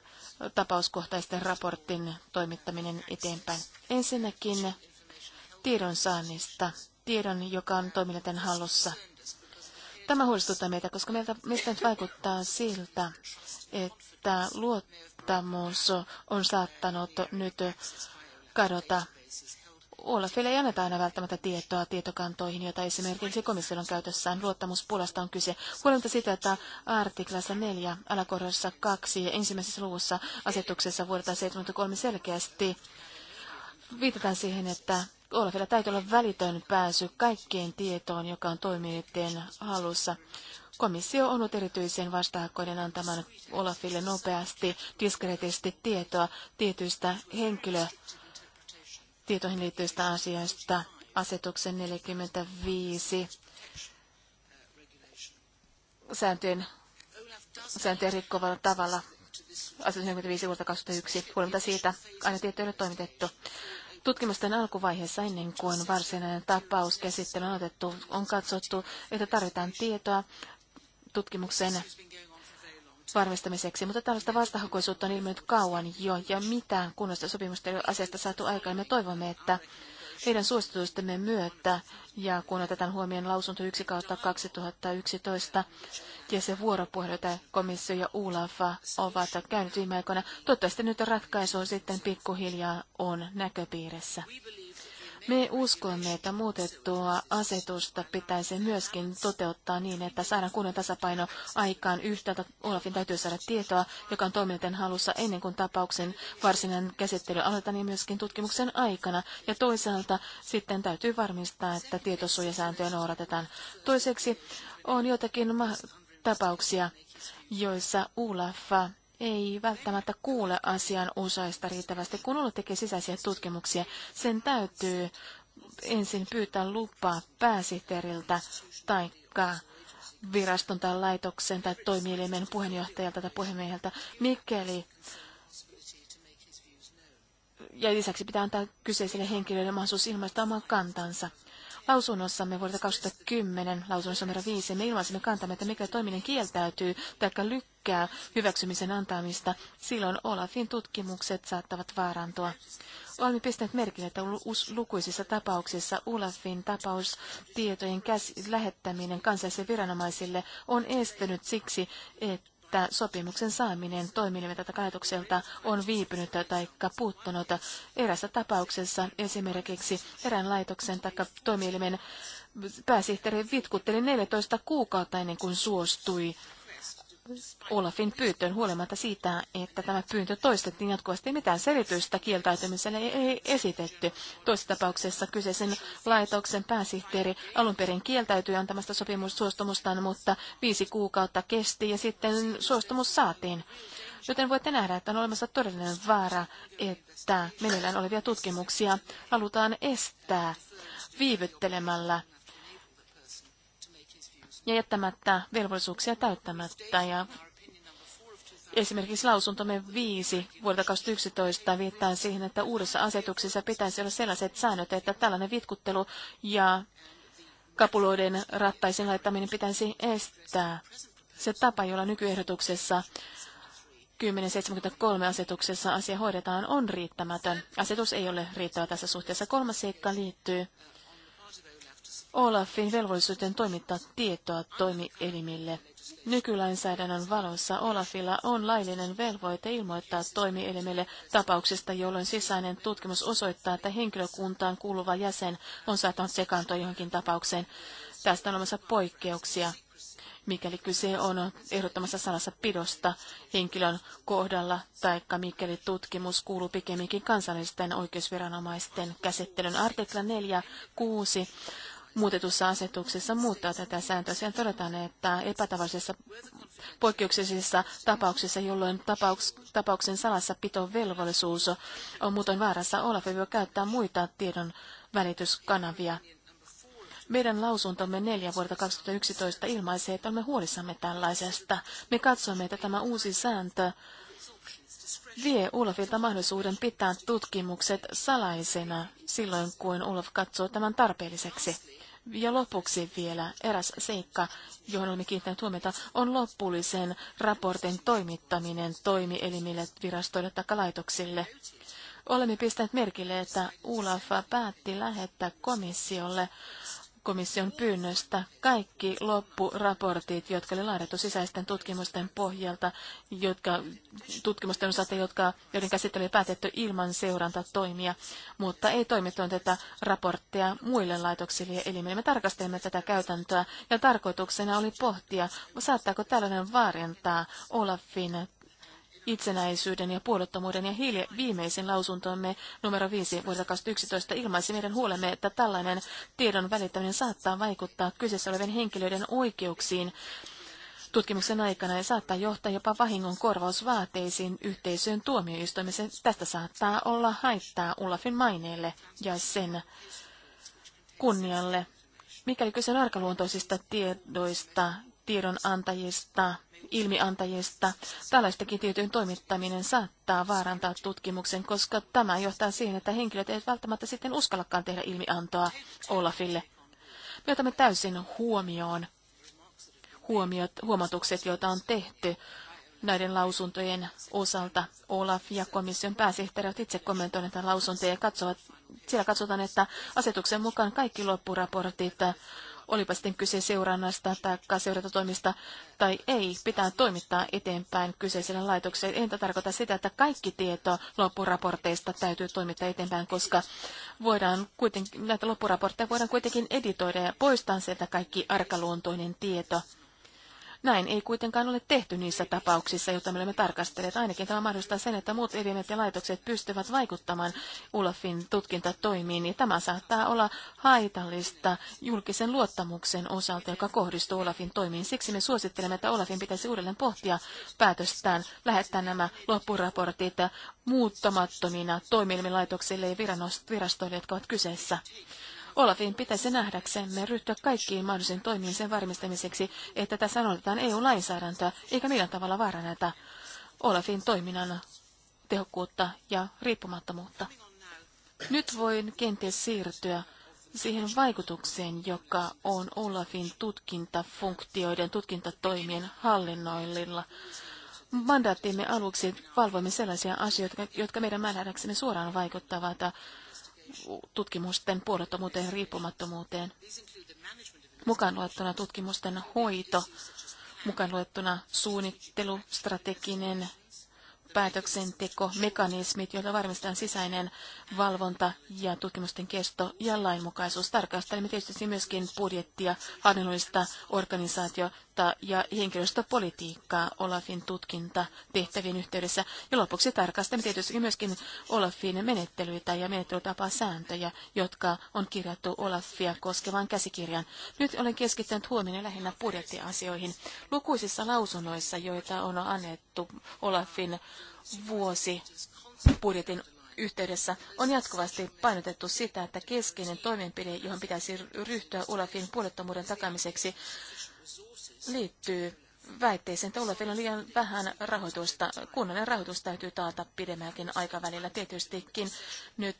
tapauskohtaisten raportin toimittaminen eteenpäin. Ensinnäkin tiedon saannista, tiedon, joka on toiminnan hallussa. Tämä huolestuttaa meitä, koska meiltä, meistä nyt vaikuttaa siltä, että luottamus on saattanut nyt kadota Olafille ei anneta aina välttämättä tietoa tietokantoihin, joita esimerkiksi komission käytössään luottamuspulasta on kyse. Huolimatta sitä, että artiklassa 4, alakorjassa 2 ja ensimmäisessä luvussa asetuksessa vuodelta 73 selkeästi viitataan siihen, että Olafilla täytyy olla välitön pääsy kaikkeen tietoon, joka on toimijoiden halussa. Komissio on ollut erityisen vastahakoinen antamaan Olafille nopeasti, diskreetisti tietoa tietyistä henkilö tietoihin liittyvistä asioista asetuksen 45 sääntöjen, sääntöjen rikkovalla tavalla asetus 45 vuotta 2001 huolimatta siitä aina tieto ei ole toimitettu. Tutkimusten alkuvaiheessa ennen kuin varsinainen tapaus käsittely on otettu, on katsottu, että tarvitaan tietoa tutkimuksen varmistamiseksi, mutta tällaista vastahakoisuutta on ilmennyt kauan jo, ja mitään kunnosta sopimusta asiasta saatu aikaan. Me toivomme, että heidän suositustemme myötä, ja kun otetaan huomioon lausunto 1 kautta 2011, ja se vuoropuhelu, jota komissio ja ULAF ovat käyneet viime aikoina, toivottavasti nyt ratkaisu sitten pikkuhiljaa on näköpiirissä. Me uskoimme, että muutettua asetusta pitäisi myöskin toteuttaa niin, että saadaan kunnon tasapaino aikaan yhtäältä. Olafin täytyy saada tietoa, joka on toimijoiden halussa ennen kuin tapauksen varsinainen käsittely aloitetaan niin myöskin tutkimuksen aikana. Ja toisaalta sitten täytyy varmistaa, että tietosuojasääntöjä noudatetaan. Toiseksi on joitakin tapauksia, joissa Olaf ei välttämättä kuule asian osaista riittävästi. Kun Ulla tekee sisäisiä tutkimuksia, sen täytyy ensin pyytää lupaa pääsihteeriltä tai viraston tai laitoksen tai toimielimen puheenjohtajalta tai puhemieheltä, mikäli ja lisäksi pitää antaa kyseiselle henkilölle, mahdollisuus ilmaista oman kantansa. Lausunnossamme vuodelta 2010, lausunnossa numero 5, me ilmaisimme kantamme, että mikä toiminen kieltäytyy tai lykkää hyväksymisen antamista, silloin Olafin tutkimukset saattavat vaarantua. Olemme pistäneet merkille, että lukuisissa tapauksissa Olafin tapaustietojen käs- lähettäminen kansallisille viranomaisille on estynyt siksi, että että sopimuksen saaminen toimilimeltä kaitokselta on viipynyt tai puuttunut. Erässä tapauksessa esimerkiksi erään laitoksen tai toimielimen pääsihteeri vitkutteli 14 kuukautta ennen kuin suostui Olafin pyyntöön huolimatta siitä, että tämä pyyntö toistettiin jatkuvasti. Mitään selitystä kieltäytymiselle ei esitetty. Toisessa tapauksessa kyseisen laitoksen pääsihteeri alun perin kieltäytyi antamasta sopimussuostumustaan, mutta viisi kuukautta kesti ja sitten suostumus saatiin. Joten voitte nähdä, että on olemassa todellinen vaara, että meneillään olevia tutkimuksia halutaan estää viivyttelemällä ja jättämättä velvollisuuksia täyttämättä. Ja esimerkiksi lausuntomme 5 vuodelta 2011 viittaa siihen, että uudessa asetuksessa pitäisi olla sellaiset säännöt, että tällainen vitkuttelu ja kapuloiden rattaisen laittaminen pitäisi estää. Se tapa, jolla nykyehdotuksessa 1073 asetuksessa asia hoidetaan, on riittämätön. Asetus ei ole riittävä tässä suhteessa. Kolmas seikka liittyy Olafin velvollisuuteen toimittaa tietoa toimielimille. Nykylainsäädännön valossa Olafilla on laillinen velvoite ilmoittaa toimielimille tapauksista, jolloin sisäinen tutkimus osoittaa, että henkilökuntaan kuuluva jäsen on saattanut sekaantua johonkin tapaukseen. Tästä on olemassa poikkeuksia, mikäli kyse on ehdottomassa salassa pidosta henkilön kohdalla, taikka mikäli tutkimus kuuluu pikemminkin kansallisten oikeusviranomaisten käsittelyn. Artikla 4.6 muutetussa asetuksessa muuttaa tätä sääntöä. Siellä todetaan, että epätavallisessa poikkeuksellisissa tapauksissa, jolloin tapauks, tapauksen velvollisuus on muuten vaarassa, Olaf voi käyttää muita tiedon välityskanavia. Meidän lausuntomme neljä vuotta 2011 ilmaisee, että olemme huolissamme tällaisesta. Me katsomme, että tämä uusi sääntö vie Olafilta mahdollisuuden pitää tutkimukset salaisena silloin, kun Olaf katsoo tämän tarpeelliseksi. Ja lopuksi vielä eräs seikka, johon olemme kiinnittäneet huomiota, on loppullisen raportin toimittaminen toimielimille, virastoille tai laitoksille. Olemme pistäneet merkille, että ULAF päätti lähettää komissiolle komission pyynnöstä kaikki loppuraportit, jotka oli laadittu sisäisten tutkimusten pohjalta, jotka, tutkimusten osalta, jotka, joiden käsittely oli päätetty ilman seurantatoimia, mutta ei toimittu tätä raporttia muille laitoksille ja elimille. Me tarkastelimme tätä käytäntöä ja tarkoituksena oli pohtia, saattaako tällainen vaarentaa Olafin itsenäisyyden ja puolettomuuden ja hilje viimeisin lausuntomme numero 5 vuodelta 2011 ilmaisi meidän huolemme, että tällainen tiedon välittäminen saattaa vaikuttaa kyseessä olevien henkilöiden oikeuksiin Tutkimuksen aikana ja saattaa johtaa jopa vahingon korvausvaateisiin yhteisöön tuomioistuimiseen Tästä saattaa olla haittaa Ulafin maineelle ja sen kunnialle. Mikäli kyse on arkaluontoisista tiedoista, tiedonantajista, ilmiantajista. Tällaistakin tietojen toimittaminen saattaa vaarantaa tutkimuksen, koska tämä johtaa siihen, että henkilöt eivät välttämättä sitten uskallakaan tehdä ilmiantoa Olafille. Me otamme täysin huomioon huomiot, huomatukset, joita on tehty näiden lausuntojen osalta. Olaf ja komission pääsihteeri ovat itse kommentoineet lausuntoja ja katsovat, siellä katsotaan, että asetuksen mukaan kaikki loppuraportit olipa sitten kyse seurannasta tai seuratotoimista tai ei, pitää toimittaa eteenpäin kyseiselle laitokselle. Entä tarkoita sitä, että kaikki tieto loppuraporteista täytyy toimittaa eteenpäin, koska voidaan kuitenkin, näitä loppuraportteja voidaan kuitenkin editoida ja poistaa sieltä kaikki arkaluontoinen tieto. Näin ei kuitenkaan ole tehty niissä tapauksissa, joita me olemme tarkastelleet. Ainakin tämä mahdollistaa sen, että muut elimet ja laitokset pystyvät vaikuttamaan Ulofin tutkintatoimiin, ja tämä saattaa olla haitallista julkisen luottamuksen osalta, joka kohdistuu Olafin toimiin. Siksi me suosittelemme, että Olafin pitäisi uudelleen pohtia päätöstään, lähettää nämä loppuraportit muuttamattomina toimielimilaitoksille ja virastoille, jotka ovat kyseessä. Olafin pitäisi nähdäksemme ryhtyä kaikkiin mahdollisiin toimiin sen varmistamiseksi, että tässä noudatetaan EU-lainsäädäntöä eikä millään tavalla vaaranneta Olafin toiminnan tehokkuutta ja riippumattomuutta. Nyt voin kenties siirtyä siihen vaikutukseen, joka on Olafin tutkintafunktioiden, tutkintatoimien hallinnoillilla. Mandaattimme aluksi valvoimme sellaisia asioita, jotka meidän määräksemme suoraan vaikuttavat tutkimusten puolettomuuteen ja riippumattomuuteen, mukaan luettuna tutkimusten hoito, mukaan luettuna suunnittelu, strateginen päätöksenteko, mekanismit, joita varmistetaan sisäinen valvonta ja tutkimusten kesto ja lainmukaisuus. Tarkastelemme tietysti myöskin budjettia, hallinnollista organisaatio- taloutta ja henkilöstöpolitiikkaa Olafin tutkinta tehtävien yhteydessä. Ja lopuksi tarkastamme tietysti myöskin Olafin menettelyitä ja menettelytapasääntöjä, jotka on kirjattu Olafia koskevaan käsikirjan. Nyt olen keskittynyt huomioon lähinnä budjettiasioihin. Lukuisissa lausunnoissa, joita on annettu Olafin vuosi budjetin yhteydessä on jatkuvasti painotettu sitä, että keskeinen toimenpide, johon pitäisi ryhtyä Olafin puolettomuuden takamiseksi, liittyy väitteeseen, että Olafilla on liian vähän rahoitusta. Kunnallinen rahoitus täytyy taata pidemmälläkin aikavälillä. Tietystikin nyt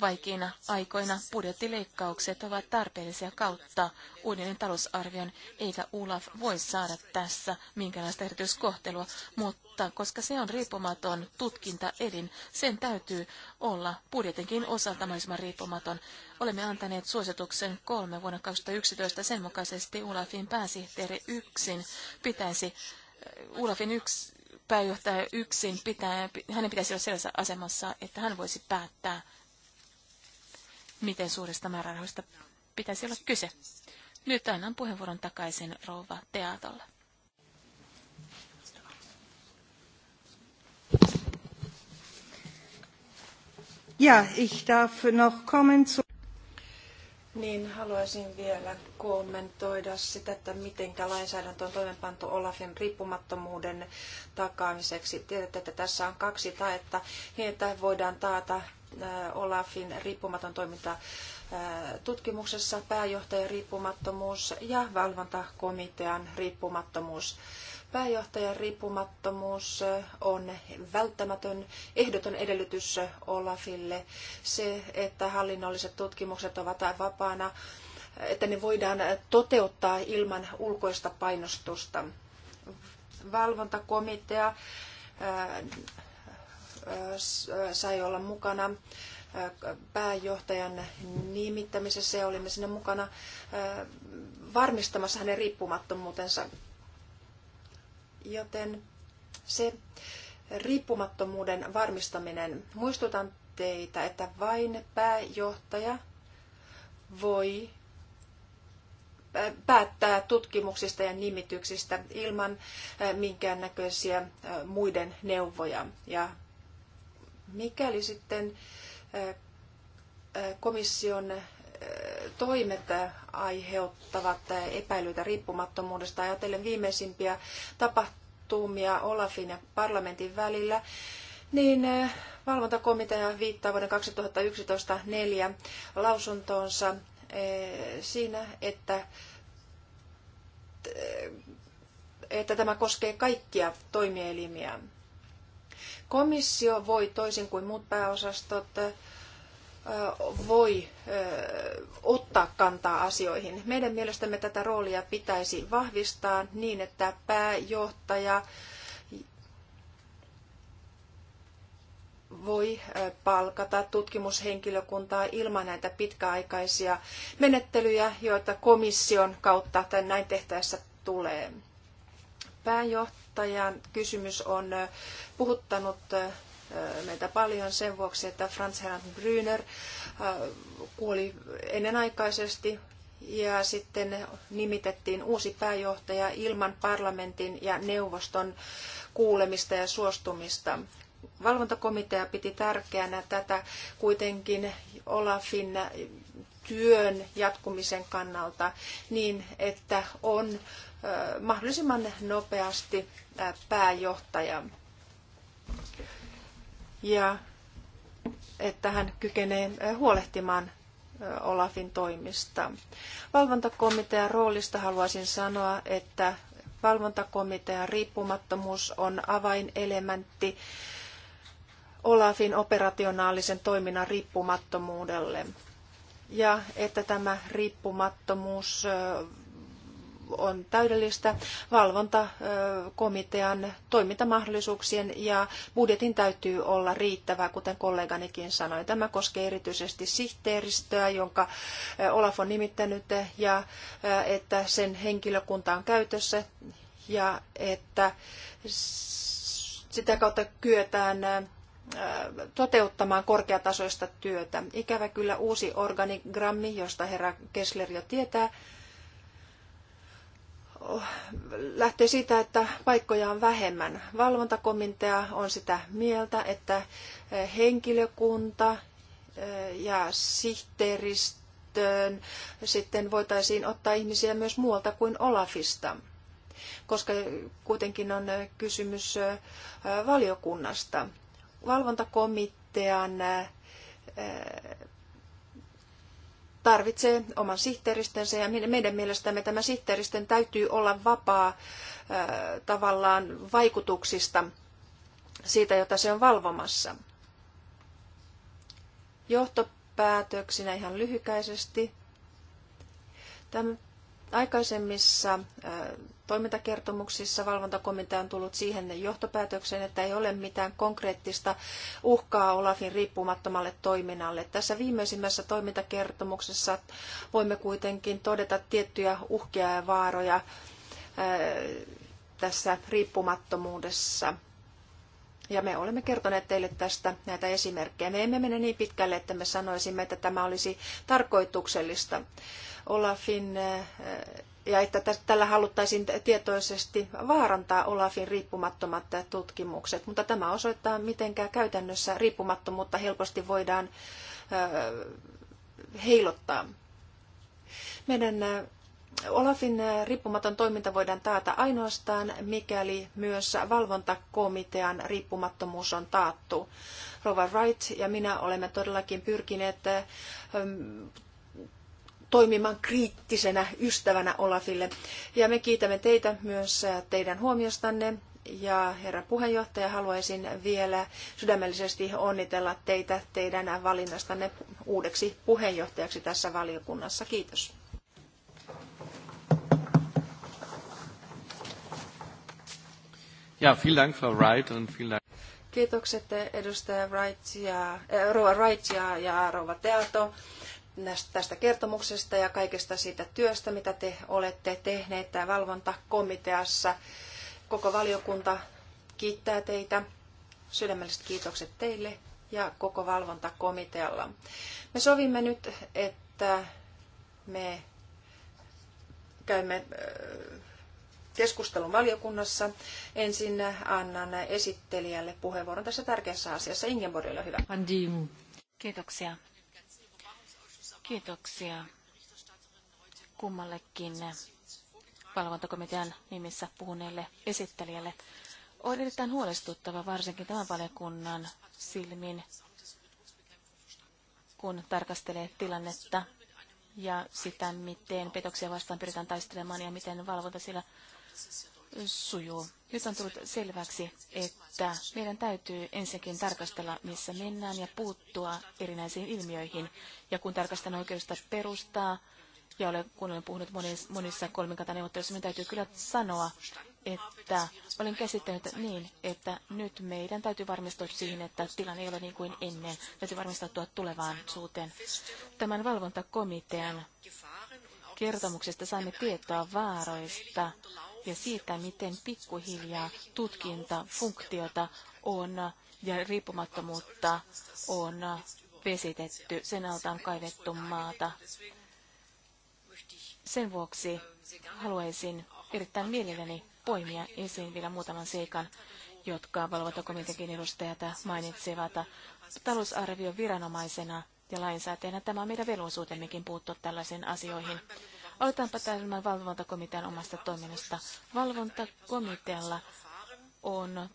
vaikeina aikoina budjettileikkaukset ovat tarpeellisia kautta uudelleen talousarvion, eikä Olaf voi saada tässä minkäänlaista erityiskohtelua, mutta mutta koska se on riippumaton tutkintaelin, sen täytyy olla budjetinkin osalta mahdollisimman riippumaton. Olemme antaneet suosituksen kolme vuonna 2011 sen mukaisesti Ulafin pääsihteeri yksin pitäisi, Ulafin eh, yksi, pääjohtaja yksin pitää, hänen pitäisi olla sellaisessa asemassa, että hän voisi päättää, miten suurista määrärahoista pitäisi olla kyse. Nyt annan puheenvuoron takaisin rouva Teatolle. Ja, ich darf noch kommen zu... Niin, haluaisin vielä kommentoida sitä, että miten lainsäädäntö on toimeenpantu Olafin riippumattomuuden takaamiseksi. Tiedätte, että tässä on kaksi taetta, niin että voidaan taata äh, Olafin riippumaton toiminta äh, tutkimuksessa, pääjohtajan riippumattomuus ja valvontakomitean riippumattomuus. Pääjohtajan riippumattomuus eh, on välttämätön, ehdoton edellytys eh, Olafille. Se, että hallinnolliset tutkimukset ovat vapaana, eh, että ne voidaan toteuttaa ilman ulkoista painostusta. Valvontakomitea sai olla mukana pääjohtajan nimittämisessä ja olimme siinä mukana varmistamassa hänen riippumattomuutensa. Joten se riippumattomuuden varmistaminen. Muistutan teitä, että vain pääjohtaja voi äh, päättää tutkimuksista ja nimityksistä ilman äh, minkäännäköisiä äh, muiden neuvoja. Ja mikäli sitten komission toimet aiheuttavat epäilyitä riippumattomuudesta. Ajatellen viimeisimpiä tapahtumia Olafin ja parlamentin välillä, niin eh, valvontakomitea viittaa vuoden 2011 neljä lausuntoonsa eh, siinä, että eh, että tämä koskee kaikkia toimielimiä. Komissio voi toisin kuin muut pääosastot voi ottaa kantaa asioihin. Meidän mielestämme tätä roolia pitäisi vahvistaa niin, että pääjohtaja voi palkata tutkimushenkilökuntaa ilman näitä pitkäaikaisia menettelyjä, joita komission kautta tai näin tehtäessä tulee. Pääjohtajan kysymys on puhuttanut meitä paljon sen vuoksi, että Franz Herrn Brüner kuoli ennenaikaisesti ja sitten nimitettiin uusi pääjohtaja ilman parlamentin ja neuvoston kuulemista ja suostumista. Valvontakomitea piti tärkeänä tätä kuitenkin Olafin työn jatkumisen kannalta niin, että on mahdollisimman nopeasti pääjohtaja ja että hän kykenee huolehtimaan Olafin toimista. Valvontakomitean roolista haluaisin sanoa, että valvontakomitean riippumattomuus on avainelementti Olafin operationaalisen toiminnan riippumattomuudelle ja että tämä riippumattomuus on täydellistä valvontakomitean toimintamahdollisuuksien ja budjetin täytyy olla riittävä, kuten kolleganikin sanoi. Tämä koskee erityisesti sihteeristöä, jonka Olaf on nimittänyt ja että sen henkilökunta on käytössä ja että sitä kautta kyetään toteuttamaan korkeatasoista työtä. Ikävä kyllä uusi organigrammi, josta herra Kessler jo tietää, lähtee siitä, että paikkoja on vähemmän. Valvontakomitea on sitä mieltä, että eh, henkilökunta eh, ja sihteeristöön sitten voitaisiin ottaa ihmisiä myös muualta kuin Olafista, koska kuitenkin on eh, kysymys valiokunnasta. Valvontakomitean tarvitsee oman sihteeristönsä ja meidän mielestämme tämä sihteeristön täytyy olla vapaa äh, tavallaan vaikutuksista siitä, jota se on valvomassa. Johtopäätöksinä ihan lyhykäisesti. Aikaisemmissa toimintakertomuksissa valvontakomitea on tullut siihen johtopäätökseen, että ei ole mitään konkreettista uhkaa Olafin riippumattomalle toiminnalle. Tässä viimeisimmässä toimintakertomuksessa voimme kuitenkin todeta tiettyjä uhkia ja vaaroja tässä riippumattomuudessa ja me olemme kertoneet teille tästä näitä esimerkkejä. Me emme mene niin pitkälle, että me sanoisimme, että tämä olisi tarkoituksellista. Olafin eh, ja että tällä haluttaisiin tietoisesti vaarantaa Olafin riippumattomat tutkimukset, mutta tämä osoittaa, miten käytännössä riippumattomuutta helposti voidaan eh, heilottaa. Meidän eh, Olafin äh, riippumaton toiminta voidaan taata ainoastaan, mikäli myös valvontakomitean riippumattomuus on taattu. Rova Wright ja minä olemme todellakin pyrkineet äh, ähm, toimimaan kriittisenä ystävänä Olafille. Ja me kiitämme teitä myös äh, teidän huomiostanne. Ja herra puheenjohtaja, haluaisin vielä sydämellisesti onnitella teitä teidän valinnastanne uudeksi puheenjohtajaksi tässä valiokunnassa. Kiitos. Ja, vielen Dank, Frau Wright, und vielen Dank. Kiitokset edustaja Wright ja, eh, Rova Wright ja, ja Rova Teato tästä kertomuksesta ja kaikesta siitä työstä, mitä te olette tehneet valvontakomiteassa. Koko valiokunta kiittää teitä. Sydämelliset kiitokset teille ja koko valvontakomitealla. Me sovimme nyt, että me käymme eh, keskustelun valiokunnassa. Ensin annan esittelijälle puheenvuoron tässä tärkeässä asiassa. Ingeborg, ole hyvä. Kiitoksia. Kiitoksia kummallekin valvontakomitean nimissä puhuneelle esittelijälle. On erittäin huolestuttava varsinkin tämän valiokunnan silmin, kun tarkastelee tilannetta ja sitä, miten petoksia vastaan pyritään taistelemaan ja miten valvonta sillä sujuu. Nyt on tullut selväksi, että meidän täytyy ensinnäkin tarkastella, missä mennään ja puuttua erinäisiin ilmiöihin. Ja kun tarkastan oikeudesta perustaa, ja olen, kun olen puhunut monissa kolmikantaneuvotteluissa, minun täytyy kyllä sanoa, että olen käsittänyt niin, että nyt meidän täytyy varmistua siihen, että tilanne ei ole niin kuin ennen. Täytyy varmistautua tulevaan suuteen. Tämän valvontakomitean kertomuksesta saimme tietoa vaaroista, ja siitä, miten pikkuhiljaa tutkintafunktiota on ja riippumattomuutta on vesitetty, sen alta on kaivettu maata. Sen vuoksi haluaisin erittäin mielelläni poimia esiin vielä muutaman seikan, jotka valvontakomiteakin edustajat mainitsevat. Talousarvio viranomaisena ja lainsäätäjänä tämä on meidän velvollisuutemmekin puuttua tällaisiin asioihin. Aloitetaanpa tämän valvontakomitean omasta toiminnasta. Valvontakomitealla on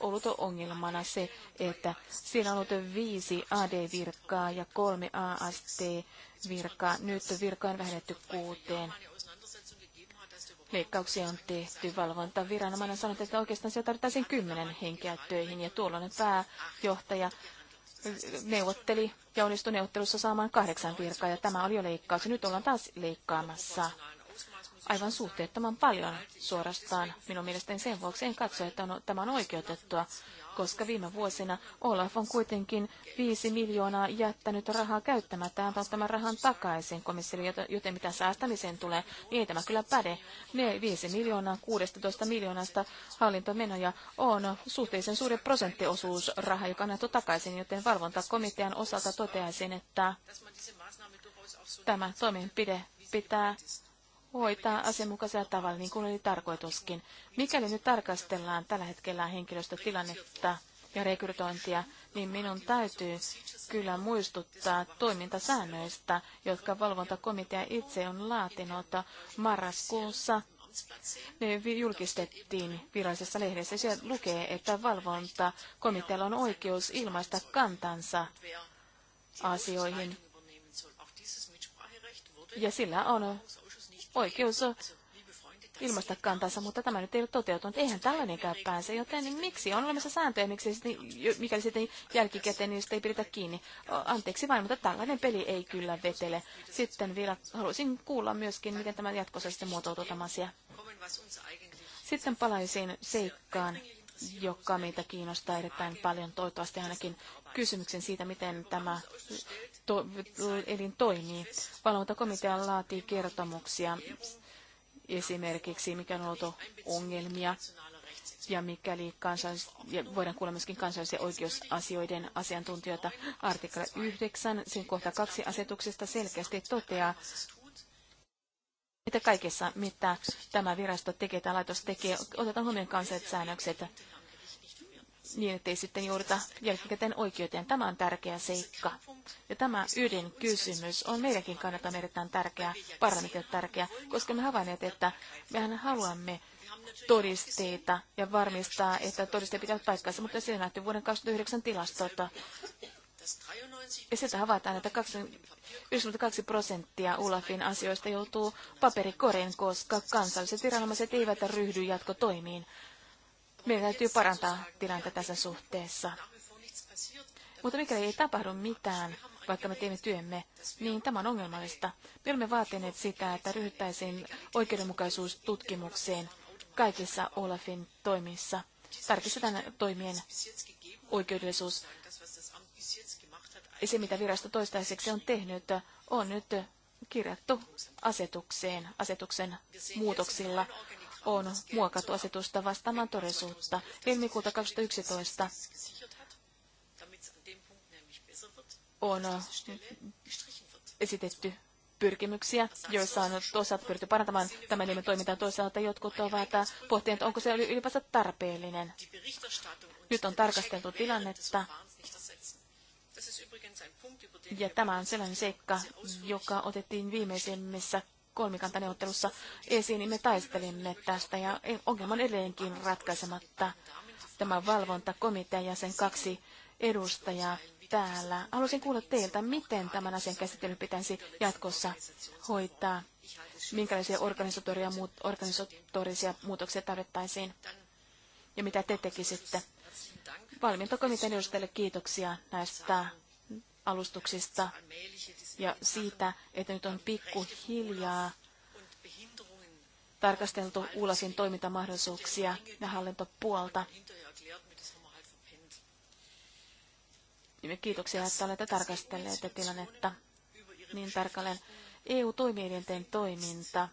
ollut ongelmana se, että siinä on ollut viisi AD-virkaa ja kolme AST-virkaa. Nyt virka on vähennetty kuuteen. Leikkauksia on tehty. Valvontaviranomainen sanonut, että oikeastaan siellä tarvittaisiin kymmenen henkeä töihin. Ja tuolloin pääjohtaja neuvotteli ja onnistui neuvottelussa saamaan kahdeksan virkaa, ja tämä oli jo leikkaus. Nyt ollaan taas leikkaamassa aivan suhteettoman paljon suorastaan. Minun mielestäni sen vuoksi en katso, että on, tämä on oikeutettua koska viime vuosina Olaf on kuitenkin viisi miljoonaa jättänyt rahaa käyttämättä ja antanut tämän rahan takaisin komissiolle, joten mitä säästämiseen tulee, niin ei tämä kyllä päde. Ne viisi miljoonaa 16 miljoonasta hallintomenoja on suhteellisen suuri prosenttiosuus rahaa, joka on annettu takaisin, joten valvontakomitean osalta toteaisin, että tämä toimenpide pitää hoitaa asianmukaisella tavalla, niin kuin oli tarkoituskin. Mikäli nyt tarkastellaan tällä hetkellä henkilöstötilannetta ja rekrytointia, niin minun täytyy kyllä muistuttaa toimintasäännöistä, jotka valvontakomitea itse on laatinut marraskuussa. Ne julkistettiin virallisessa lehdessä. Siellä lukee, että valvontakomitealla on oikeus ilmaista kantansa asioihin. Ja sillä on oikeus ilmaista kantansa, mutta tämä nyt ei ole toteutunut. Eihän tällainenkään pääse, joten miksi on olemassa sääntöjä, miksi sitten, mikäli sitten jälkikäteen niistä ei pidetä kiinni. Anteeksi vain, mutta tällainen peli ei kyllä vetele. Sitten vielä haluaisin kuulla myöskin, miten tämä jatkossa sitten muotoutuu tämä asia. Sitten palaisin seikkaan, joka meitä kiinnostaa erittäin paljon, toivottavasti ainakin kysymyksen siitä, miten tämä to- elin toimii. Valvontakomitea laatii kertomuksia esimerkiksi, mikä on ollut ongelmia ja mikäli kansais- ja voidaan kuulla myöskin kansallisen oikeusasioiden asiantuntijoita. Artikla 9, sen kohta kaksi asetuksesta selkeästi toteaa, että kaikessa, mitä tämä virasto tekee tai laitos tekee, otetaan huomioon kansalliset säännökset niin, ettei sitten jouduta jälkikäteen oikeuteen. Tämä on tärkeä seikka. Ja tämä ydinkysymys on meidänkin kannalta erittäin tärkeä, parlamentille tärkeä, koska me havainneet, että mehän haluamme todisteita ja varmistaa, että todisteet pitävät paikkaansa, mutta se nähty vuoden 2009 tilastolta. Ja sieltä havaitaan, että 92 prosenttia Ulafin asioista joutuu paperikorin, koska kansalliset viranomaiset eivät ryhdy jatkotoimiin meidän täytyy parantaa tilannetta tässä suhteessa. Mutta mikäli ei tapahdu mitään, vaikka me teemme työmme, niin tämä on ongelmallista. Me olemme vaatineet sitä, että ryhdyttäisiin oikeudenmukaisuustutkimukseen kaikissa Olafin toimissa. Tarkistetaan toimien oikeudellisuus. Se, mitä virasto toistaiseksi on tehnyt, on nyt kirjattu asetukseen, asetuksen muutoksilla on muokattu asetusta vastaamaan todellisuutta helmikuuta 2011 on esitetty pyrkimyksiä, joissa on toisaalta pyritty parantamaan tämän elimen toimintaa, toisaalta jotkut ovat pohtineet, onko se ylipäänsä tarpeellinen. Nyt on tarkasteltu tilannetta, ja tämä on sellainen seikka, joka otettiin viimeisimmissä kolmikantaneuvottelussa esiin, niin me taistelimme tästä ja ongelman edelleenkin ratkaisematta. Tämä valvontakomitea ja sen kaksi edustajaa täällä. Haluaisin kuulla teiltä, miten tämän asian käsittely pitäisi jatkossa hoitaa. Minkälaisia organisatorisia, muut, organisatorisia muutoksia tarvittaisiin ja mitä te tekisitte? Valmiintokomitean edustajille kiitoksia näistä alustuksista ja siitä, että nyt on pikkuhiljaa tarkasteltu ULASin toimintamahdollisuuksia ja hallintopuolta. Kiitoksia, että olette tarkastelleet tilannetta niin tarkalleen. EU-toimielinten toiminta,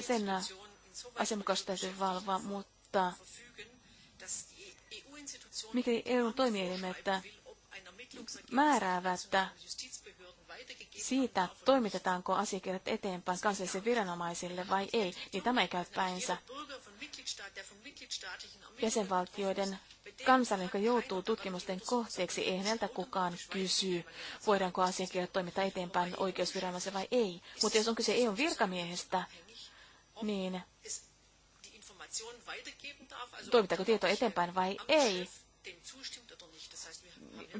sen asianmukaisesti täytyy valvoa, mutta mikäli EU-toimielimet määräävät siitä, toimitetaanko asiakirjat eteenpäin kansallisille viranomaisille vai ei, niin tämä ei käy päinsä. Jäsenvaltioiden kansalle, joka joutuu tutkimusten kohteeksi, ei häneltä kukaan kysy, voidaanko asiakirjat toimita eteenpäin oikeusviranomaiselle vai ei. Mutta jos on kyse EUn virkamiehestä, niin toimitaanko tieto eteenpäin vai ei.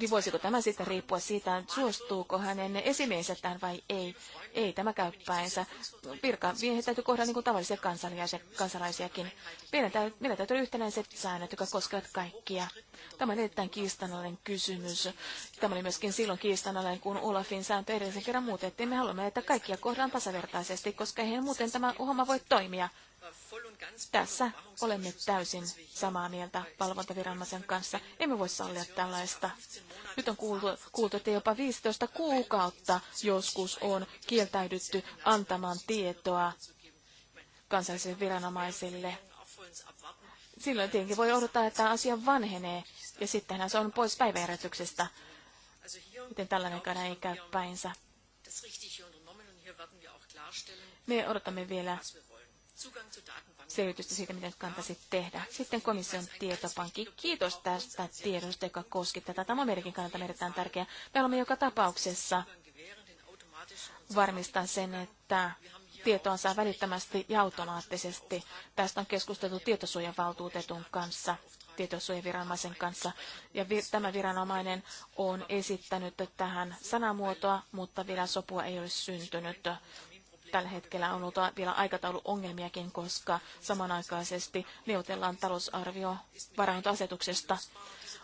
Niin voisiko tämä sitten riippua siitä, suostuuko hänen esimiehensä tähän vai ei. Ei tämä käy päinsä. Virkamiehet täytyy kohdella niin kuin tavallisia kansalaisia, kansalaisiakin. Meidän täytyy, meillä täytyy yhtenäiset säännöt, jotka koskevat kaikkia. Tämä on erittäin kiistanalainen kysymys. Tämä oli myöskin silloin kiistanalainen, kun Olafin sääntö edellisen kerran muutettiin. Me haluamme, että kaikkia kohdellaan tasavertaisesti, koska eihän muuten tämä homma voi toimia. Tässä olemme täysin samaa mieltä valvontaviranomaisen kanssa. Emme voi sallia tällaista. Nyt on kuultu, kuultu, että jopa 15 kuukautta joskus on kieltäydytty antamaan tietoa kansallisille viranomaisille. Silloin tietenkin voi odottaa, että asia vanhenee ja sittenhän se on pois päiväjärjestyksestä. Miten kana ei käy päinsä. Me odotamme vielä selvitystä siitä, mitä kantaisi tehdä. Sitten komission tietopankki. Kiitos tästä tiedosta, joka koski tätä. Tämä on meidänkin kannalta erittäin tärkeää. Me olemme joka tapauksessa varmistaa sen, että tietoa saa välittömästi ja automaattisesti. Tästä on keskusteltu tietosuojavaltuutetun kanssa tietosuojaviranomaisen kanssa. Ja vi- tämä viranomainen on esittänyt tähän sanamuotoa, mutta vielä sopua ei ole syntynyt. Tällä hetkellä on ollut vielä aikatauluongelmiakin, koska samanaikaisesti neuvotellaan talousarvio varainhoitoasetuksesta.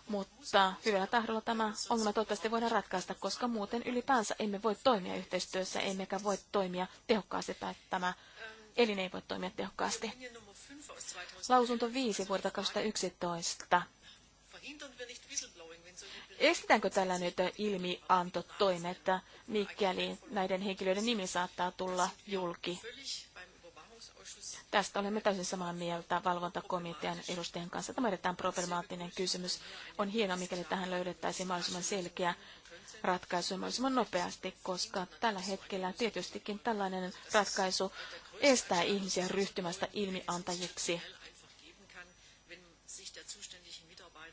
Mutta hyvällä tahdolla tämä ongelma toivottavasti voidaan ratkaista, koska muuten ylipäänsä emme voi toimia yhteistyössä, emmekä voi toimia tehokkaasti tai tämä elin ei voi toimia tehokkaasti. Lausunto 5 vuodelta 2011 Estetäänkö tällä nyt ilmiantotoimet, mikäli näiden henkilöiden nimi saattaa tulla julki? Tästä olemme täysin samaa mieltä valvontakomitean edustajan kanssa. Tämä erittäin problemaattinen kysymys. On hienoa, mikäli tähän löydettäisiin mahdollisimman selkeä ratkaisu mahdollisimman nopeasti, koska tällä hetkellä tietystikin tällainen ratkaisu estää ihmisiä ryhtymästä ilmiantajiksi.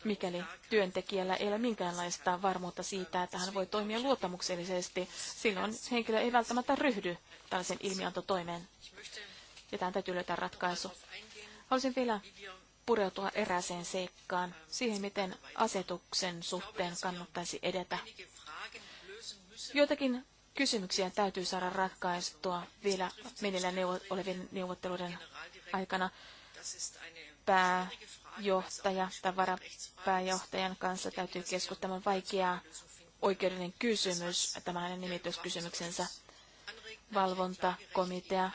mikäli työntekijällä ei ole minkäänlaista varmuutta siitä, että hän voi toimia luottamuksellisesti. Silloin henkilö ei välttämättä ryhdy tällaisen ilmiantotoimeen. Ja tähän täytyy löytää ratkaisu. Haluaisin vielä pureutua erääseen seikkaan, siihen miten asetuksen suhteen kannattaisi edetä. Joitakin kysymyksiä täytyy saada ratkaistua vielä meneillään neuvo- olevien neuvotteluiden aikana. Pää johtaja tai varapääjohtajan kanssa täytyy keskustella. vaikea oikeudellinen kysymys, tämä hänen nimityskysymyksensä. Valvontakomitea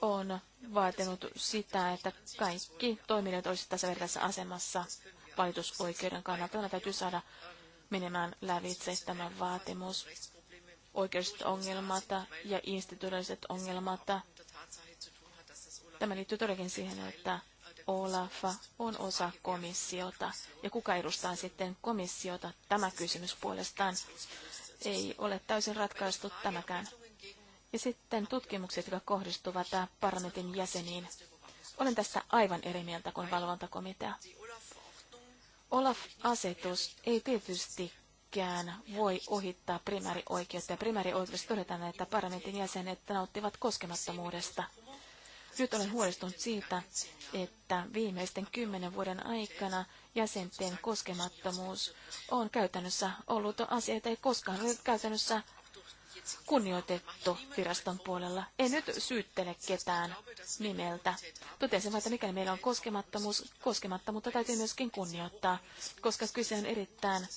on vaatinut sitä, että kaikki toimijat olisivat tasavertaisessa asemassa valitusoikeuden kannalta. Tämä täytyy saada menemään lävitse tämä vaatimus. Oikeudelliset ongelmat ja instituutioiset ongelmat. Tämä liittyy todellakin siihen, että Olaf on osa komissiota. Ja kuka edustaa sitten komissiota? Tämä kysymys puolestaan ei ole täysin ratkaistu tämäkään. Ja sitten tutkimukset, jotka kohdistuvat parlamentin jäseniin. Olen tässä aivan eri mieltä kuin valvontakomitea. Olaf-asetus ei tietystikään voi ohittaa primäärioikeutta, ja primäärioikeudessa todetaan, että parlamentin jäsenet nauttivat koskemattomuudesta – nyt olen huolestunut siitä, että viimeisten kymmenen vuoden aikana jäsenten koskemattomuus on käytännössä ollut asia, että ei koskaan ole käytännössä kunnioitettu viraston puolella. En nyt syyttele ketään nimeltä. Totesin vain, että mikäli meillä on koskemattomuus, koskemattomuutta täytyy myöskin kunnioittaa, koska kyse on erittäin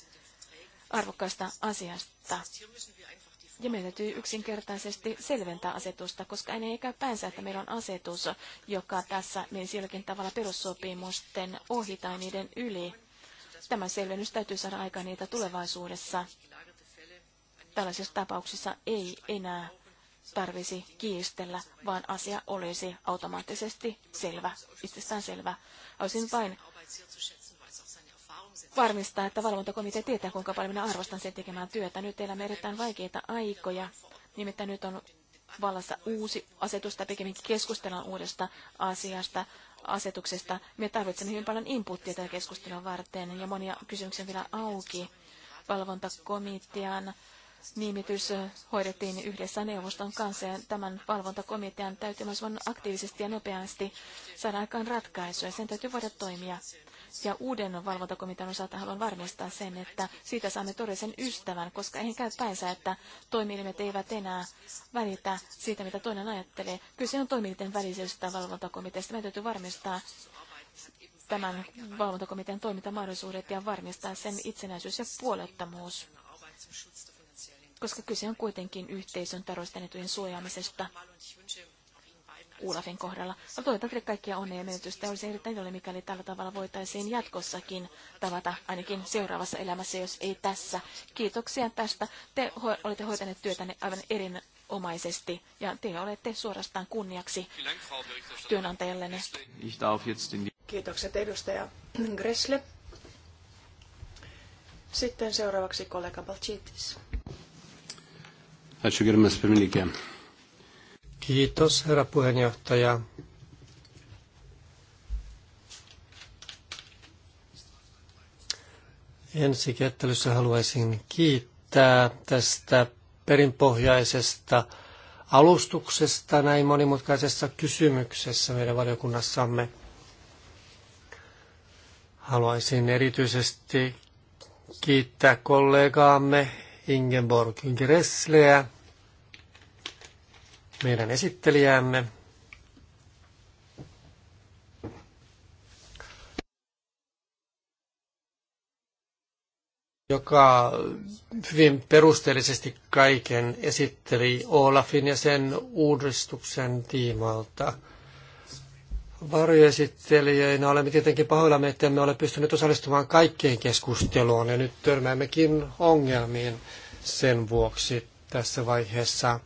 arvokkaasta asiasta. Ja meidän täytyy yksinkertaisesti selventää asetusta, koska ei käy päänsä, että meillä on asetus, joka tässä menisi jollakin tavalla perussopimusten ohi tai niiden yli. Tämä selvennys täytyy saada aikaan niitä tulevaisuudessa. Tällaisissa tapauksissa ei enää tarvisi kiistellä, vaan asia olisi automaattisesti selvä, itsestään selvä. Olisin vain varmistaa, että valvontakomitea tietää, kuinka paljon minä arvostan sen tekemään työtä. Nyt elämme erittäin vaikeita aikoja. Nimittäin nyt on vallassa uusi asetus, tai pikemminkin keskustellaan uudesta asiasta, asetuksesta. Me tarvitsemme hyvin paljon inputtia tätä keskustelua varten, ja monia kysymyksiä vielä auki. Valvontakomitean nimitys hoidettiin yhdessä neuvoston kanssa, ja tämän valvontakomitean täytyy myös aktiivisesti ja nopeasti saada aikaan ratkaisuja. Sen täytyy voida toimia ja uuden valvontakomitean osalta haluan varmistaa sen, että siitä saamme todellisen ystävän, koska eihän käy päinsä, että toimielimet eivät enää välitä siitä, mitä toinen ajattelee. Kyse on toimielinten välisestä valvontakomiteasta. Meidän täytyy varmistaa tämän valvontakomitean toimintamahdollisuudet ja varmistaa sen itsenäisyys ja puolettomuus koska kyse on kuitenkin yhteisön tarvostanetujen suojaamisesta. Ulafin kohdalla. Mä toivotan teille kaikkia onnea ja menetystä. Olisi erittäin ole, mikäli tällä tavalla voitaisiin jatkossakin tavata, ainakin seuraavassa elämässä, jos ei tässä. Kiitoksia tästä. Te ho- olette hoitaneet työtänne aivan erinomaisesti ja te olette suorastaan kunniaksi työnantajallenne. Kiitokset edustaja Gressle. Sitten seuraavaksi kollega Balchitis. Ačiū gerbiamas pirmininkė. Kiitos, herra puheenjohtaja. Ensi kättelyssä haluaisin kiittää tästä perinpohjaisesta alustuksesta näin monimutkaisessa kysymyksessä meidän valiokunnassamme. Haluaisin erityisesti kiittää kollegaamme Ingeborg Gressleä meidän esittelijäämme. joka hyvin perusteellisesti kaiken esitteli Olafin ja sen uudistuksen tiimalta. Varjoesittelijöinä olemme tietenkin pahoillamme, että emme ole pystyneet osallistumaan kaikkeen keskusteluun ja nyt törmäämmekin ongelmiin sen vuoksi tässä vaiheessa.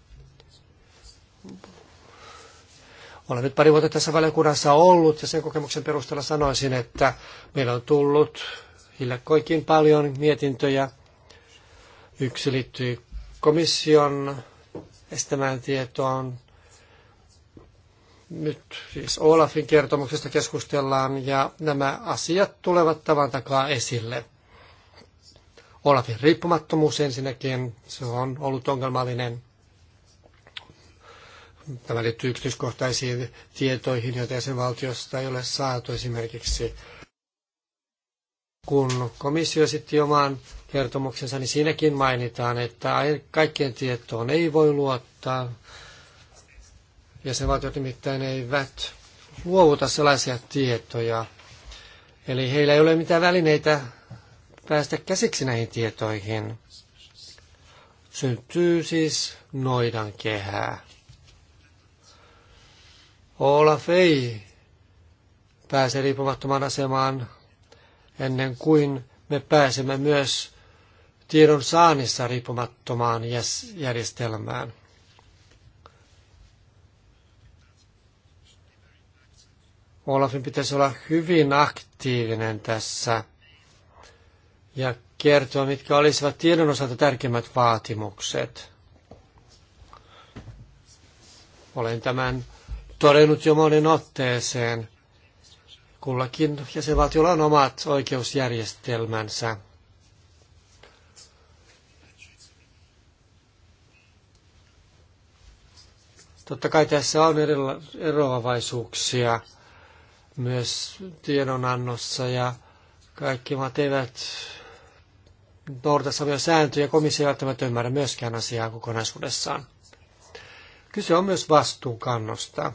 Olen nyt pari vuotta tässä valiokunnassa ollut ja sen kokemuksen perusteella sanoisin, että meillä on tullut hiljakkoikin paljon mietintöjä. Yksi liittyy komission estämään tietoon. Nyt siis Olafin kertomuksesta keskustellaan ja nämä asiat tulevat tavan takaa esille. Olafin riippumattomuus ensinnäkin, se on ollut ongelmallinen Tämä liittyy yksityiskohtaisiin tietoihin, joita jäsenvaltiosta ei ole saatu esimerkiksi. Kun komissio esitti oman kertomuksensa, niin siinäkin mainitaan, että kaikkien tietoon ei voi luottaa. Jäsenvaltiot nimittäin eivät luovuta sellaisia tietoja. Eli heillä ei ole mitään välineitä päästä käsiksi näihin tietoihin. Syntyy siis noidan kehää. Olaf ei pääse riippumattomaan asemaan ennen kuin me pääsemme myös tiedon saannissa riippumattomaan järjestelmään. Olafin pitäisi olla hyvin aktiivinen tässä ja kertoa, mitkä olisivat tiedon osalta tärkeimmät vaatimukset. Olen tämän todennut jo monen otteeseen. Kullakin jäsenvaltiolla on omat oikeusjärjestelmänsä. Totta kai tässä on eroavaisuuksia myös tiedonannossa ja kaikki maat eivät noudata samoja sääntöjä. Komissio ei välttämättä ymmärrä myöskään asiaa kokonaisuudessaan. Kyse on myös vastuunkannosta.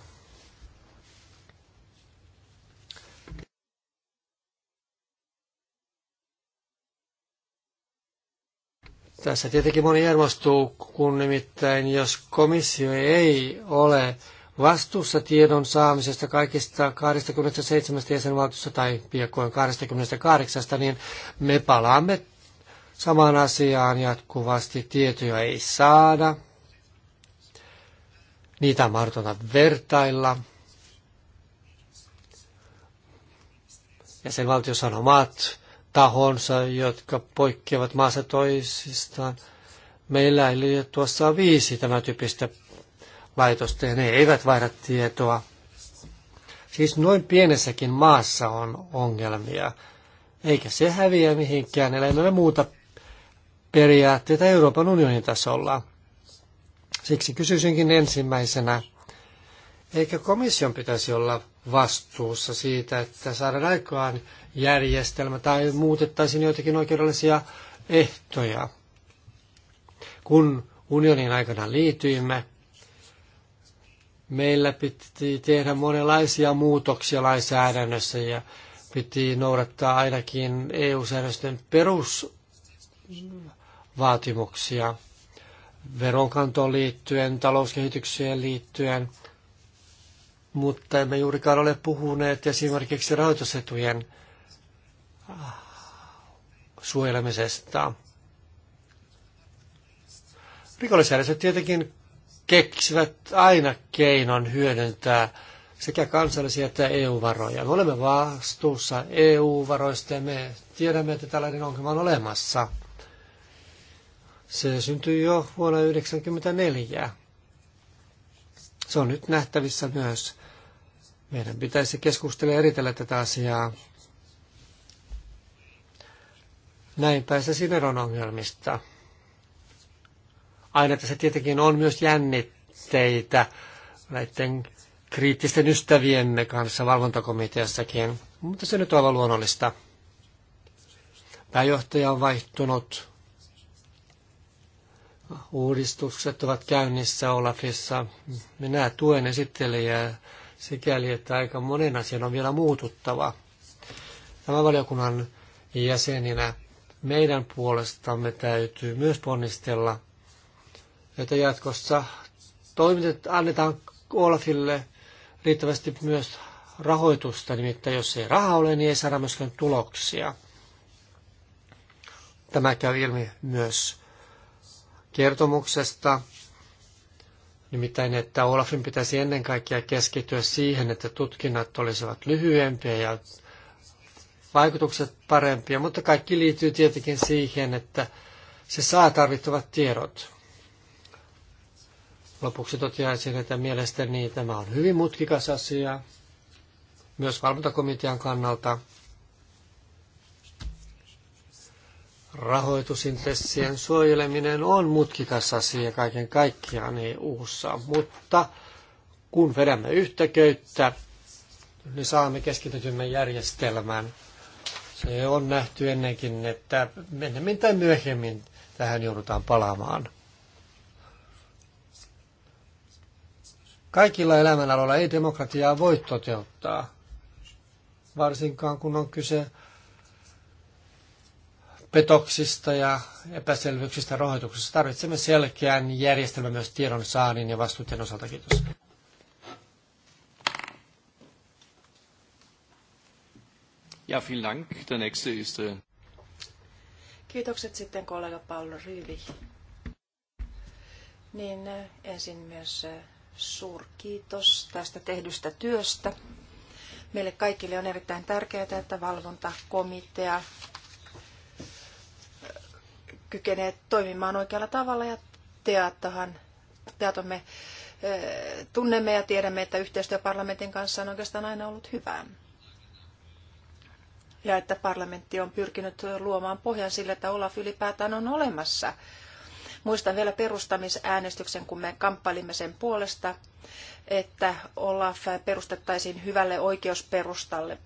Tässä tietenkin moni hermostuu, kun nimittäin jos komissio ei ole vastuussa tiedon saamisesta kaikista 27 jäsenvaltiosta tai piakoin 28, niin me palaamme samaan asiaan jatkuvasti. Tietoja ei saada, niitä on mahdotonta vertailla. Jäsenvaltiossa on omat tahonsa, jotka poikkeavat maassa toisistaan. Meillä eli tuossa on viisi tämän tyyppistä laitosta ja ne eivät vaihda tietoa. Siis noin pienessäkin maassa on ongelmia, eikä se häviä mihinkään, eli me muuta periaatteita Euroopan unionin tasolla. Siksi kysyisinkin ensimmäisenä, eikö komission pitäisi olla vastuussa siitä, että saadaan aikaan järjestelmä tai muutettaisiin joitakin oikeudellisia ehtoja. Kun unionin aikana liityimme, meillä piti tehdä monenlaisia muutoksia lainsäädännössä ja piti noudattaa ainakin eu säädösten perusvaatimuksia veronkantoon liittyen, talouskehitykseen liittyen – mutta emme juurikaan ole puhuneet esimerkiksi rahoitusetujen suojelemisesta. Rikollisjärjestöt tietenkin keksivät aina keinon hyödyntää sekä kansallisia että EU-varoja. Me olemme vastuussa EU-varoista ja me tiedämme, että tällainen ongelma on olemassa. Se syntyi jo vuonna 1994. Se on nyt nähtävissä myös meidän pitäisi keskustella ja eritellä tätä asiaa. Näin pääsee veron ongelmista. Aina tässä tietenkin on myös jännitteitä näiden kriittisten ystäviemme kanssa valvontakomiteassakin, mutta se nyt on aivan luonnollista. Pääjohtaja on vaihtunut, uudistukset ovat käynnissä Olafissa. Minä tuen esittelijää sikäli, että aika monen asian on vielä muututtava. Tämän valiokunnan jäseninä meidän puolestamme täytyy myös ponnistella, että jatkossa toimitet, annetaan Olafille riittävästi myös rahoitusta, nimittäin jos ei rahaa ole, niin ei saada myöskään tuloksia. Tämä käy ilmi myös kertomuksesta, Nimittäin, että Olafin pitäisi ennen kaikkea keskittyä siihen, että tutkinnat olisivat lyhyempiä ja vaikutukset parempia, mutta kaikki liittyy tietenkin siihen, että se saa tarvittavat tiedot. Lopuksi toteaisin, että mielestäni tämä on hyvin mutkikas asia, myös valvontakomitean kannalta. rahoitusintressien suojeleminen on mutkikas asia kaiken kaikkiaan EU-ssa, mutta kun vedämme yhtä köyttä, niin saamme keskitytyn järjestelmän. Se on nähty ennenkin, että ennemmin tai myöhemmin tähän joudutaan palaamaan. Kaikilla elämänaloilla ei demokratiaa voi toteuttaa, varsinkaan kun on kyse petoksista ja epäselvyyksistä rahoituksessa. Tarvitsemme selkeän järjestelmän myös tiedon saannin ja vastuuten osalta. Kiitos. Ja, vielen Dank. Der nächste ist... Äh, Kiitokset sitten kollega Paul Ryvi. Niin äh, ensin myös äh, suurkiitos tästä tehdystä työstä. Meille kaikille on erittäin tärkeää, että valvontakomitea kykenee toimimaan oikealla tavalla ja teattahan, teatomme tunnemme ja tiedämme, että yhteistyö parlamentin kanssa on oikeastaan aina ollut hyvää. Ja että parlamentti on pyrkinyt luomaan pohjan sille, että Olaf ylipäätään on olemassa. Muistan vielä perustamisäänestyksen, kun me kamppailimme sen puolesta, että Olaf perustettaisiin hyvälle oikeusperustalle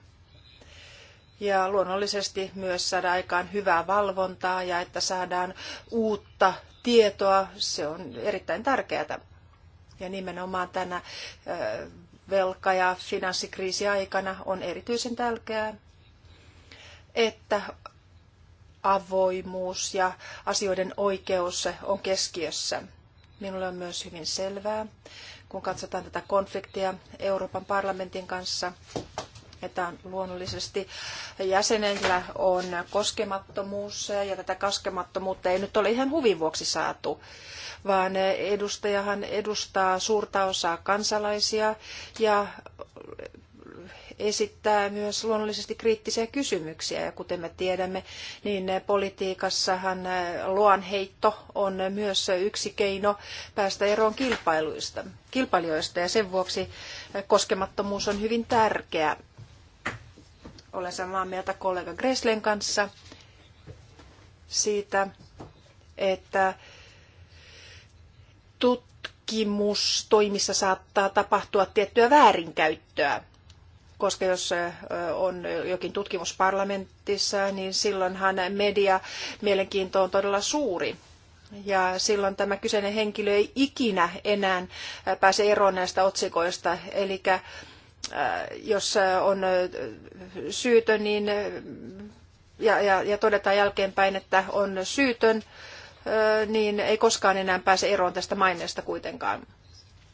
ja luonnollisesti myös saada aikaan hyvää valvontaa ja että saadaan uutta tietoa. Se on erittäin tärkeää. Ja nimenomaan tänä velka- ja finanssikriisiaikana on erityisen tärkeää, että avoimuus ja asioiden oikeus on keskiössä. Minulle on myös hyvin selvää, kun katsotaan tätä konfliktia Euroopan parlamentin kanssa, että on luonnollisesti jäsenillä on koskemattomuus ja tätä koskemattomuutta ei nyt ole ihan huvin vuoksi saatu, vaan edustajahan edustaa suurta osaa kansalaisia ja esittää myös luonnollisesti kriittisiä kysymyksiä. Ja kuten me tiedämme, niin politiikassahan luonheitto on myös yksi keino päästä eroon kilpailuista, kilpailijoista. Ja sen vuoksi koskemattomuus on hyvin tärkeä. Olen samaa mieltä kollega Greslen kanssa siitä, että tutkimustoimissa saattaa tapahtua tiettyä väärinkäyttöä. Koska jos on jokin tutkimus parlamentissa, niin silloinhan media mielenkiinto on todella suuri. Ja silloin tämä kyseinen henkilö ei ikinä enää pääse eroon näistä otsikoista. Eli Äh, jos äh, on äh, syytön, niin ja, ja, ja todetaan jälkeenpäin, että on syytön, niin ei koskaan enää pääse eroon tästä maineesta kuitenkaan.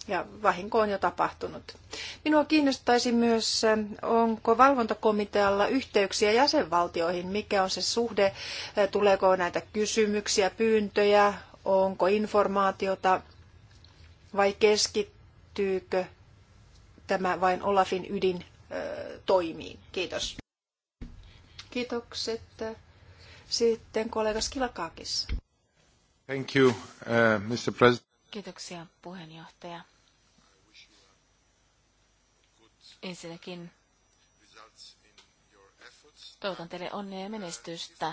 Ja vahinko on jo tapahtunut. Minua kiinnostaisi myös, onko valvontakomitealla yhteyksiä jäsenvaltioihin, mikä on se suhde, tuleeko näitä kysymyksiä, pyyntöjä, onko informaatiota vai keskittyykö tämä vain Olafin ydin toimii. Kiitos. Kiitokset. Sitten kollega Skilakakis. Thank you, uh, Mr. President. Kiitoksia puheenjohtaja. Ensinnäkin toivotan teille onnea ja menestystä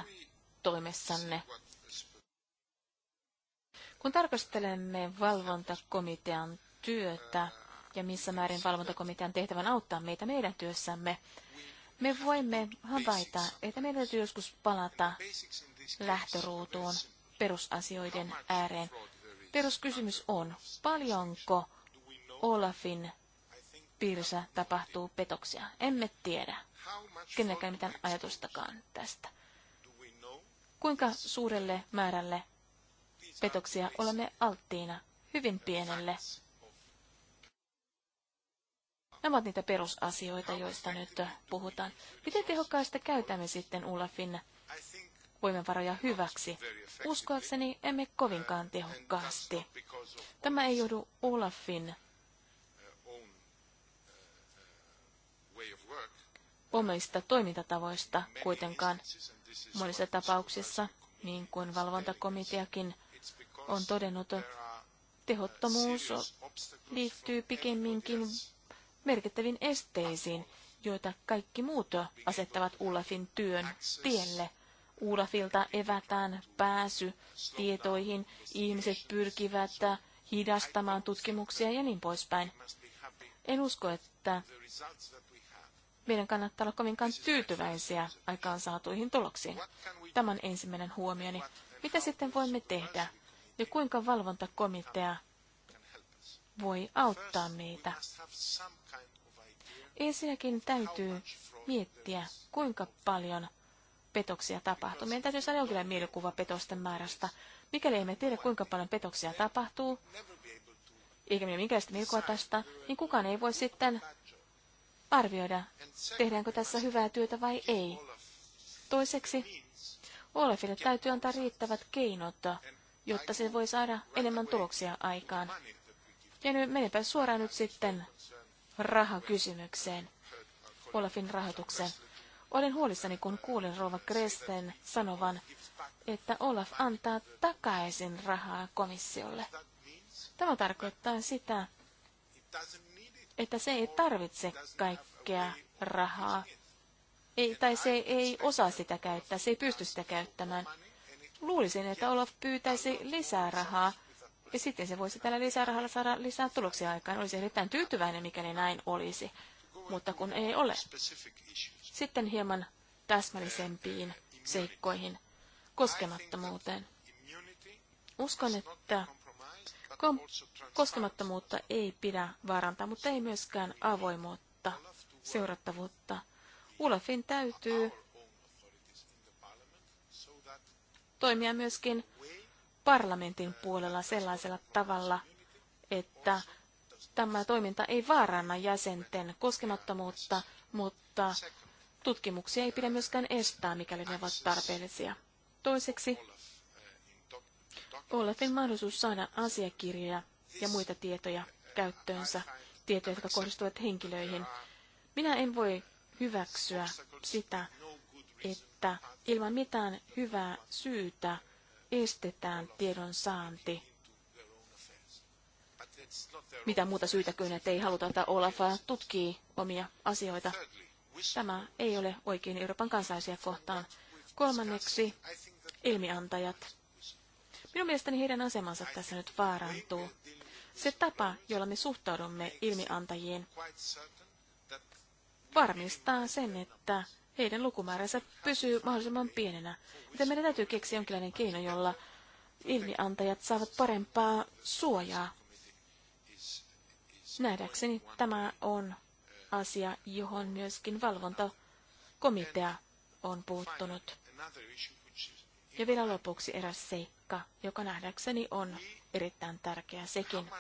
toimessanne. Kun tarkastelemme valvontakomitean työtä, ja missä määrin valvontakomitean tehtävän auttaa meitä meidän työssämme. Me voimme havaita, että meidän täytyy joskus palata lähtöruutuun perusasioiden ääreen. Peruskysymys on, paljonko Olafin piirissä tapahtuu petoksia. Emme tiedä kenenkään mitään ajatustakaan tästä. Kuinka suurelle määrälle petoksia olemme alttiina? Hyvin pienelle Nämä ovat niitä perusasioita, joista nyt puhutaan. Miten tehokkaasti käytämme sitten Ulafin voimavaroja hyväksi? Uskoakseni emme kovinkaan tehokkaasti. Tämä ei joudu Ulafin omista toimintatavoista kuitenkaan monissa tapauksissa, niin kuin valvontakomiteakin on todennut, tehottomuus liittyy pikemminkin merkittäviin esteisiin, joita kaikki muut asettavat Ulafin työn tielle. Ulafilta evätään pääsy tietoihin, ihmiset pyrkivät hidastamaan tutkimuksia ja niin poispäin. En usko, että meidän kannattaa olla kovinkaan tyytyväisiä saatuihin tuloksiin. Tämän ensimmäinen huomioni. Mitä sitten voimme tehdä? Ja kuinka valvontakomitea voi auttaa meitä. Ensinnäkin täytyy miettiä, kuinka paljon petoksia tapahtuu. Meidän täytyy saada jonkinlainen mielikuva petosten määrästä. Mikäli emme tiedä, kuinka paljon petoksia tapahtuu, eikä meillä minkäänlaista mielikuvaa tästä, niin kukaan ei voi sitten arvioida, tehdäänkö tässä hyvää työtä vai ei. Toiseksi, Olafille täytyy antaa riittävät keinot, jotta se voi saada enemmän tuloksia aikaan. Ja nyt menepä suoraan nyt sitten rahakysymykseen, Olafin rahoitukseen. Olen huolissani, kun kuulen Rova Kresten sanovan, että Olaf antaa takaisin rahaa komissiolle. Tämä tarkoittaa sitä, että se ei tarvitse kaikkea rahaa, ei, tai se ei osaa sitä käyttää, se ei pysty sitä käyttämään. Luulisin, että Olaf pyytäisi lisää rahaa ja sitten se voisi tällä lisärahalla saada lisää tuloksia aikaan. Olisi erittäin tyytyväinen, mikäli näin olisi, mutta kun ei ole. Sitten hieman täsmällisempiin seikkoihin, koskemattomuuteen. Uskon, että koskemattomuutta ei pidä vaarantaa, mutta ei myöskään avoimuutta, seurattavuutta. Ulafin täytyy toimia myöskin parlamentin puolella sellaisella tavalla, että tämä toiminta ei vaaranna jäsenten koskemattomuutta, mutta tutkimuksia ei pidä myöskään estää, mikäli ne ovat tarpeellisia. Toiseksi Olafin mahdollisuus saada asiakirjoja ja muita tietoja käyttöönsä, tietoja, jotka kohdistuvat henkilöihin. Minä en voi hyväksyä sitä, että ilman mitään hyvää syytä estetään tiedon saanti. Mitä muuta syytä kuin, että ei haluta, että Olaf tutkii omia asioita. Tämä ei ole oikein Euroopan kansalaisia kohtaan. Kolmanneksi ilmiantajat. Minun mielestäni heidän asemansa tässä nyt vaarantuu. Se tapa, jolla me suhtaudumme ilmiantajiin, varmistaa sen, että heidän lukumääränsä pysyy mahdollisimman pienenä. Joten meidän täytyy keksiä jonkinlainen keino, jolla ilmiantajat saavat parempaa suojaa. Nähdäkseni tämä on asia, johon myöskin valvontakomitea on puuttunut. Ja vielä lopuksi eräs seikka, joka nähdäkseni on erittäin tärkeä sekin.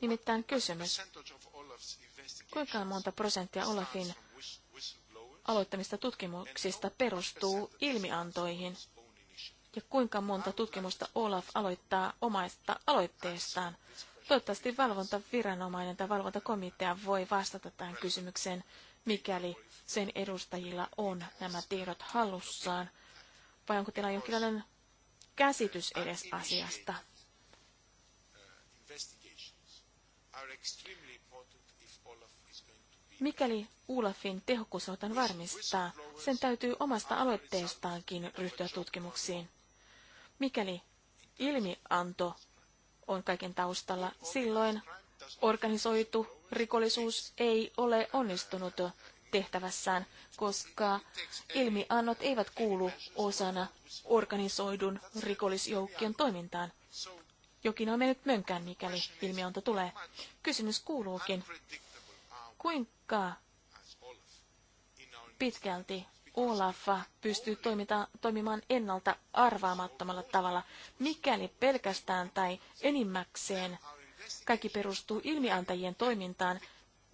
Nimittäin kysymys, kuinka monta prosenttia Olafin aloittamista tutkimuksista perustuu ilmiantoihin ja kuinka monta tutkimusta Olaf aloittaa omaista aloitteestaan. Toivottavasti valvontaviranomainen tai valvontakomitea voi vastata tähän kysymykseen, mikäli sen edustajilla on nämä tiedot hallussaan. Vai onko teillä jonkinlainen käsitys edes asiasta? Uh, Mikäli ULAFin tehokkuus halutaan varmistaa, sen täytyy omasta aloitteestaankin ryhtyä tutkimuksiin. Mikäli ilmianto on kaiken taustalla, silloin organisoitu rikollisuus ei ole onnistunut tehtävässään, koska ilmiannot eivät kuulu osana organisoidun rikollisjoukkion toimintaan. Jokin on mennyt mönkään, mikäli ilmianto tulee. Kysymys kuuluukin, kuin, pitkälti Olaf pystyy toimita, toimimaan ennalta arvaamattomalla tavalla, mikäli pelkästään tai enimmäkseen kaikki perustuu ilmiantajien toimintaan,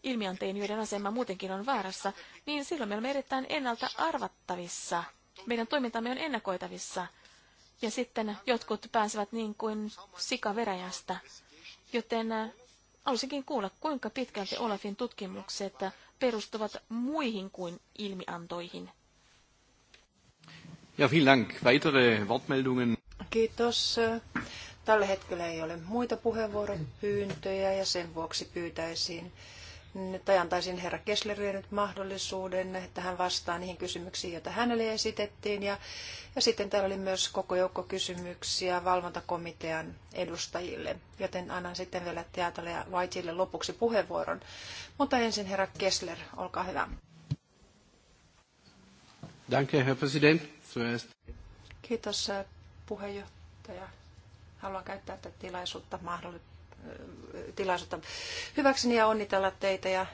ilmiantajien, joiden asema muutenkin on vaarassa, niin silloin me olemme erittäin ennalta arvattavissa. Meidän toimintamme on ennakoitavissa. Ja sitten jotkut pääsevät niin kuin sikaveräjästä. Joten Haluaisinkin kuulla, kuinka pitkälti Olafin tutkimukset perustuvat muihin kuin ilmiantoihin. Ja vielen Dank. Weitere Wortmeldungen. Kiitos. Tällä hetkellä ei ole muita puheenvuoropyyntöjä ja sen vuoksi pyytäisin nyt antaisin herra Kesslerille nyt mahdollisuuden, että hän vastaa niihin kysymyksiin, joita hänelle esitettiin. Ja, ja sitten täällä oli myös koko joukko kysymyksiä valvontakomitean edustajille, joten annan sitten vielä Teatalle ja Whiteille lopuksi puheenvuoron. Mutta ensin herra Kessler, olkaa hyvä. Danke, herr president. Kiitos äh, puheenjohtaja. Haluan käyttää tätä tilaisuutta tilaisuutta hyväkseni ja onnitella teitä ja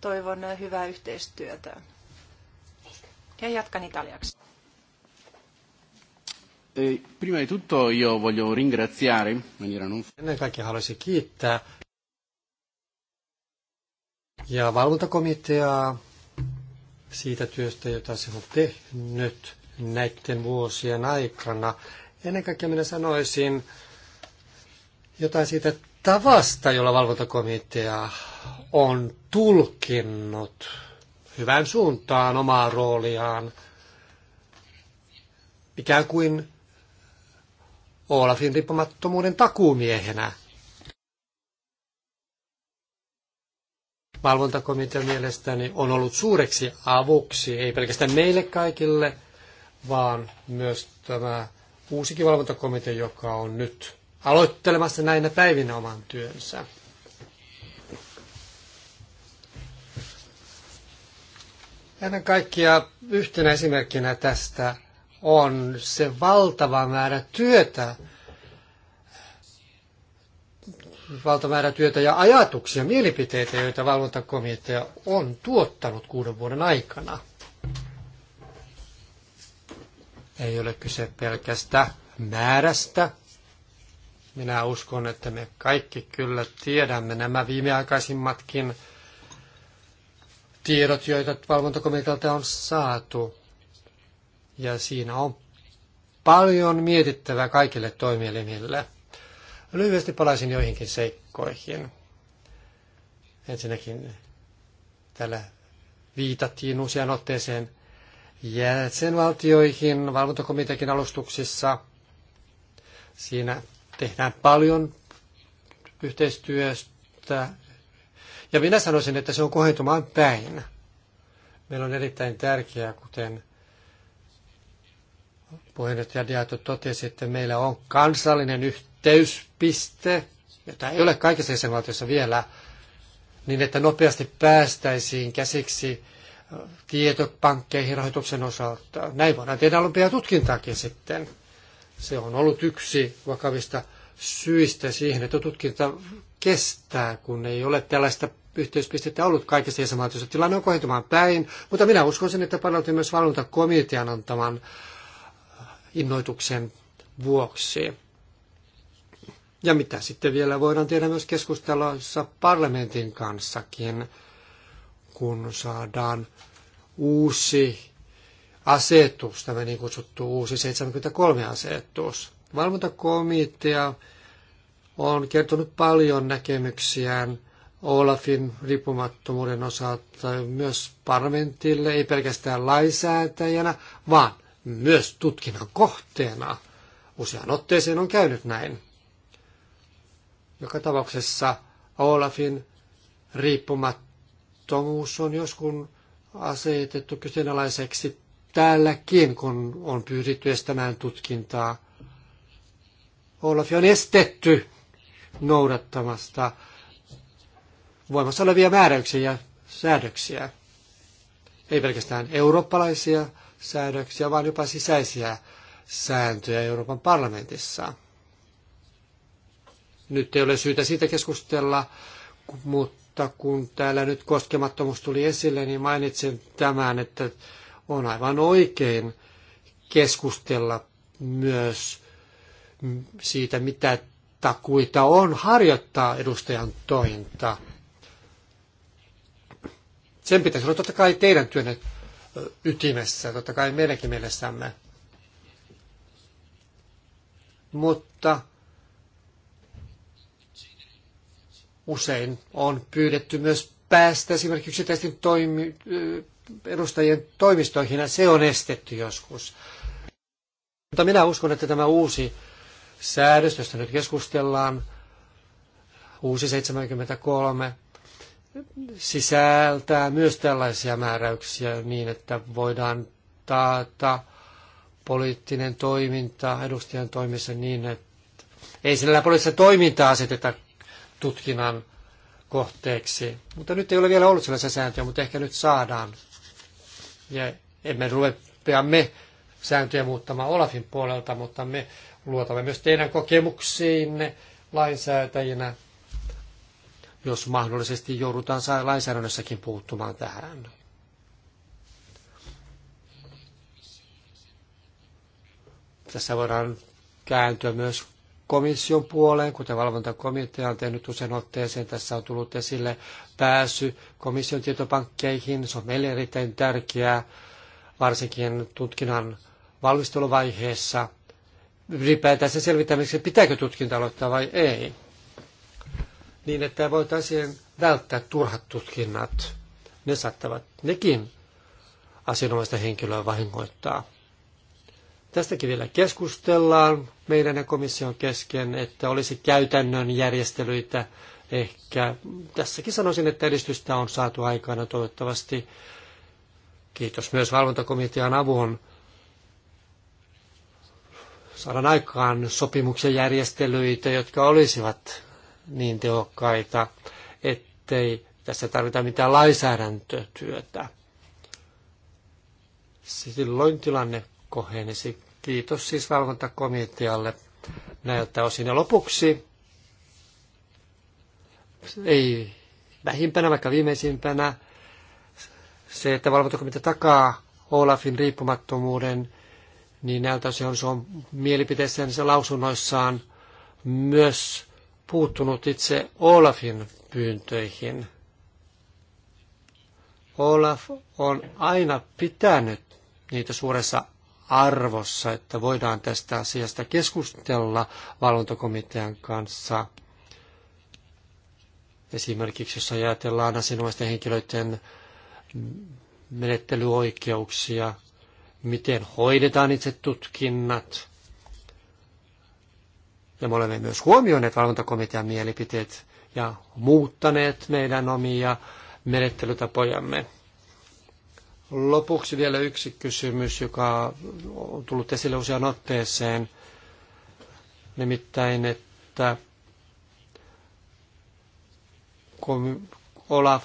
toivon hyvää yhteistyötä. Ja jatkan italiaksi. E, prima di tutto io voglio ringraziare in maniera non... Ennen kaikkea haluaisin kiittää ja valvontakomiteaa siitä työstä, jota se on tehnyt näiden vuosien aikana. Ennen kaikkea minä sanoisin jotain siitä tavasta, jolla valvontakomitea on tulkinnut hyvän suuntaan omaa rooliaan. Ikään kuin Olafin riippumattomuuden takuumiehenä. Valvontakomitea mielestäni on ollut suureksi avuksi, ei pelkästään meille kaikille, vaan myös tämä uusikin valvontakomitea, joka on nyt aloittelemassa näinä päivinä oman työnsä. Ennen kaikkea yhtenä esimerkkinä tästä on se valtava määrä työtä, valtava määrä työtä ja ajatuksia, mielipiteitä, joita valvontakomitea on tuottanut kuuden vuoden aikana. Ei ole kyse pelkästä määrästä, minä uskon, että me kaikki kyllä tiedämme nämä viimeaikaisimmatkin tiedot, joita valvontakomitealta on saatu. Ja siinä on paljon mietittävää kaikille toimielimille. Lyhyesti palaisin joihinkin seikkoihin. Ensinnäkin täällä viitattiin usean otteeseen jäsenvaltioihin valvontakomiteakin alustuksissa. Siinä tehdään paljon yhteistyöstä. Ja minä sanoisin, että se on kohentumaan päin. Meillä on erittäin tärkeää, kuten puheenjohtaja Diato totesi, että meillä on kansallinen yhteyspiste, jota ei ole kaikissa jäsenvaltioissa vielä, niin että nopeasti päästäisiin käsiksi tietopankkeihin rahoituksen osalta. Näin voidaan tehdä tutkintaakin sitten. Se on ollut yksi vakavista syistä siihen, että tutkinta kestää, kun ei ole tällaista yhteyspistettä ollut kaikissa jäsenvaltioissa. Tilanne on kohentumaan päin, mutta minä uskon sen, että paljolti myös valvontakomitean antaman äh, innoituksen vuoksi. Ja mitä sitten vielä voidaan tehdä myös keskustelussa parlamentin kanssakin, kun saadaan uusi asetus, tämä niin kutsuttu uusi 73 asetus. Valvontakomitea on kertonut paljon näkemyksiään Olafin riippumattomuuden osalta myös parlamentille, ei pelkästään lainsäätäjänä, vaan myös tutkinnan kohteena. Usean otteeseen on käynyt näin. Joka tapauksessa Olafin riippumattomuus on joskus asetettu kyseenalaiseksi täälläkin, kun on pyydetty estämään tutkintaa. Olafi on estetty noudattamasta voimassa olevia määräyksiä ja säädöksiä. Ei pelkästään eurooppalaisia säädöksiä, vaan jopa sisäisiä sääntöjä Euroopan parlamentissa. Nyt ei ole syytä siitä keskustella, mutta kun täällä nyt koskemattomuus tuli esille, niin mainitsen tämän, että on aivan oikein keskustella myös siitä, mitä takuita on harjoittaa edustajan tointa. Sen pitäisi olla totta kai teidän työnne ytimessä, totta kai meidänkin mielessämme. Mutta usein on pyydetty myös päästä esimerkiksi yksittäisten toimi, edustajien toimistoihin, ja se on estetty joskus. Mutta minä uskon, että tämä uusi säädös, josta nyt keskustellaan, uusi 73, sisältää myös tällaisia määräyksiä niin, että voidaan taata poliittinen toiminta edustajan toimissa niin, että ei sillä poliittista toimintaa aseteta tutkinnan kohteeksi. Mutta nyt ei ole vielä ollut sellaisia sääntöjä, mutta ehkä nyt saadaan ja emme rupea me sääntöjä muuttamaan Olafin puolelta, mutta me luotamme myös teidän kokemuksiinne lainsäätäjinä, jos mahdollisesti joudutaan lainsäädännössäkin puuttumaan tähän. Tässä voidaan kääntyä myös komission puoleen, kuten valvontakomitea on tehnyt usein otteeseen. Tässä on tullut esille pääsy komission tietopankkeihin. Se on meille erittäin tärkeää, varsinkin tutkinnan valmisteluvaiheessa. Ylipäätään sen selvittämiseksi, pitääkö tutkinta aloittaa vai ei. Niin, että voitaisiin välttää turhat tutkinnat. Ne saattavat nekin asianomaista henkilöä vahingoittaa. Tästäkin vielä keskustellaan meidän ja komission kesken, että olisi käytännön järjestelyitä ehkä. Tässäkin sanoisin, että edistystä on saatu aikana toivottavasti. Kiitos myös valvontakomitean avun. Saadaan aikaan sopimuksen järjestelyitä, jotka olisivat niin tehokkaita, ettei tässä tarvita mitään lainsäädäntötyötä. Silloin tilanne kohenisi Kiitos siis valvontakomitealle näiltä osin. Ja lopuksi, ei vähimpänä, vaikka viimeisimpänä, se, että valvontakomitea takaa Olafin riippumattomuuden, niin näiltä se on mielipiteessään se lausunnoissaan myös puuttunut itse Olafin pyyntöihin. Olaf on aina pitänyt niitä suuressa arvossa, että voidaan tästä asiasta keskustella valvontakomitean kanssa. Esimerkiksi jos ajatellaan asianomaisten henkilöiden menettelyoikeuksia, miten hoidetaan itse tutkinnat. Ja me olemme myös huomioineet valvontakomitean mielipiteet ja muuttaneet meidän omia menettelytapojamme. Lopuksi vielä yksi kysymys, joka on tullut esille useaan otteeseen, nimittäin, että kun Olaf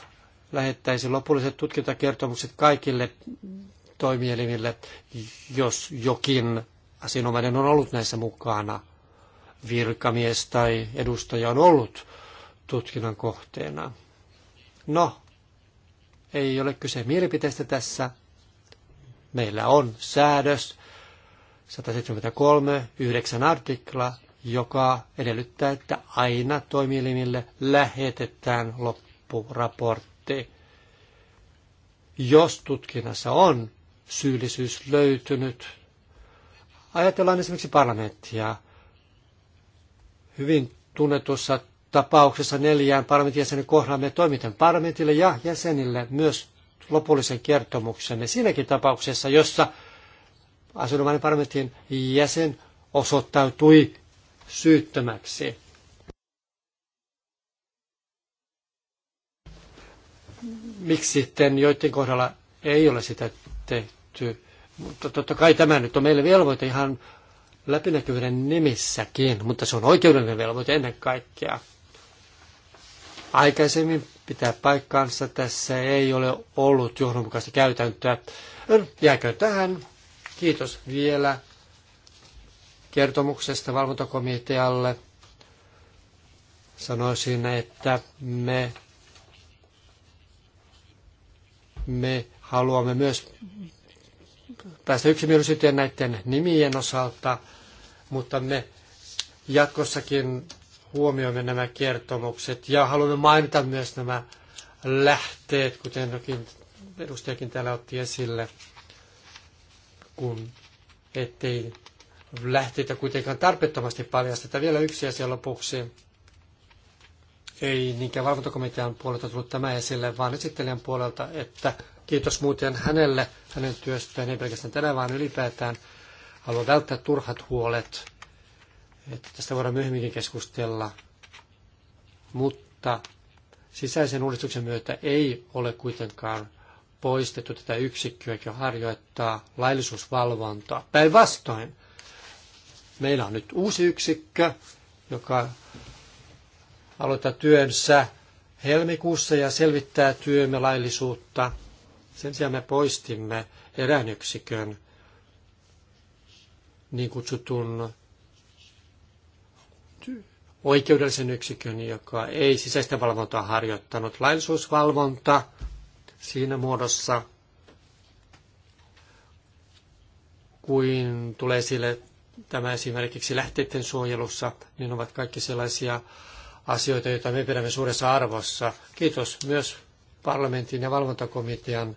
lähettäisi lopulliset tutkintakertomukset kaikille toimielimille, jos jokin asianomainen on ollut näissä mukana, virkamies tai edustaja on ollut tutkinnan kohteena. No, ei ole kyse mielipiteestä tässä. Meillä on säädös 173, 9 artikla, joka edellyttää, että aina toimielimille lähetetään loppuraportti. Jos tutkinnassa on syyllisyys löytynyt, ajatellaan esimerkiksi parlamenttia. Hyvin tunnetussa tapauksessa neljään parlamentin jäsenen kohdalla me toimitan parlamentille ja jäsenille myös lopullisen kertomuksemme siinäkin tapauksessa, jossa asianomainen parlamentin jäsen osoittautui syyttömäksi. Miksi sitten joiden kohdalla ei ole sitä tehty? Mutta totta kai tämä nyt on meille velvoite ihan läpinäkyvyyden nimissäkin, mutta se on oikeudellinen velvoite ennen kaikkea. Aikaisemmin pitää paikkaansa, tässä ei ole ollut johdonmukaista käytäntöä. Jääkö tähän? Kiitos vielä kertomuksesta valvontakomitealle. Sanoisin, että me, me haluamme myös päästä yksimielisyyteen näiden nimien osalta, mutta me jatkossakin huomioimme nämä kertomukset ja haluamme mainita myös nämä lähteet, kuten edustajakin täällä otti esille, kun ettei lähteitä kuitenkaan tarpeettomasti paljasteta. Vielä yksi asia lopuksi. Ei niinkään valvontakomitean puolelta tullut tämä esille, vaan esittelijän puolelta, että kiitos muuten hänelle, hänen työstään, ei pelkästään tänään, vaan ylipäätään haluan välttää turhat huolet että tästä voidaan myöhemminkin keskustella, mutta sisäisen uudistuksen myötä ei ole kuitenkaan poistettu tätä yksikköä, joka harjoittaa laillisuusvalvontaa. Päinvastoin, meillä on nyt uusi yksikkö, joka aloittaa työnsä helmikuussa ja selvittää työmme laillisuutta. Sen sijaan me poistimme erään yksikön niin kutsutun oikeudellisen yksikön, joka ei sisäistä valvontaa harjoittanut. Laillisuusvalvonta siinä muodossa, kuin tulee sille tämä esimerkiksi lähteiden suojelussa, niin ovat kaikki sellaisia asioita, joita me pidämme suuressa arvossa. Kiitos myös parlamentin ja valvontakomitean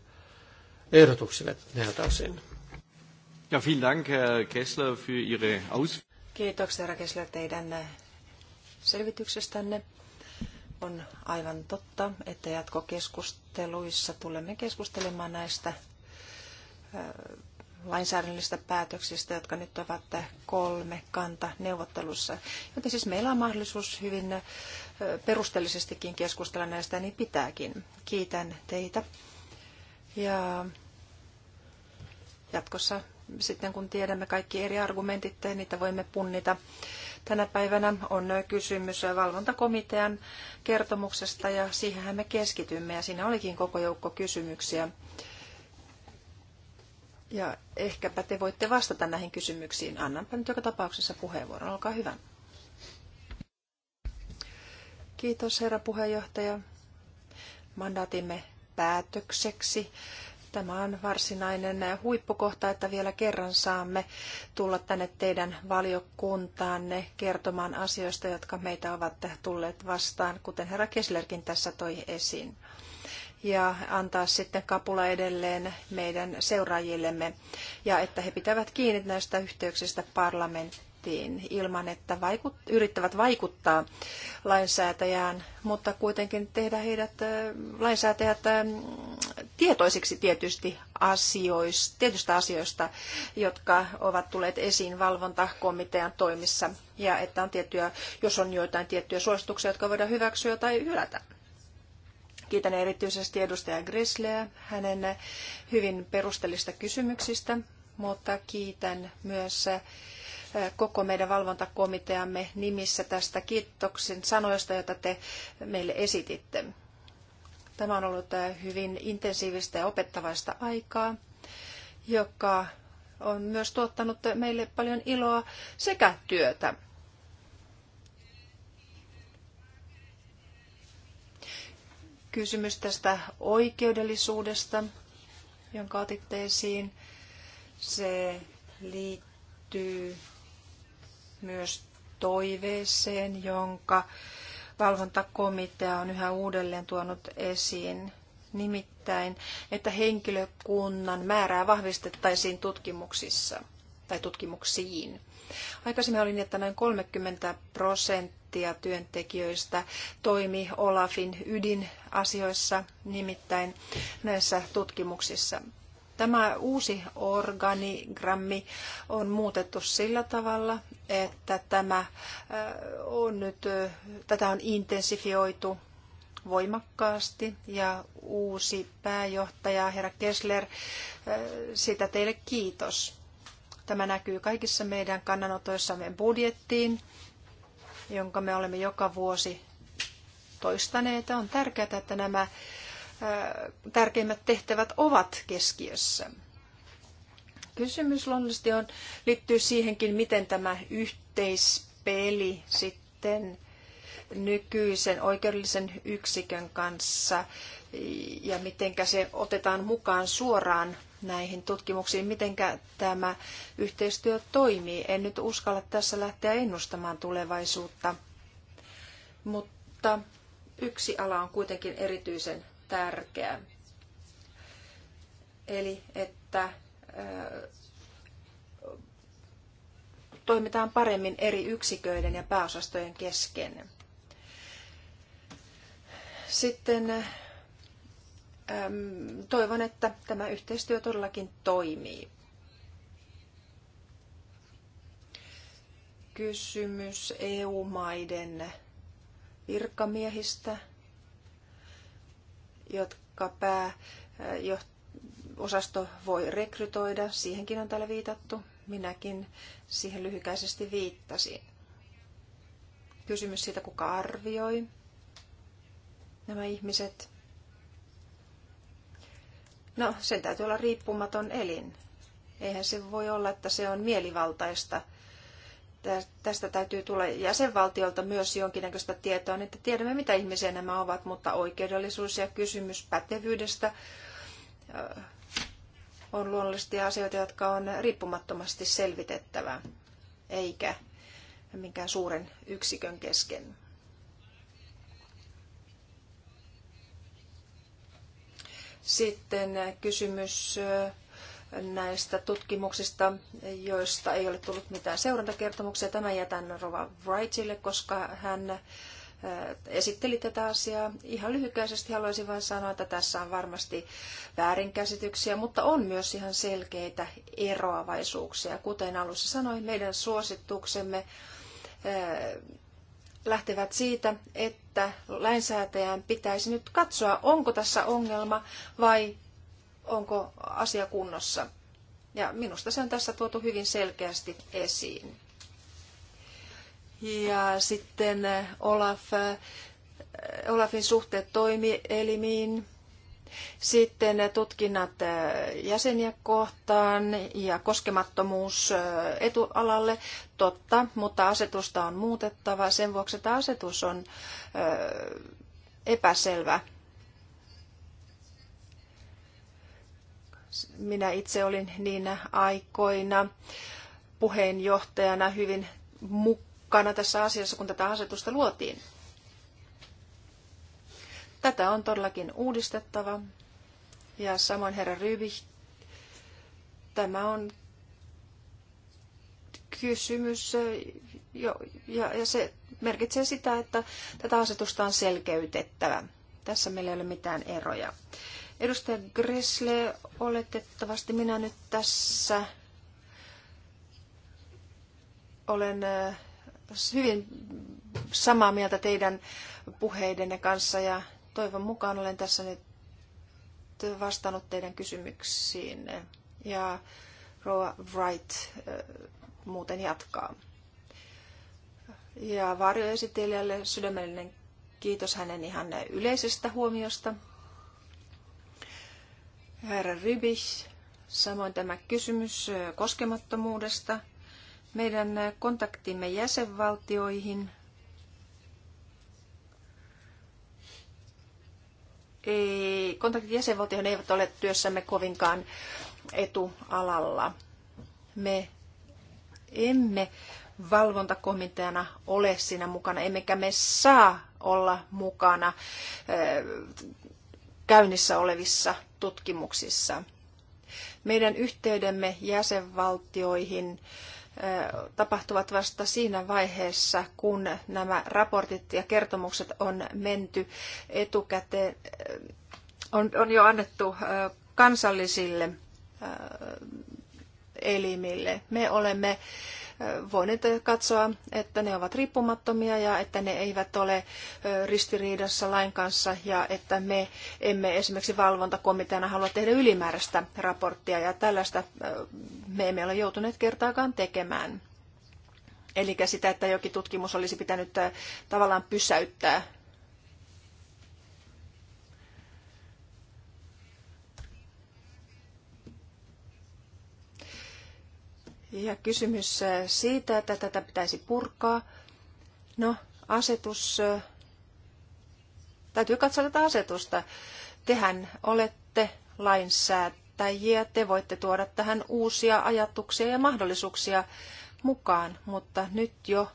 ehdotuksille näiltä osin. Ja vielen Dank, Herr Kessler, für Ihre Aus- Kiitoksia, herra Kessler, teidän selvityksestänne. On aivan totta, että jatkokeskusteluissa tulemme keskustelemaan näistä lainsäädännöllisistä päätöksistä, jotka nyt ovat kolme kanta neuvottelussa. Joten siis meillä on mahdollisuus hyvin perusteellisestikin keskustella näistä, niin pitääkin. Kiitän teitä. Ja jatkossa sitten kun tiedämme kaikki eri argumentit, niin niitä voimme punnita tänä päivänä on kysymys valvontakomitean kertomuksesta ja siihen me keskitymme ja siinä olikin koko joukko kysymyksiä. Ja ehkäpä te voitte vastata näihin kysymyksiin. Annanpa nyt joka tapauksessa puheenvuoron. Olkaa hyvä. Kiitos herra puheenjohtaja. Mandaatimme päätökseksi Tämä on varsinainen huippukohta, että vielä kerran saamme tulla tänne teidän valiokuntaanne kertomaan asioista, jotka meitä ovat tulleet vastaan, kuten herra Keslerkin tässä toi esiin. Ja antaa sitten kapula edelleen meidän seuraajillemme ja että he pitävät kiinni näistä yhteyksistä parlamenttiin parlamenttiin ilman, että vaikut, yrittävät vaikuttaa lainsäätäjään, mutta kuitenkin tehdä heidät lainsäätäjät tietoisiksi tietysti asioista, tietystä asioista, jotka ovat tulleet esiin valvontakomitean toimissa ja että on tiettyjä, jos on joitain tiettyjä suosituksia, jotka voidaan hyväksyä tai hylätä. Kiitän erityisesti edustaja Grisleä hänen hyvin perustellista kysymyksistä, mutta kiitän myös koko meidän valvontakomiteamme nimissä tästä kiitoksen sanoista, joita te meille esititte. Tämä on ollut hyvin intensiivistä ja opettavaista aikaa, joka on myös tuottanut meille paljon iloa sekä työtä. Kysymys tästä oikeudellisuudesta, jonka otitte esiin, se liittyy myös toiveeseen, jonka valvontakomitea on yhä uudelleen tuonut esiin, nimittäin, että henkilökunnan määrää vahvistettaisiin tutkimuksissa tai tutkimuksiin. Aikaisemmin oli niin, että noin 30 prosenttia työntekijöistä toimi Olafin ydinasioissa, nimittäin näissä tutkimuksissa. Tämä uusi organigrammi on muutettu sillä tavalla, että tämä äh, on nyt, äh, tätä on intensifioitu voimakkaasti ja uusi pääjohtaja herra Kessler, äh, sitä teille kiitos. Tämä näkyy kaikissa meidän kannanotoissamme budjettiin, jonka me olemme joka vuosi toistaneet. On tärkeää, että nämä tärkeimmät tehtävät ovat keskiössä. Kysymys luonnollisesti on, liittyy siihenkin, miten tämä yhteispeli sitten nykyisen oikeudellisen yksikön kanssa ja miten se otetaan mukaan suoraan näihin tutkimuksiin, miten tämä yhteistyö toimii. En nyt uskalla tässä lähteä ennustamaan tulevaisuutta, mutta yksi ala on kuitenkin erityisen tärkeä. Eli että toimitaan paremmin eri yksiköiden ja pääosastojen kesken. Sitten toivon, että tämä yhteistyö todellakin toimii. Kysymys EU-maiden virkamiehistä jotka pääosasto voi rekrytoida. Siihenkin on täällä viitattu. Minäkin siihen lyhykäisesti viittasin. Kysymys siitä, kuka arvioi nämä ihmiset. No, sen täytyy olla riippumaton elin. Eihän se voi olla, että se on mielivaltaista – tästä täytyy tulla jäsenvaltiolta myös jonkinnäköistä tietoa, niin että tiedämme mitä ihmisiä nämä ovat, mutta oikeudellisuus ja kysymys pätevyydestä äh, on luonnollisesti asioita, jotka on riippumattomasti selvitettävä, eikä minkään suuren yksikön kesken. Sitten kysymys äh, näistä tutkimuksista, joista ei ole tullut mitään seurantakertomuksia. Tämä jätän Rova Wrightille, koska hän äh, esitteli tätä asiaa. Ihan lyhykäisesti haluaisin vain sanoa, että tässä on varmasti väärinkäsityksiä, mutta on myös ihan selkeitä eroavaisuuksia. Kuten alussa sanoin, meidän suosituksemme äh, lähtevät siitä, että lainsäätäjän pitäisi nyt katsoa, onko tässä ongelma vai onko asia kunnossa. Ja minusta se on tässä tuotu hyvin selkeästi esiin. Ja sitten eh, Olaf, eh, Olafin suhteet toimielimiin, sitten eh, tutkinnat jäseniä kohtaan ja koskemattomuus etualalle, totta, mutta asetusta on muutettava sen vuoksi, että asetus on epäselvä Minä itse olin niinä aikoina puheenjohtajana hyvin mukana tässä asiassa, kun tätä asetusta luotiin. Tätä on todellakin uudistettava. Ja samoin herra Ryvi, tämä on kysymys jo, ja, ja se merkitsee sitä, että tätä asetusta on selkeytettävä. Tässä meillä ei ole mitään eroja. Edustaja Gressle, oletettavasti minä nyt tässä olen hyvin samaa mieltä teidän puheidenne kanssa ja toivon mukaan olen tässä nyt vastannut teidän kysymyksiin. Ja Roa Wright muuten jatkaa. Ja varjoesittelijälle sydämellinen kiitos hänen ihan yleisestä huomiosta herra Rybis, samoin tämä kysymys koskemattomuudesta, meidän kontaktimme jäsenvaltioihin ei, kontaktit jäsenvaltioihin eivät ole työssämme kovinkaan etualalla. Me emme valvontakomiteana ole siinä mukana, emmekä me saa olla mukana käynnissä olevissa tutkimuksissa. Meidän yhteydemme jäsenvaltioihin tapahtuvat vasta siinä vaiheessa, kun nämä raportit ja kertomukset on menty etukäteen, on, on jo annettu kansallisille elimille. Me olemme voineet katsoa, että ne ovat riippumattomia ja että ne eivät ole ristiriidassa lain kanssa ja että me emme esimerkiksi valvontakomiteana halua tehdä ylimääräistä raporttia ja tällaista me emme ole joutuneet kertaakaan tekemään. Eli sitä, että jokin tutkimus olisi pitänyt tavallaan pysäyttää Ja kysymys äh, siitä, että tätä pitäisi purkaa. No, asetus, äh, täytyy katsoa tätä asetusta. Tehän olette lainsäätäjiä, te voitte tuoda tähän uusia ajatuksia ja mahdollisuuksia mukaan, mutta nyt jo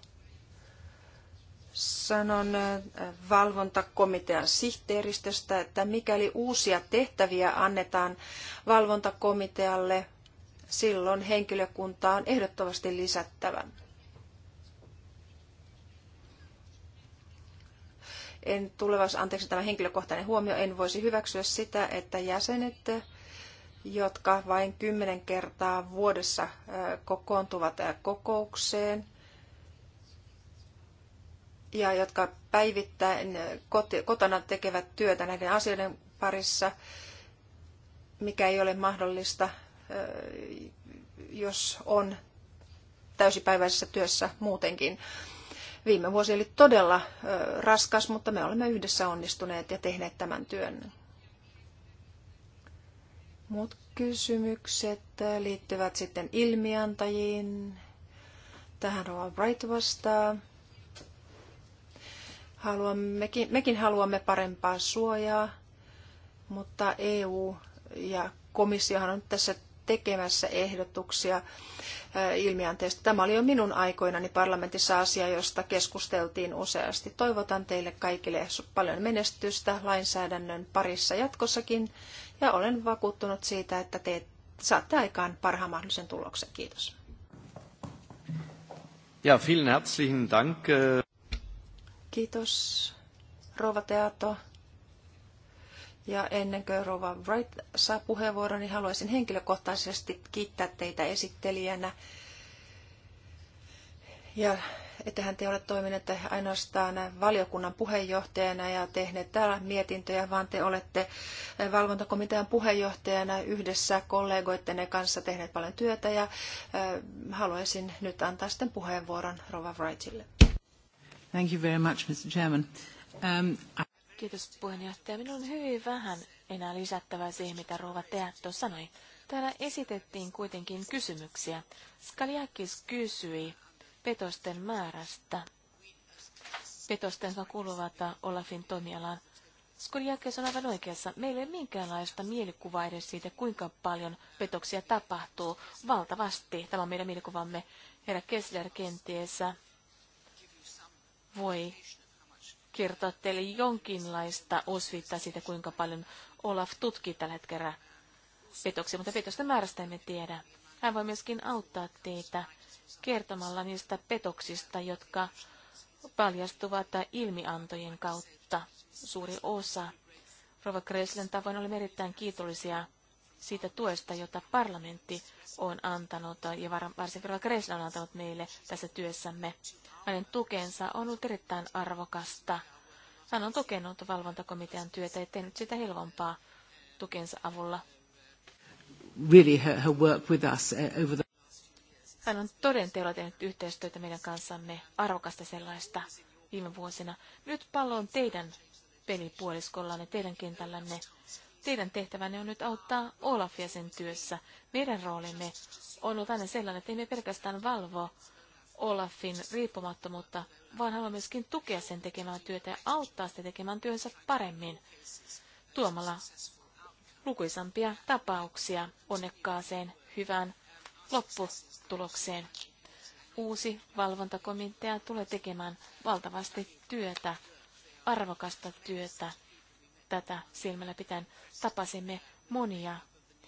sanon äh, valvontakomitean sihteeristöstä, että mikäli uusia tehtäviä annetaan valvontakomitealle, silloin henkilökuntaa on ehdottomasti lisättävä. En tulevaisuus, anteeksi tämä henkilökohtainen huomio, en voisi hyväksyä sitä, että jäsenet, jotka vain kymmenen kertaa vuodessa kokoontuvat kokoukseen ja jotka päivittäin kotona tekevät työtä näiden asioiden parissa, mikä ei ole mahdollista jos on täysipäiväisessä työssä muutenkin. Viime vuosi oli todella raskas, mutta me olemme yhdessä onnistuneet ja tehneet tämän työn. Muut kysymykset liittyvät sitten ilmiantajiin. Tähän Rova Bright vastaa. Haluamme, mekin, mekin haluamme parempaa suojaa, mutta EU ja komissiohan on tässä tekemässä ehdotuksia ilmianteesta. Tämä oli jo minun aikoinani parlamentissa asia, josta keskusteltiin useasti. Toivotan teille kaikille paljon menestystä lainsäädännön parissa jatkossakin ja olen vakuuttunut siitä, että te saatte aikaan parhaan mahdollisen tuloksen. Kiitos. Ja, vielen herzlichen Dank. Äh. Kiitos, Rova Teato. Ja ennen kuin Rova Wright saa puheenvuoron, niin haluaisin henkilökohtaisesti kiittää teitä esittelijänä. Ja ettehän te ole toimineet ainoastaan valiokunnan puheenjohtajana ja tehneet täällä mietintöjä, vaan te olette valvontakomitean puheenjohtajana yhdessä kollegoittenne kanssa tehneet paljon työtä ja äh, haluaisin nyt antaa sitten puheenvuoron Rova Wrightille. Thank you very much, Mr. Chairman. Um, I... Kiitos puheenjohtaja. Minulla on hyvin vähän enää lisättävää siihen, mitä Rova Teatto sanoi. Täällä esitettiin kuitenkin kysymyksiä. Skaliakis kysyi petosten määrästä. Petosten, saa kuuluvat Olafin toimialaan. Skoliakis on aivan oikeassa. Meillä ei ole minkäänlaista mielikuvaa edes siitä, kuinka paljon petoksia tapahtuu. Valtavasti. Tämä on meidän mielikuvamme. Herra Kessler kenties voi kertoa teille jonkinlaista osviitta siitä, kuinka paljon Olaf tutkii tällä hetkellä petoksia, mutta petosten määrästä emme tiedä. Hän voi myöskin auttaa teitä kertomalla niistä petoksista, jotka paljastuvat ilmiantojen kautta. Suuri osa. Rova Kreslen tavoin olemme erittäin kiitollisia siitä tuesta, jota parlamentti on antanut ja varsinkin Rova Kreslen on antanut meille tässä työssämme hänen tukensa on ollut erittäin arvokasta. Hän on tukenut valvontakomitean työtä ja tehnyt sitä helpompaa tukensa avulla. Really her, her work with us uh, over the... Hän on toden teolla tehnyt yhteistyötä meidän kanssamme, arvokasta sellaista viime vuosina. Nyt pallo on teidän pelipuoliskollanne, teidän kentällänne. Teidän tehtävänne on nyt auttaa Olafia sen työssä. Meidän roolimme on ollut aina sellainen, että emme pelkästään valvo Olafin riippumattomuutta, vaan haluamme myöskin tukea sen tekemään työtä ja auttaa sitä tekemään työnsä paremmin tuomalla lukuisampia tapauksia onnekkaaseen hyvään lopputulokseen. Uusi valvontakomitea tulee tekemään valtavasti työtä, arvokasta työtä. Tätä silmällä pitäen tapasimme monia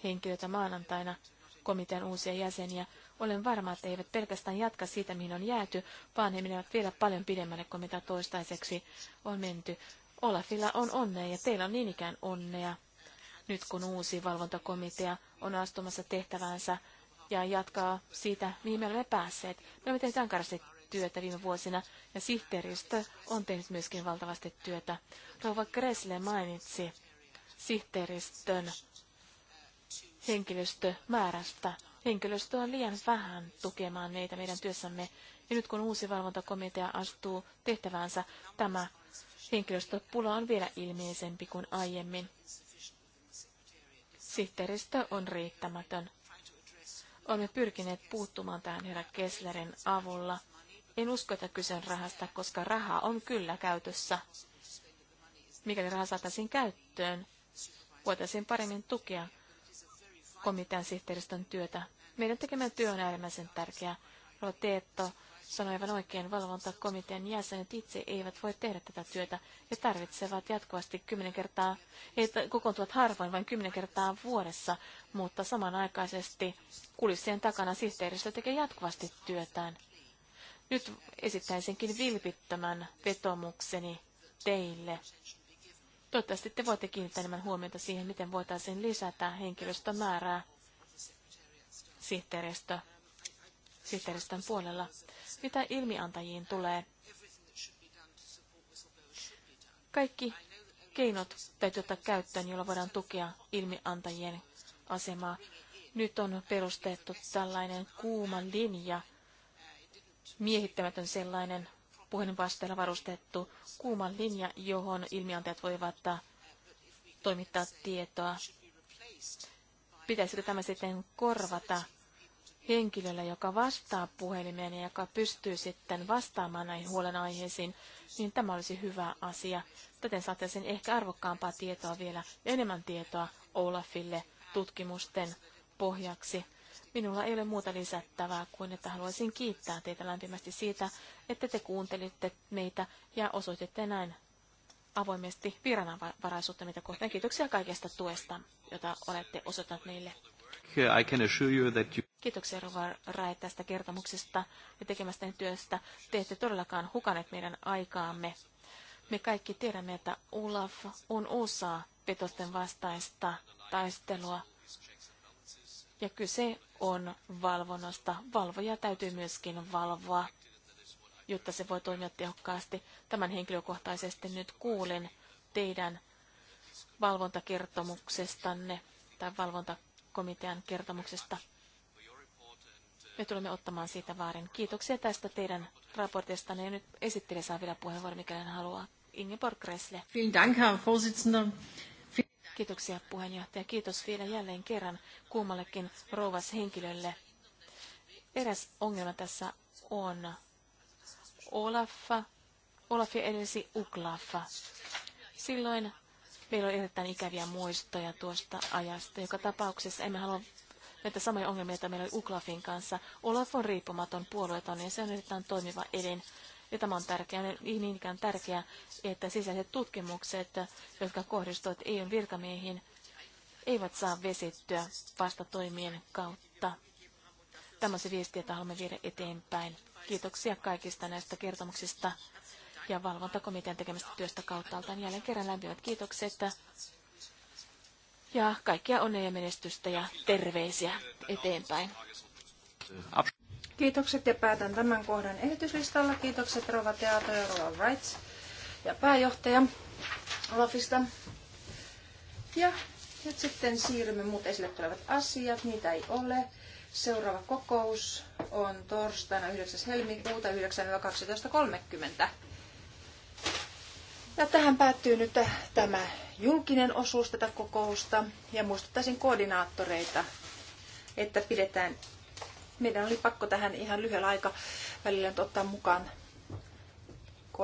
henkilöitä maanantaina komitean uusia jäseniä. Olen varma, että he eivät pelkästään jatka siitä, mihin on jääty, vaan he menevät vielä paljon pidemmälle kuin mitä toistaiseksi on menty. Olafilla on onnea ja teillä on niin ikään onnea. Nyt kun uusi valvontakomitea on astumassa tehtävänsä ja jatkaa siitä, mihin me olemme päässeet. Me olemme tehneet ankarasti työtä viime vuosina ja sihteeristö on tehnyt myöskin valtavasti työtä. Rouva Gressle mainitsi sihteeristön henkilöstömäärästä. Henkilöstö on liian vähän tukemaan meitä meidän työssämme, ja nyt kun uusi valvontakomitea astuu tehtäväänsä, tämä henkilöstöpula on vielä ilmeisempi kuin aiemmin. Sihteeristö on riittämätön. Olemme pyrkineet puuttumaan tähän herra Kesslerin avulla. En usko, että kyse on rahasta, koska rahaa on kyllä käytössä. Mikäli raha saataisiin käyttöön, voitaisiin paremmin tukea komitean sihteeristön työtä. Meidän tekemä työ on äärimmäisen tärkeää. Rova Teetto sanoi aivan oikein, valvontakomitean jäsenet itse eivät voi tehdä tätä työtä ja tarvitsevat jatkuvasti kymmenen kertaa, että kokoontuvat harvoin vain kymmenen kertaa vuodessa, mutta samanaikaisesti kulissien takana sihteeristö tekee jatkuvasti työtään. Nyt esittäisinkin vilpittömän vetomukseni teille Toivottavasti te voitte kiinnittää enemmän huomiota siihen, miten voitaisiin lisätä henkilöstömäärää sihteeristö, sihteeristön puolella. Mitä ilmiantajiin tulee? Kaikki keinot täytyy ottaa käyttöön, joilla voidaan tukea ilmiantajien asemaa. Nyt on perustettu tällainen kuuma linja, miehittämätön sellainen puhelinvasteella varustettu kuuma linja, johon ilmiantajat voivat toimittaa tietoa. Pitäisikö tämä sitten korvata henkilöllä, joka vastaa puhelimeen ja joka pystyy sitten vastaamaan näihin huolenaiheisiin, niin tämä olisi hyvä asia. Täten saataisiin ehkä arvokkaampaa tietoa vielä enemmän tietoa Olafille tutkimusten pohjaksi Minulla ei ole muuta lisättävää kuin, että haluaisin kiittää teitä lämpimästi siitä, että te kuuntelitte meitä ja osoititte näin avoimesti viranavaraisuutta, mitä kohtaan. Kiitoksia kaikesta tuesta, jota olette osoittaneet meille. I can you that you... Kiitoksia Rova Rai tästä kertomuksesta ja tekemästä työstä. Te ette todellakaan hukaneet meidän aikaamme. Me kaikki tiedämme, että Olaf on osa petosten vastaista taistelua. Ja kyse on valvonnasta. Valvoja täytyy myöskin valvoa, jotta se voi toimia tehokkaasti. Tämän henkilökohtaisesti nyt kuulen teidän valvontakertomuksestanne tai valvontakomitean kertomuksesta. Me tulemme ottamaan siitä vaarin. Kiitoksia tästä teidän raportistanne. Ja nyt esittelijä saa vielä puheenvuoron, mikäli hän haluaa. Ingeborg Gressle. Vielen Dank, Herr Vorsitzender. Kiitoksia puheenjohtaja. Kiitos vielä jälleen kerran kummallekin rouvas henkilölle. Eräs ongelma tässä on Olaffa. ja edelsi Uklaffa. Silloin meillä on erittäin ikäviä muistoja tuosta ajasta. Joka tapauksessa emme halua näitä samoja ongelmia, joita meillä oli Uklafin kanssa. Olaf on riippumaton puolueeton ja se on erittäin toimiva elin. Ja tämä on tärkeää, niin ikään tärkeää, että sisäiset tutkimukset, jotka kohdistuvat EUn virkamiehiin, eivät saa vesittyä vastatoimien kautta. Tämä on se viesti, jota haluamme viedä eteenpäin. Kiitoksia kaikista näistä kertomuksista ja valvontakomitean tekemästä työstä kauttaaltaan. Jälleen kerran lämpimät kiitokset ja kaikkia onnea ja menestystä ja terveisiä eteenpäin. Kiitokset ja päätän tämän kohdan esityslistalla. Kiitokset Rova Teato ja Rova Wrights ja pääjohtaja Lofista. Ja nyt sitten siirrymme muut esille tulevat asiat. Niitä ei ole. Seuraava kokous on torstaina 9. helmikuuta 9.12.30. Ja tähän päättyy nyt tämä julkinen osuus tätä kokousta. Ja muistuttaisin koordinaattoreita, että pidetään meidän oli pakko tähän ihan lyhyellä aikavälillä ottaa mukaan